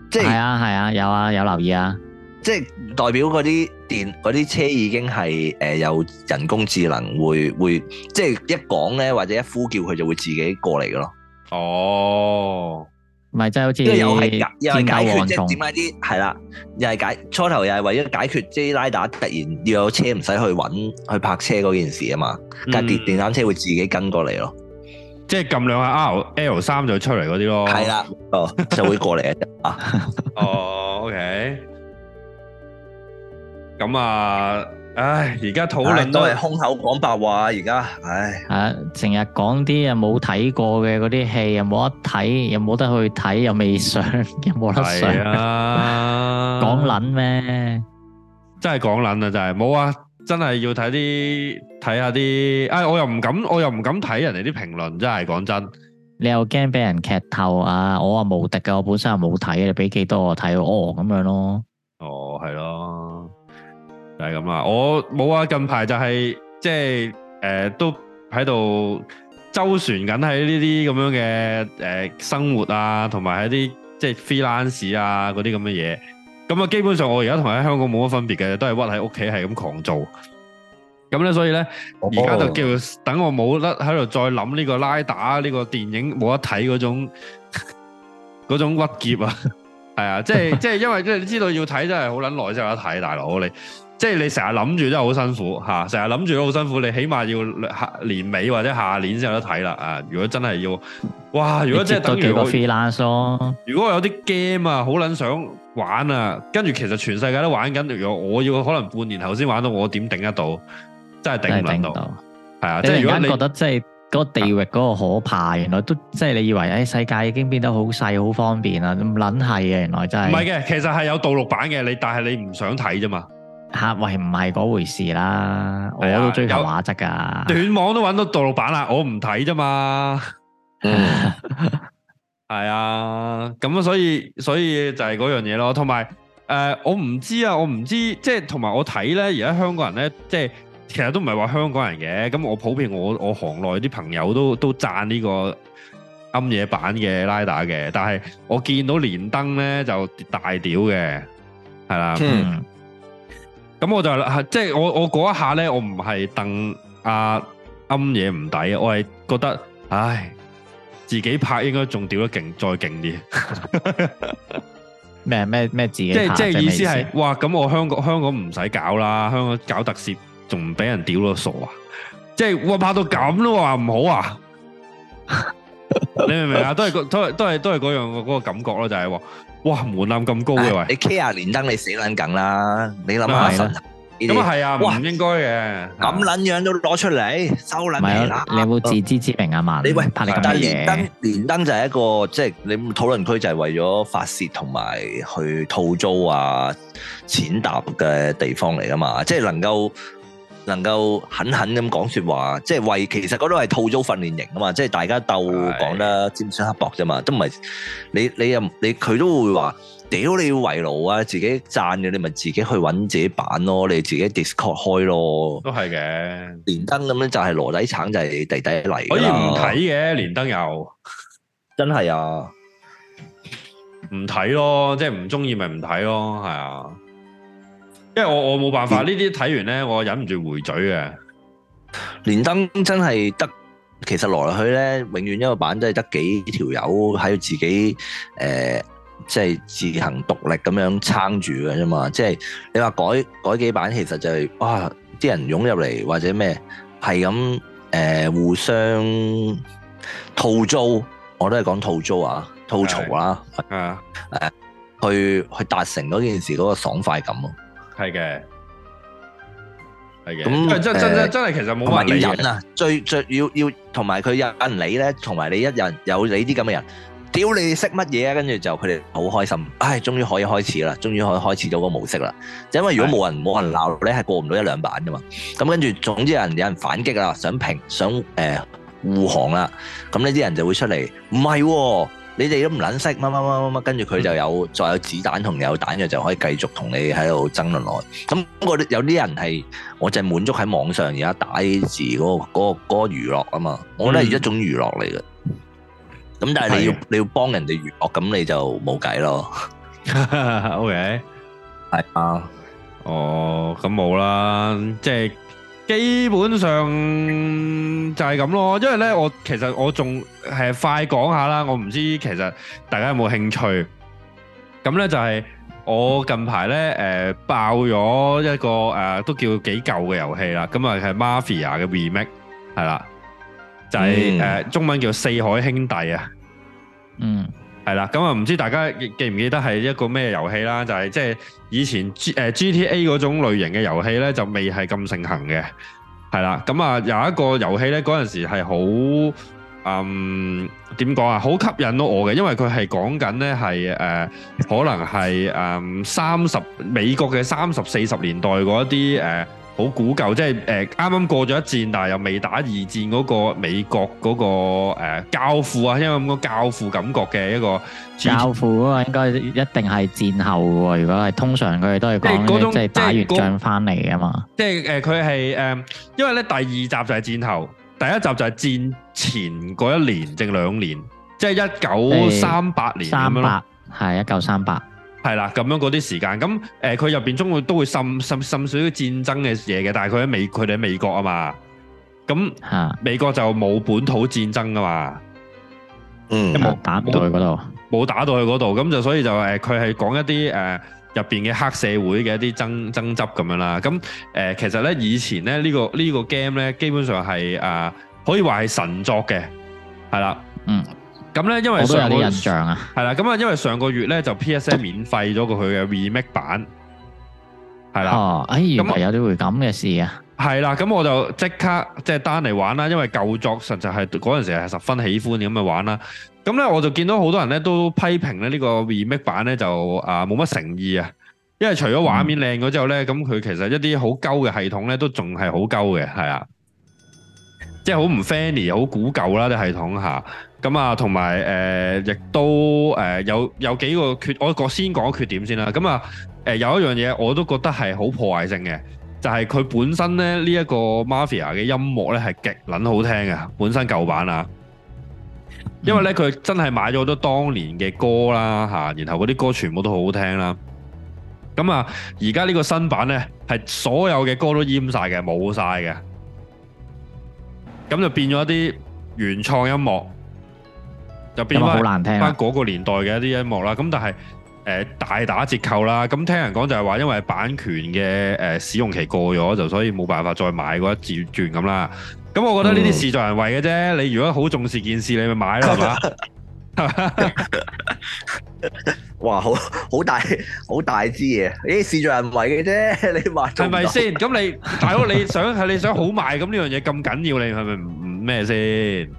即係係啊，係啊，有啊，有留意啊！即係代表嗰啲電嗰啲車已經係誒有人工智能會會，即係一講咧或者一呼叫佢就會自己過嚟噶咯。哦。唔係，即係好似又係解，又係解決王即係點解啲係啦，又係解初頭又係為咗解決即係拉打突然要有車唔使去搵去泊車嗰件事啊嘛，隔電、嗯、電單車會自己跟過嚟咯，即係撳兩下 R L 三就出嚟嗰啲咯，係啦，哦就會過嚟啊，哦，OK，咁啊。唉，而家討論都係空口講白話而家唉，啊，成日講啲又冇睇過嘅嗰啲戲，又冇得睇，又冇得去睇，又未上，又冇得上，講捻咩？真係講捻啊！真係冇啊！真係要睇啲睇下啲，唉、哎，我又唔敢，我又唔敢睇人哋啲評論，真係講真，你又驚俾人劇透啊？我話無敵嘅，我本身又冇睇，你俾幾多我睇？哦，咁樣咯，哦係咯。係咁啦，我冇啊！近排就係、是、即係誒、呃，都喺度周旋緊喺呢啲咁樣嘅誒、呃、生活啊，同埋喺啲即係 freelance 啊嗰啲咁嘅嘢。咁啊、嗯，基本上我而家同喺香港冇乜分別嘅，都係屈喺屋企係咁狂做。咁咧，所以咧，而家就叫等我冇得喺度再諗呢個拉打呢、這個電影冇得睇嗰種 種屈劫啊！係 啊，即係即係因為即係知道要睇真係好捻耐先有得睇，大佬你。即係你成日諗住真係好辛苦嚇，成日諗住都好辛苦。你起碼要下年尾或者下年先有得睇啦啊！如果真係要，哇！如果真係都幾如果我有啲 game 啊，好撚想玩啊，跟住其實全世界都玩緊。如果我要可能半年後先玩到，我點頂得到？真係頂唔到。係啊，如果你覺得即係嗰個地域嗰個可怕，啊、原來都即係、就是、你以為誒世界已經變得好細好方便啊，唔撚係嘅，原來真係。唔係嘅，其實係有盜錄版嘅你，但係你唔想睇啫嘛。客位唔係嗰回事啦，的我都追求畫質噶，斷網都搵到盜版啦，我唔睇啫嘛。係、嗯、啊，咁 所以所以就係嗰樣嘢咯，同埋誒，我唔知啊，我唔知，即係同埋我睇咧，而家香港人咧，即係其實都唔係話香港人嘅，咁我普遍我我行內啲朋友都都讚呢個暗夜版嘅拉打嘅，但係我見到連登咧就大屌嘅，係啦。嗯咁我就啦，即係我我嗰一下咧，我唔係鄧阿庵嘢唔抵啊，我係覺得，唉，自己拍應該仲屌得勁，再勁啲。咩咩咩自己，即係即係意思係，哇！咁我香港香港唔使搞啦，香港搞特攝仲唔俾人屌到傻啊！即係我拍到咁都話唔好啊？ 你明唔明啊？都係都係都係都係嗰樣嗰個感覺咯，就係。哇，門檻咁高嘅喂、啊，你 care 連登，你死撚梗啦， 你諗下神，咁啊係啊，哇唔些、嗯、應該嘅，咁撚哇樣都攞出嚟的收撚皮啦！你有冇自知之明啊嘛？你喂拍你咁嘅嘢，的但連登的連登就係一個即係你討論區就係為咗發泄同埋去套租啊、踐踏嘅地方嚟噶嘛，即、就、係、是、能夠。能夠狠狠咁講說話，即係喂，其實嗰度係套租訓練營啊嘛，即係大家鬥講得尖酸刻薄啫嘛，都唔係你你又你佢都會話屌你要圍爐啊，自己讚嘅你咪自己去搵自己版咯，你自己 Discord 開咯，都係嘅。連登咁樣就係羅底橙就係你弟弟嚟，可以唔睇嘅連登又真係啊，唔睇咯，即係唔中意咪唔睇咯，係啊。因為我我冇辦法呢啲睇完咧，我忍唔住回嘴啊，連登真係得，其實來去咧，永遠一個版都係得幾條友喺度自己誒、呃，即係自行獨立咁樣撐住嘅啫嘛。即係你話改改幾版，其實就係、是、哇，啲人湧入嚟或者咩，係咁誒互相套租，我都係講套租啊，吐槽啦，啊，誒、呃，去去達成嗰件事嗰個爽快感。係嘅，係嘅。咁、呃、真真真真係，其實冇話要忍啊！最最要要，同埋佢有人理咧，同埋你一人有你啲咁嘅人，屌你識乜嘢啊！跟住就佢哋好開心，唉，終於可以開始啦，終於可以開始咗個模式啦。就因為如果冇人冇唉人鬧咧，係過唔到一兩版噶嘛。咁跟住總之人有人反擊啦，想平想誒、呃、護航啦。咁呢啲人就會出嚟，唔係喎。你哋都唔撚識，乜乜乜乜乜，跟住佢就有再有子彈同有彈嘅，就可以繼續同你喺度爭論落去。咁我有啲人係，我淨係滿足喺網上而家打字嗰個嗰個嗰個娛樂啊嘛，我覺得係一種娛樂嚟嘅。咁但係你要你要幫人哋娛樂，咁你就冇計咯。OK，係啊，哦，咁冇啦，即係。基本上就係咁咯，因為呢，我其實我仲係快講下啦，我唔知其實大家有冇興趣？咁呢，就係我近排呢誒爆咗一個誒、呃、都叫幾舊嘅遊戲啦，咁啊係《Mafia》嘅 Remake 係啦，就係、是、誒、嗯呃、中文叫《四海兄弟》啊，嗯。係啦，咁啊唔知大家記唔記得係一個咩遊戲啦？就係、是、即係以前 G、呃、GTA 嗰種類型嘅遊戲呢，就未係咁盛行嘅。係啦，咁、嗯、啊有一個遊戲呢，嗰陣時係好，嗯點講啊，好吸引到我嘅，因為佢係講緊呢係誒可能係誒三十美國嘅三十四十年代嗰啲誒。呃好古舊，即係誒，啱、呃、啱過咗一戰，但係又未打二戰嗰個美國嗰、嗰個誒、呃、教父啊，因為咁個教父感覺嘅一個教父啊，應該一定係戰後喎。如果係通常佢哋都係講就係打完仗翻嚟噶嘛。即係誒，佢係誒，因為咧第二集就係戰後，第一集就係戰前嗰一年定兩年，即係一九三八年三八，咯是。係一九三八。係啦，咁樣嗰啲時間，咁誒，佢入邊中會都會滲滲滲少少戰爭嘅嘢嘅，但係佢喺美，佢哋喺美國啊嘛，咁美國就冇本土戰爭噶嘛，嗯，冇打到去嗰度，冇打到去嗰度，咁就所以就誒，佢係講一啲誒入邊嘅黑社會嘅一啲爭爭執咁樣啦，咁誒，呃，其實咧以前咧呢個呢個 game 咧，基本上係啊，呃，可以話係神作嘅，係啦，嗯。咁咧，因為我有啲印象啊，係啦，咁啊，因為上個月咧就 PSM 免費咗個佢嘅 remake 版，係啦，啊，哎的，原來有啲會咁嘅事啊，係啦，咁我就即刻即係 down 嚟玩啦，因為舊作實際係嗰陣時係十分喜歡咁咪玩啦，咁咧我就見到好多人咧都批評咧呢個 remake 版咧就啊冇乜誠意啊，因為除咗畫面靚咗之後咧，咁佢，嗯、其實一啲好鳩嘅系統咧都仲係好鳩嘅，係，就是，啊，即係好唔 fancy，好古舊啦啲系統下。咁啊，同埋誒，亦、呃、都誒有有幾個缺，我我先講缺點先啦。咁啊，誒、呃、有一樣嘢我都覺得係好破壞性嘅，就係、是、佢本身咧呢一、這個 Mafia 嘅音樂咧係極撚好聽嘅，本身舊版啊。因為咧佢真係買咗好多當年嘅歌啦嚇、啊，然後嗰啲歌全部都好好聽啦。咁啊，而家呢個新版咧係所有嘅歌都淹晒嘅，冇晒嘅。咁就變咗一啲原創音樂。就變翻好難聽嗰個年代嘅一啲音樂啦，咁但係誒大打折扣啦，咁聽人講就係話因為版權嘅誒使用期過咗，就所以冇辦法再買嗰一轉轉咁啦。咁我覺得呢啲事在人為嘅啫。你如果好重視件事，你咪買咯，係嘛？哇，好好大好大支嘢，呢啲事在人為嘅啫，你話係咪先？咁你大佬你想係你想好賣，咁呢樣嘢咁緊要，你係咪唔咩先？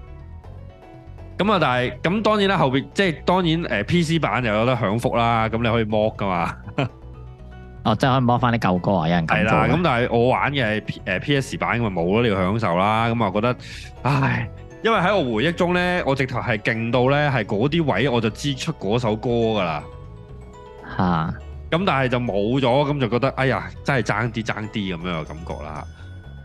咁啊、嗯，但係咁、嗯、當然啦，後邊即係當然誒、呃、PC 版又有得享福啦。咁你可以 mod 噶嘛？ 哦，即係可以 mod 翻啲舊歌啊！有人咁啦，咁、嗯嗯、但係我玩嘅係誒 PS 版，咪冇咯，你要享受啦。咁、嗯、我覺得，唉，因為喺我回憶中咧，我直頭係勁到咧，係嗰啲位我就知出嗰首歌噶啦。嚇、啊！咁、嗯、但係就冇咗，咁、嗯、就覺得哎呀，真係爭啲爭啲咁樣嘅感覺啦。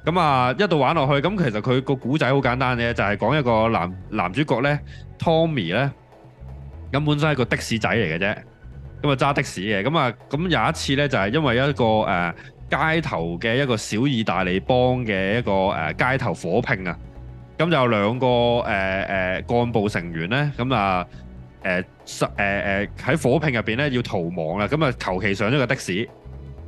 咁啊，一路玩落去，咁其實佢個古仔好簡單嘅，就係講一個男男主角咧，Tommy 咧，咁本身係個的士仔嚟嘅啫，咁啊揸的士嘅，咁啊咁有一次咧，就係因為一個誒街頭嘅一個小意大利幫嘅一個誒街頭火拼啊，咁就有兩個誒誒幹部成員咧，咁啊誒誒誒喺火拼入邊咧要逃亡啦，咁啊求其上咗個的士。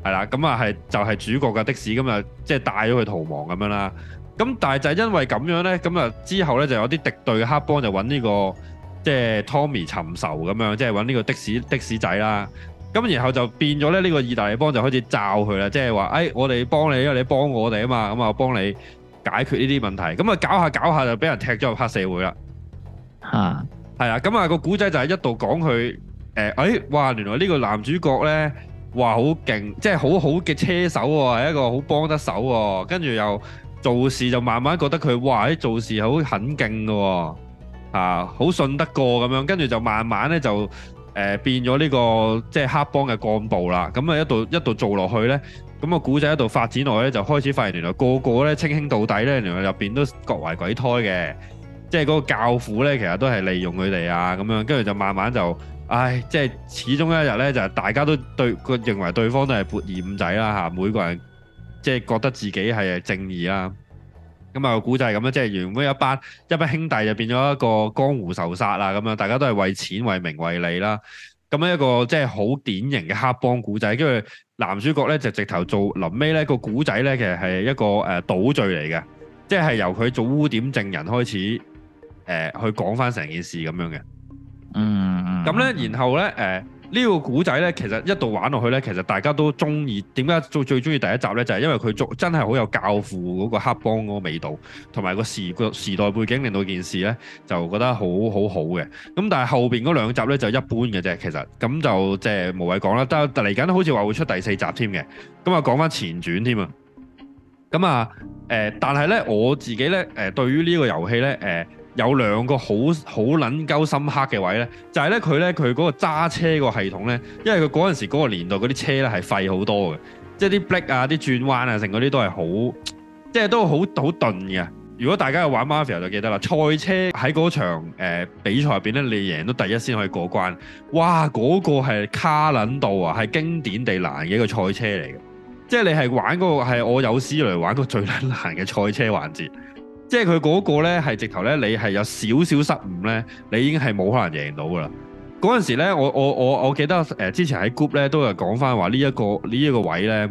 係啦，咁啊，係就係主角嘅的、的士，咁啊，即係帶咗佢逃亡咁樣啦。咁但係就係因為咁樣呢，咁啊之後呢就有啲敵對黑幫就搵呢個即係 Tommy 尋仇咁樣，即係搵呢個的士的士仔啦。咁然後就變咗咧呢個意大利幫就開始罩佢啦，即係話誒我哋幫你，因為你幫我哋啊嘛，咁啊我幫你解決呢啲問題。咁啊搞下搞下就俾人踢咗入黑社會啦。吓係啊，咁啊個古仔就係一度講佢誒誒，哇原來呢個男主角呢。話好勁，即係好好嘅車手喎，係一個好幫得手喎。跟住又做事就慢慢覺得佢哇喺做事好狠勁㗎，嚇好信得過咁樣。跟住就慢慢咧就誒變咗呢個即係黑幫嘅幹部啦。咁啊一度一度做落去咧，咁啊古仔一度發展落去咧就開始發現原來個個咧清清，到底咧原來入邊都各懷鬼胎嘅，即係嗰個教父咧其實都係利用佢哋啊咁樣，跟住就慢慢就。唉，即係始終一日咧，就大家都對佢認為對方都係撥二五仔啦吓，每個人即係覺得自己係正義啦。咁、這、啊個古仔咁樣，即係原本一班一班兄弟就變咗一個江湖仇殺啊咁樣，大家都係為錢為名為利啦。咁樣一個即係好典型嘅黑幫古仔，跟住男主角咧就直頭做臨尾咧個古仔咧，其實係一個誒、呃、倒敘嚟嘅，即係由佢做污點證人開始誒、呃、去講翻成件事咁樣嘅。嗯，咁咧，然後咧，誒、呃，這個、呢個古仔咧，其實一度玩落去咧，其實大家都中意。點解最最中意第一集咧？就係、是、因為佢做真係好有教父嗰個黑幫嗰個味道，同埋個時個時代背景令到件事咧，就覺得好好好嘅。咁但係後邊嗰兩集咧就一般嘅啫，其實，咁就即係無謂講啦。但嚟緊好似話會出第四集添嘅，咁啊講返前傳添啊。咁啊，誒，但係咧我自己咧，誒、呃，對於呢個遊戲咧，誒、呃。有兩個好好撚鳩深刻嘅位呢，就係、是、呢。佢呢，佢嗰個揸車個系統呢，因為佢嗰陣時嗰個年代嗰啲車呢係廢好多嘅，即係啲 break 啊、啲轉彎啊，成嗰啲都係好，即係都好好頓嘅。如果大家去玩 Mafia 就記得啦，賽車喺嗰場、呃、比賽入邊呢，你贏都第一先可以過關。哇，嗰、嗰個係卡撚到啊，係經典地難嘅一個賽車嚟嘅，即係你係玩、嗰個係我有史嚟玩個最撚難嘅賽車環節。即係佢嗰個呢係直頭呢，你係有少少失誤呢，你已經係冇可能贏到噶啦。嗰陣時呢，我我我我記得誒，之前喺 group 呢都有講翻話呢一個呢一個位呢，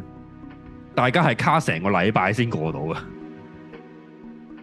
大家係卡成個禮拜先過到嘅。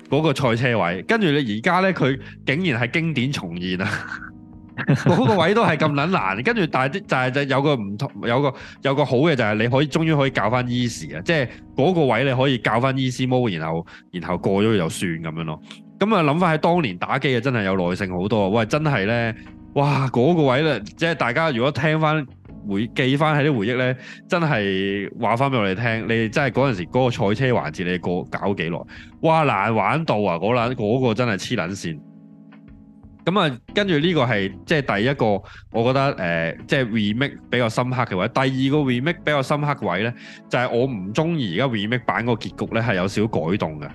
嗰個賽車位，跟住你而家呢，佢竟然係經典重現啊！ 嗰 個位都係咁捻難，跟住但係啲就係就有個唔同，有個有個好嘅就係你可以終於可以教翻 easy 啊，即係嗰個位你可以教翻 easy mode 然後然後過咗就算咁樣咯。咁啊諗翻喺當年打機啊，真係有耐性好多，喂，真係咧，哇嗰、那個位咧，即係大家如果聽翻回記翻喺啲回憶咧，真係話翻俾我哋聽，你哋真係嗰陣時嗰、那個賽車環節你過搞幾耐？哇，難玩到啊！嗰、那、捻、個那個真係黐捻線。咁啊、嗯，跟住呢個係即係第一個，我覺得誒，即、呃、係、就是、remake 比較深刻嘅位。第二個 remake 比較深刻嘅位呢，就係、是、我唔中意而家 remake 版個結局呢係有少少改動嘅。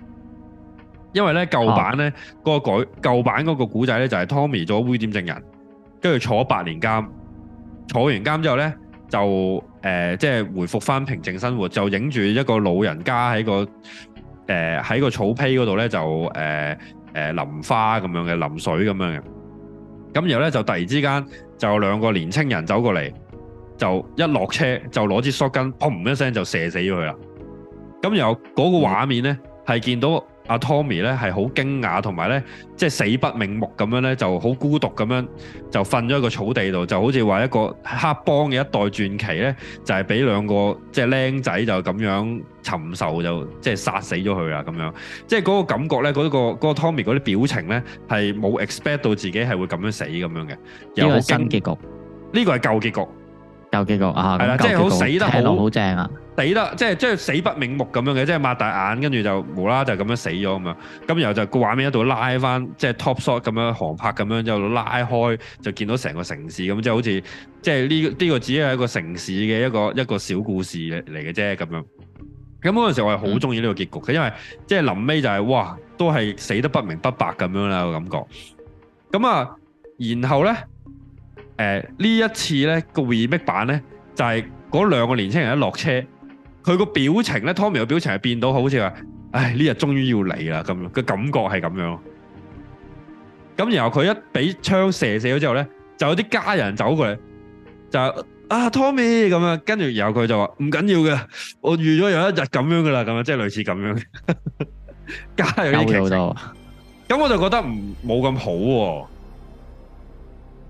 因為呢舊版呢嗰、哦、個改舊版嗰個古仔呢，就係 Tommy 做污點證人，跟住坐八年監，坐完監之後呢，就誒即係回復翻平靜生活，就影住一個老人家喺個誒喺、呃、個草坯嗰度呢，就、呃、誒。誒淋花咁樣嘅，淋水咁樣嘅，咁然後咧就突然之間就有兩個年青人走過嚟，就一落車就攞支索筋，砰一聲就射死咗佢啦。咁然後嗰個畫面咧係見到。阿 Tommy 咧係好驚訝，同埋咧即係死不瞑目咁樣咧，就好孤獨咁樣就瞓咗個草地度，就好似話一個黑幫嘅一代傳奇咧，就係、是、俾兩個即係僆仔就咁樣尋仇就即係殺死咗佢啦咁樣，即係嗰個感覺咧，嗰、那個那個 Tommy 嗰啲表情咧係冇 expect 到自己係會咁樣死咁樣嘅。有個新結局，呢個係舊結局，舊結局啊，係啊，的即係好死得好好正啊！死啦！即係即係死不瞑目咁樣嘅，即係擘大眼，跟住就無啦啦就咁樣死咗啊嘛！咁然後就個畫面一度拉翻，即係 top shot 咁樣航拍咁樣，就拉開就見到成個城市咁，即係好似即係呢呢個只係一個城市嘅一個一個小故事嚟嘅啫咁樣。咁嗰陣時我係好中意呢個結局嘅，因為即係臨尾就係、就是、哇，都係死得不明不白咁樣啦、那個感覺。咁啊，然後咧誒呢、呃、一次咧、這個 remake 版咧就係、是、嗰兩個年輕人一落車。佢個表情咧，Tommy 嘅表情係變到好似話：唉，呢日終於要嚟啦咁樣嘅感覺係咁樣咯。咁然後佢一俾槍射死咗之後咧，就有啲家人走過嚟，就啊 Tommy 咁樣，跟住然後佢就話唔緊要嘅，我預咗有一日咁樣噶啦，咁樣即係類似咁樣。加咗啲劇情，咁我就覺得唔冇咁好喎。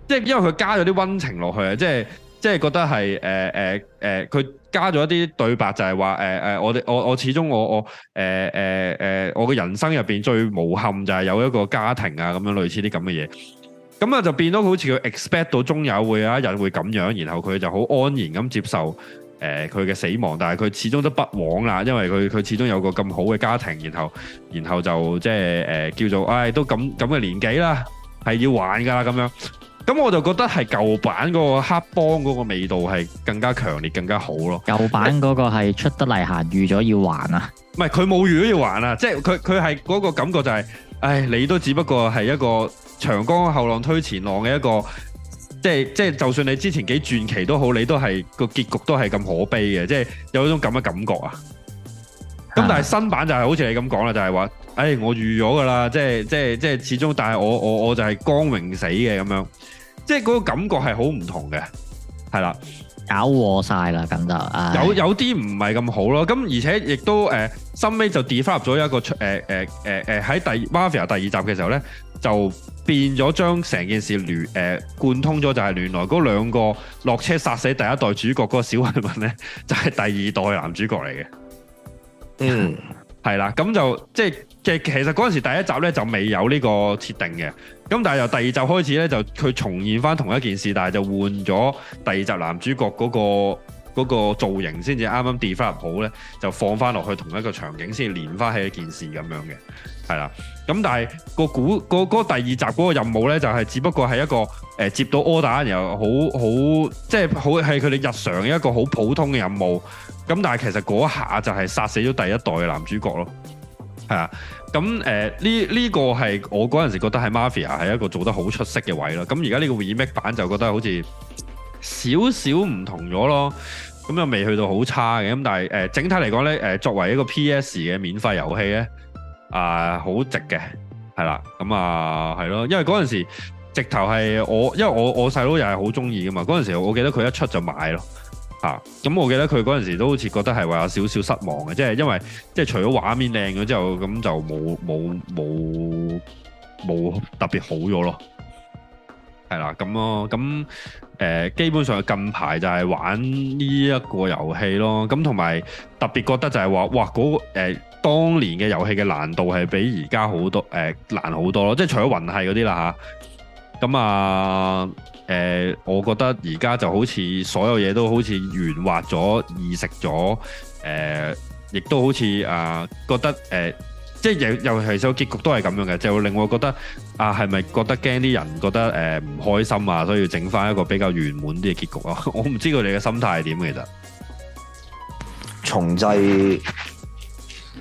即係因為佢加咗啲温情落去啊，即係即係覺得係誒誒誒佢。加咗一啲對白就係話誒誒，我哋我我始終我我誒誒誒，我嘅、呃呃呃、人生入邊最無憾就係有一個家庭啊，咁樣類似啲咁嘅嘢，咁啊就變咗好似佢 expect 到終有一會啊人會咁樣，然後佢就好安然咁接受誒佢嘅死亡，但係佢始終都不枉啦，因為佢佢始終有個咁好嘅家庭，然後然後就即係誒叫做唉、哎、都咁咁嘅年紀啦，係要還㗎啦咁樣。咁我就覺得係舊版嗰個黑幫嗰個味道係更加強烈，更加好咯。舊版嗰個係出得嚟，行預咗要還啊？唔係佢冇預咗要還啊？即係佢佢係嗰個感覺就係、是，唉，你都只不過係一個長江後浪推前浪嘅一個，即係即係，就是、就算你之前幾傳奇都好，你都係個結局都係咁可悲嘅，即、就、係、是、有一種咁嘅感覺啊。咁、啊、但係新版就係好似你咁講啦，就係、是、話，唉，我預咗噶啦，即係即係即係，始終但係我我我就係光榮死嘅咁樣。即係嗰個感覺係、哎、好唔同嘅，係啦，搞和晒啦，咁就有有啲唔係咁好咯。咁而且亦都誒、呃，後屘就 develop 咗一個出誒誒誒誒喺第《Mafia》第二集嘅時候咧，就變咗將成件事聯誒貫通咗，就係原來嗰兩個落車殺死第一代主角嗰個小混混咧，就係、是、第二代男主角嚟嘅。嗯，係啦， 咁就即係。即係其實嗰陣時第一集咧就未有呢個設定嘅，咁但係由第二集開始咧就佢重現翻同一件事，但係就換咗第二集男主角嗰、嗰個嗰個造型先至啱啱 develop 好咧，就放翻落去同一個場景先連翻起一件事咁樣嘅，係啦。咁但係個古嗰第二集嗰個任務咧就係、係、只不過係一個誒、呃、接到 order 然後好好即係好係佢哋日常嘅一個好普通嘅任務，咁但係其實嗰下就係殺死咗第一代嘅男主角咯。係啊，咁誒呢呢個係我嗰陣時覺得係 Mafia 係一個做得好出色嘅位咯。咁而家呢個 Remake 版就覺得好似少少唔同咗咯。咁又未去到好差嘅。咁但係誒、呃、整體嚟講呢，誒、呃、作為一個 PS 嘅免費遊戲呢，啊、呃、好值嘅係啦。咁啊係咯，因為嗰陣時直頭係我，因為我我細佬又係好中意嘅嘛。嗰陣時我，我記得佢一出就買咯。嚇！咁、啊、我記得佢嗰陣時都好似覺得係話有少少失望嘅，即係因為即係除咗畫面靚咗之後，咁就冇冇冇冇特別好咗咯。係啦，咁咯，咁誒、呃、基本上近排就係玩呢一個遊戲咯。咁同埋特別覺得就係話，哇！嗰個、呃、當年嘅遊戲嘅難度係比而家好多誒、呃、難好多咯，即係除咗雲梯嗰啲啦吓？咁啊～誒、呃，我覺得而家就好似所有嘢都好似圓滑咗、易食咗，誒、呃，亦都好似啊、呃，覺得誒、呃，即係又尤其是個結局都係咁樣嘅，就會令我覺得啊，係、呃、咪覺得驚啲人覺得誒唔、呃、開心啊？所以要整翻一個比較圓滿啲嘅結局啊！我唔知道你嘅心態係點其實，重製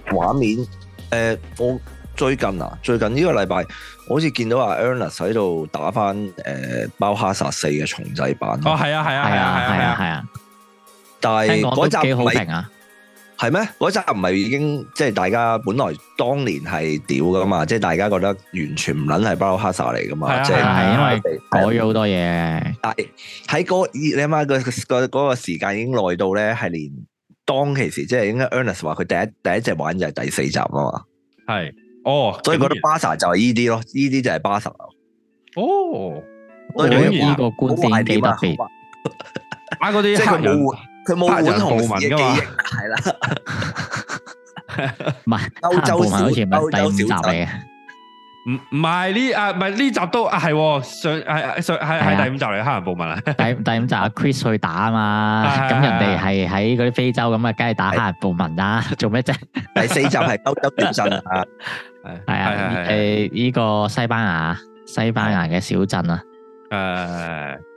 畫面誒、呃，我。最近啊，最近呢個禮拜，我好似見到阿 Ernest 喺度打返誒《包、呃、哈薩四》嘅重製版。哦，係啊，係啊，係啊，係啊，係啊。但係是嗰、啊、集唔係，係咩？嗰集唔係已經即係大家本來當年係屌噶嘛？即係大家覺得完全唔撚係包哈薩嚟噶嘛？即係因為改咗好多嘢、嗯。但係喺嗰你諗下、那個、那個時間已經耐到咧，係連當其時即係應該 Ernest 話佢第一第一隻玩就係第四集啊嘛，係。哦，所以覺得巴薩就係依啲咯，依啲就係巴薩。哦，我都係依個觀點啊！打嗰啲黑人，佢冇滿紅文記憶，係啦，唔係歐洲少，第五集嚟嘅。唔唔係呢啊，唔係呢集都啊係上係上係係第五集嚟，黑人暴民啊，第第五集阿 Chris 去打啊嘛，咁人哋係喺嗰啲非洲咁啊，梗係打黑人暴民啦，做咩啫？第四集係歐洲小鎮啊，係啊，係誒，呢個西班牙西班牙嘅小鎮啊，誒。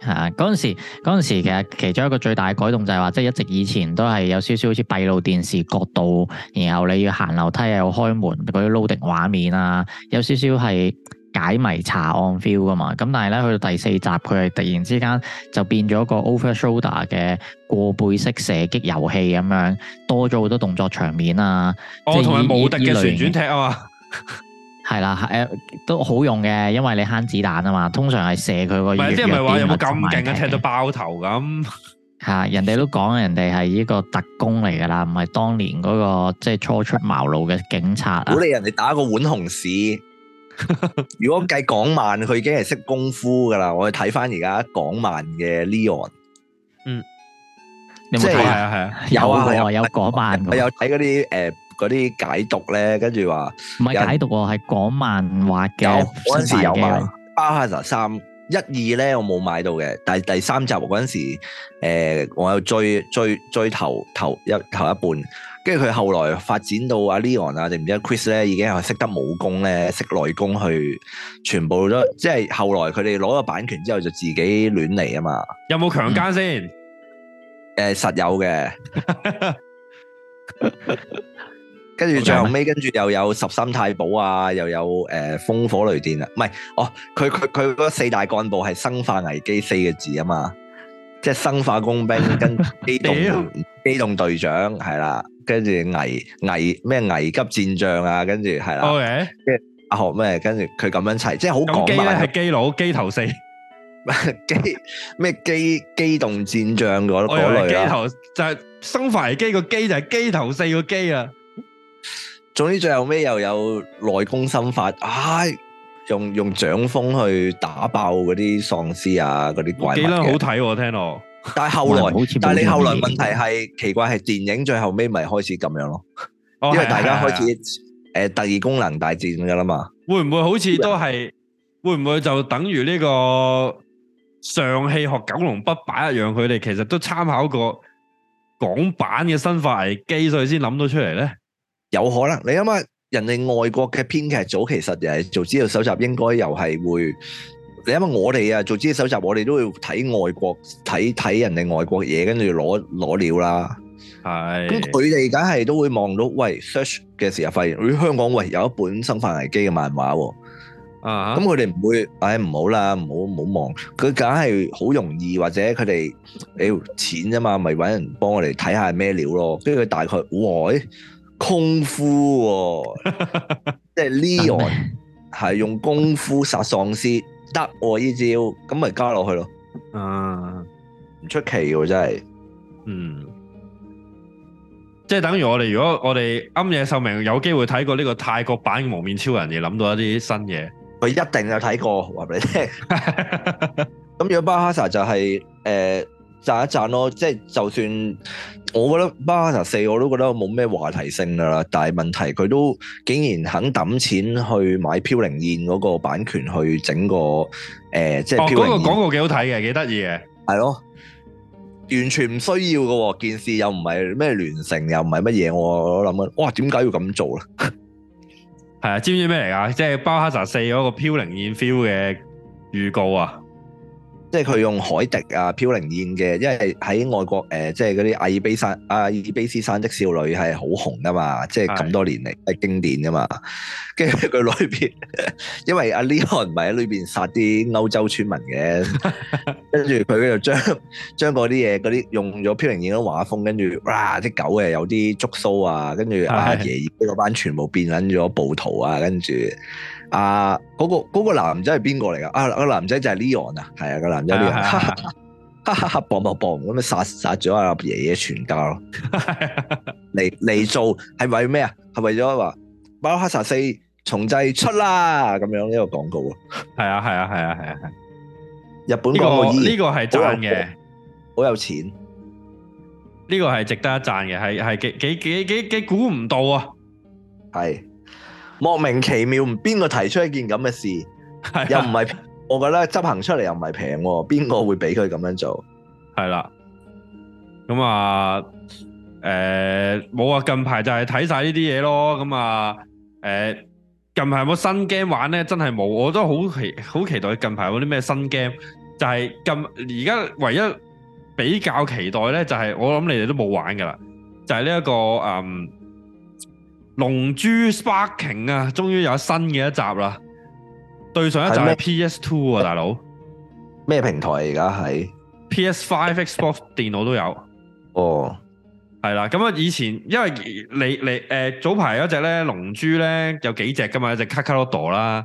係啊，嗰陣時嗰陣時其實其中一個最大嘅改動就係話，即係一直以前都係有少少好似閉路電視角度，然後你要行樓梯又要開門嗰啲 loading 畫面啊，有少少係解謎查案 feel 噶嘛。咁但係咧去到第四集，佢係突然之間就變咗個 over shoulder 嘅過背式射擊遊戲咁樣，多咗好多動作場面啊，哦、即係以以以冇敵嘅旋轉踢啊嘛。 係啦，誒，都好用嘅，因為你慳子彈啊嘛。通常係射佢個，唔係即係唔係話有冇咁勁啊？踢到爆頭咁。吓，人哋都講人哋係呢個特工嚟噶啦，唔係當年嗰個即係初出茅廬嘅警察啊。鼓勵人哋打個碗紅屎。如果計港漫，佢已經係識功夫噶啦。我哋睇翻而家港漫嘅 Leon，嗯，有冇係，係啊，有啊，有港漫，我有睇嗰啲誒。嗰啲解讀咧，跟住話唔係解讀喎，係講有漫畫嘅。嗰陣時有漫。啊《巴三》一二咧，我冇買到嘅。但係第三集嗰陣時，呃，我有追追追頭頭，頭一頭一半。跟住佢後來發展到阿 Leon 啊，定唔知，知 Chris 咧，已經係識得武功咧，識內功去全部都即係後來佢哋攞咗版權之後，就自己亂嚟啊嘛。有冇強姦先？誒、嗯呃，實有嘅。 跟住最後尾，跟住又有十三太保啊，又有誒、呃、風火雷電啊，唔係哦，佢佢佢嗰四大幹部係生化危機四個字啊嘛，即係生化工兵跟機動 機動隊長係啦，跟住危危咩危急戰將啊，跟住係啦，阿學咩跟住佢咁樣砌，即係好講。機咧係機佬機頭四， 機咩機機動戰將嘅我覺得。我以為機頭就係、係、生化危機個機就係機頭四個機啊。總之最後尾又有內功心法，唉，用用掌風去打爆嗰啲喪屍啊，嗰啲怪物嘅，好睇喎！聽到，但係後來，但係你後來問題係奇怪係電影最後尾咪開始咁樣咯，因為大家開始誒特異功能大戰噶啦嘛，會唔會好似都係會唔會就等於呢個上戲學九龍不敗一樣，佢哋其實都參考過港版嘅身法技，所以先諗到出嚟咧。有可能你諗下，人哋外國嘅編劇組其實又係做資料搜集，應該又係會你諗下，我哋啊做資料搜集，我哋都會睇外國睇睇人哋外國嘢，跟住攞攞料啦。係咁，佢哋梗係都會望到，喂，search 嘅時候發現，香港喂有一本生化危機嘅漫畫喎。啊，咁佢哋唔會，唉唔好啦，唔好唔好望，佢梗係好容易，或者佢哋唉錢啫嘛，咪搵人幫我哋睇下咩料咯，跟住佢大概喂。功夫、哦，即係 Leon 係用功夫殺喪屍，得我依招，咁咪加落去咯。啊，唔出奇嘅，真係，嗯，即係等於我哋如果我哋庵野秀明有機會睇過呢個泰國版幪面超人嘅，諗到一啲新嘢。佢一定有睇過，話俾你聽。咁 如果巴哈薩就係、是、誒。呃賺一賺咯，即係就算我覺得《巴哈》四我都覺得冇咩話題性噶啦，但係問題佢都竟然肯抌錢去買《飄零燕》嗰個版權去整個誒、呃，即係哦，嗰個廣告幾好睇嘅，幾得意嘅，係咯，完全唔需要噶，件事又唔係咩聯乘，又唔係乜嘢。我諗緊，哇，點解要咁做咧？係 啊，知唔知咩嚟噶？即係《巴哈》四嗰個《飄零燕》feel 嘅預告啊！即係佢用海迪啊、飄零燕嘅，因為喺外國誒、呃，即係嗰啲阿爾卑山、阿爾卑斯山的少女係好紅噶嘛，即係咁多年嚟係經典噶嘛。跟住佢裏邊，因為阿 Leon 唔係喺裏邊殺啲歐洲村民嘅，跟住佢又將將嗰啲嘢，嗰啲用咗飄零燕嘅畫風，跟住哇啲狗誒有啲竹蘇啊，跟住阿爺嗰班全部變緊咗暴徒啊，跟住。啊！嗰、那個、那個男仔係邊個嚟噶？啊個男仔就係 Leon 啊，係啊個男仔 Leon，哈哈哈，嘣嘣嘣咁樣殺殺咗阿爺嘅全家咯，嚟嚟做係為咩啊？係 為咗話《Biohazard 四重製》出啦，咁樣呢個廣告啊，係啊係啊係啊係啊係，日本、這個呢、這個係賺嘅，好有錢，呢個係值得一讚嘅，係係幾幾幾幾幾估唔到啊，係、啊。莫名其妙，邊個提出一件咁嘅事？又唔係， 我覺得執行出嚟又唔係平，邊個會俾佢咁樣做？係啦，咁啊，誒、呃，冇啊！近排就係睇晒呢啲嘢咯。咁啊，誒，近排有冇新 game 玩咧，真係冇。我都好期，好期待近排有啲咩新 game。就係、是、近而家唯一比較期待咧、就是，就係我諗你哋都冇玩噶啦，就係呢一個嗯。《龍珠 Sparking》啊，終於有新嘅一集啦！對上一集係 PS Two 啊，大佬哥咩平台而家係 PS Five 5,、嗯、Xbox 電腦都有哦，係啦。咁啊，以前因為你你誒、呃、早排嗰隻咧《龍珠》咧有幾隻噶嘛，一隻卡卡羅多啦，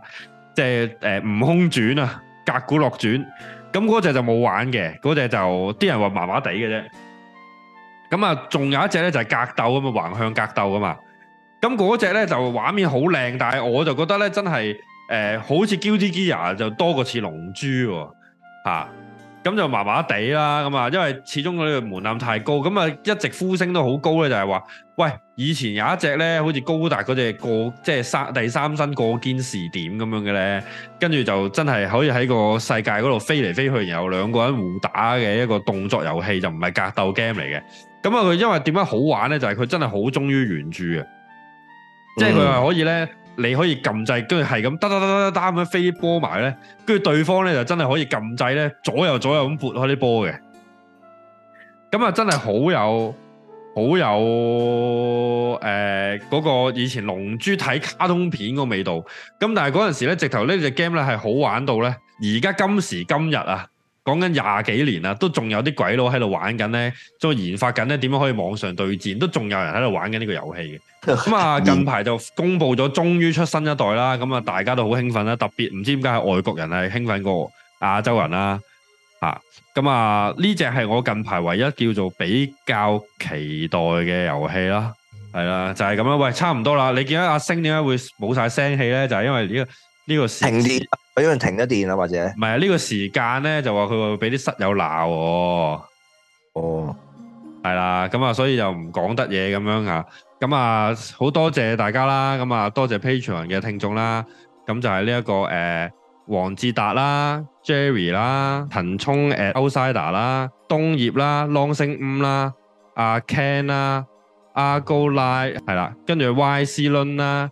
即係誒、呃、悟空轉啊，格古洛轉，咁嗰隻就冇玩嘅，嗰、那、隻、個、就啲、那個、人話麻麻地嘅啫。咁啊，仲有一隻咧就係、是、格鬥咁啊，橫向格鬥啊嘛。咁嗰隻咧就畫面好靚，但係我就覺得咧真係誒、呃，好似《Guilty Gear》就多過似《龍珠》嚇、啊，咁就麻麻地啦。咁啊，因為始終佢哋門檻太高，咁啊，一直呼聲都好高咧，就係、是、話喂，以前有一隻咧，好似高達嗰隻過，即係三第三身過肩視點咁樣嘅咧，跟住就真係可以喺個世界嗰度飛嚟飛去，然後兩個人互打嘅一個動作遊戲，就唔係格鬥 game 嚟嘅。咁啊，佢因為點樣好玩咧？就係、是、佢真係好忠於原著嘅。即係佢係可以咧，你可以撳掣，跟住係咁，得得得得得咁樣飛波埋咧，跟住對方咧就真係可以撳掣咧，左右左右咁撥開啲波嘅。咁啊，真係好有好有誒嗰個以前龍珠睇卡通片個味道。咁但係嗰陣時咧，直頭呢隻 game 咧係好玩到咧，而家今時今日啊！講緊廿幾年啦，都仲有啲鬼佬喺度玩緊咧，再研發緊咧，點樣可以網上對戰？都仲有人喺度玩緊呢個遊戲嘅。咁啊，近排就公布咗，終於出新一代啦。咁啊，大家都好興奮啦，特別唔知點解係外國人係興奮過亞洲人啦。吓，咁啊，呢隻係我近排唯一叫做比較期待嘅遊戲啦。係啦，就係咁樣。喂，差唔多啦。你見到阿星點解會冇晒聲氣咧？就係因為呢個。呢個時停電，俾人停咗電啊，或者唔係啊？呢個時間咧就話佢會俾啲室友鬧，哦，係啦，咁啊，所以就唔講得嘢咁樣啊，咁啊，好多謝大家啦，咁啊，多謝 Patreon 嘅聽眾啦，咁就係呢一個誒，黃志達啦，Jerry 啦，陳聰誒，outsider 啦，東葉啦，Long Sing Um 啦，阿 Ken 啦，阿高拉係啦，跟住 Y.C. 倫啦。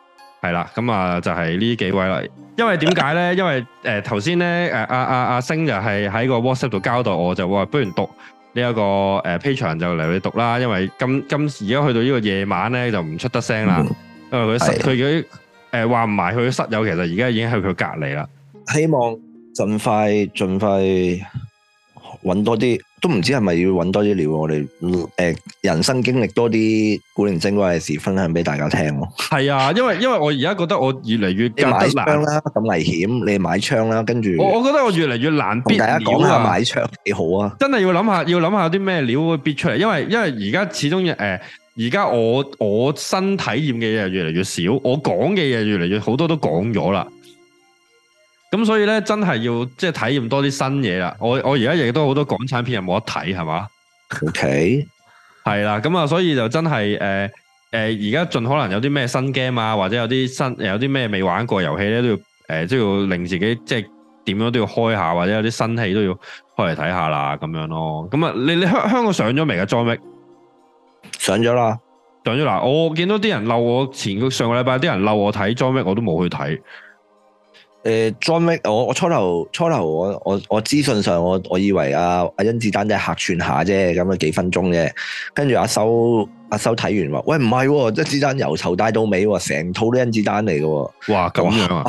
係啦，咁啊就係呢幾位啦。因為點解咧？因為誒頭先咧誒阿阿阿星就係喺個 WhatsApp 度交代我就話，不如讀呢一個誒 Patreon 就嚟去讀啦。因為今今而家去到呢個夜晚咧，就唔出得聲啦。 因為佢佢佢誒話唔埋佢室友，其實而家已經喺佢隔離啦。希望盡快盡快揾多啲。都唔知係咪要揾多啲料，啊，我哋誒、呃、人生經歷多啲古靈精怪嘅事分享俾大家聽咯，啊。係啊，因為因為我而家覺得我越嚟越難。你買槍啦，啊，咁危險，你買槍啦，啊，跟住。我我覺得我越嚟越難，啊。同大家講下買槍幾好啊！真係要諗下，要諗下啲咩料會逼出嚟，因為因為而家始終誒，而、呃、家我我新體驗嘅嘢越嚟越少，我講嘅嘢越嚟越好多都講咗啦。咁所以咧，真係要即係體驗多啲新嘢啦。我我而家亦都好多港產片又冇得睇，係嘛？OK，係啦。咁啊 Okay.，所以就真係誒誒，而家盡可能有啲咩新 game 啊，或者有啲新有啲咩未玩過遊戲咧，都要誒都、呃、要令自己即係點樣都要開下，或者有啲新戲都要開嚟睇下啦，咁樣咯。咁啊，你你香香港上咗未啊？John Wick 上咗啦，上咗啦。我見到啲人漏我前個上個禮拜啲人漏我睇 John Wick，我都冇去睇。誒、嗯、，John 我我初頭初頭我，我我我資訊上，我上我，我以為阿阿甄子丹真係客串下啫，咁樣幾分鐘啫。跟住阿修阿修睇完話，喂唔係，甄子丹、啊、甄丹由頭帶到尾，成套都甄子丹嚟噶。哇，咁樣啊？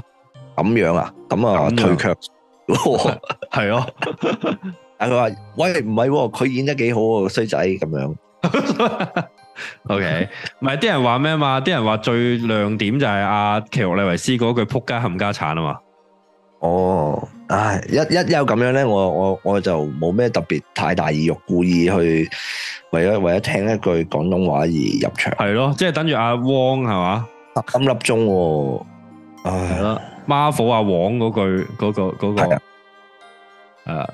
咁樣啊？咁啊？退卻，係哦。 啊。 」「佢話喂唔係，佢演得幾好啊，衰仔咁樣。 O K，唔係啲人話咩嘛？啲人話最亮點就係阿、啊、奇洛李維斯嗰句撲街冚家鏟啊嘛。哦，唉，一一有咁樣咧，我我我就冇咩特別太大意欲，故意去為咗為咗聽一句廣東話而入場。係咯，即係等住阿汪係嘛，金粒鐘，係啦 Marvel 阿王嗰句嗰個嗰個，係啊，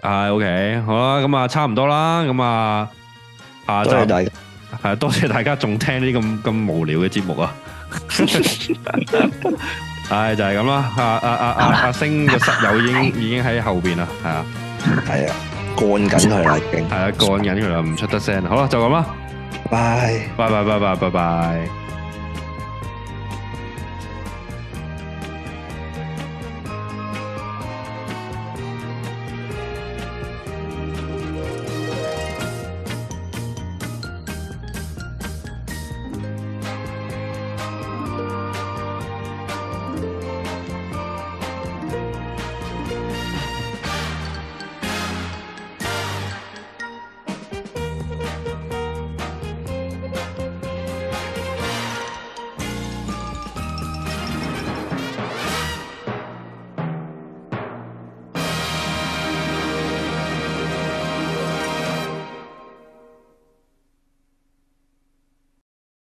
係 O K，好啦，咁啊差唔多啦，咁、嗯、啊，下、嗯、周、嗯係，多謝大家仲聽呢啲咁咁無聊嘅節目啊！唉，就係咁啦，阿阿阿阿阿星嘅室友已經已經喺後邊啦，係啊，係啊，幹緊佢啦，係啊，幹緊佢啦，唔出得聲，好啦，就咁啦，拜，拜拜拜拜拜拜。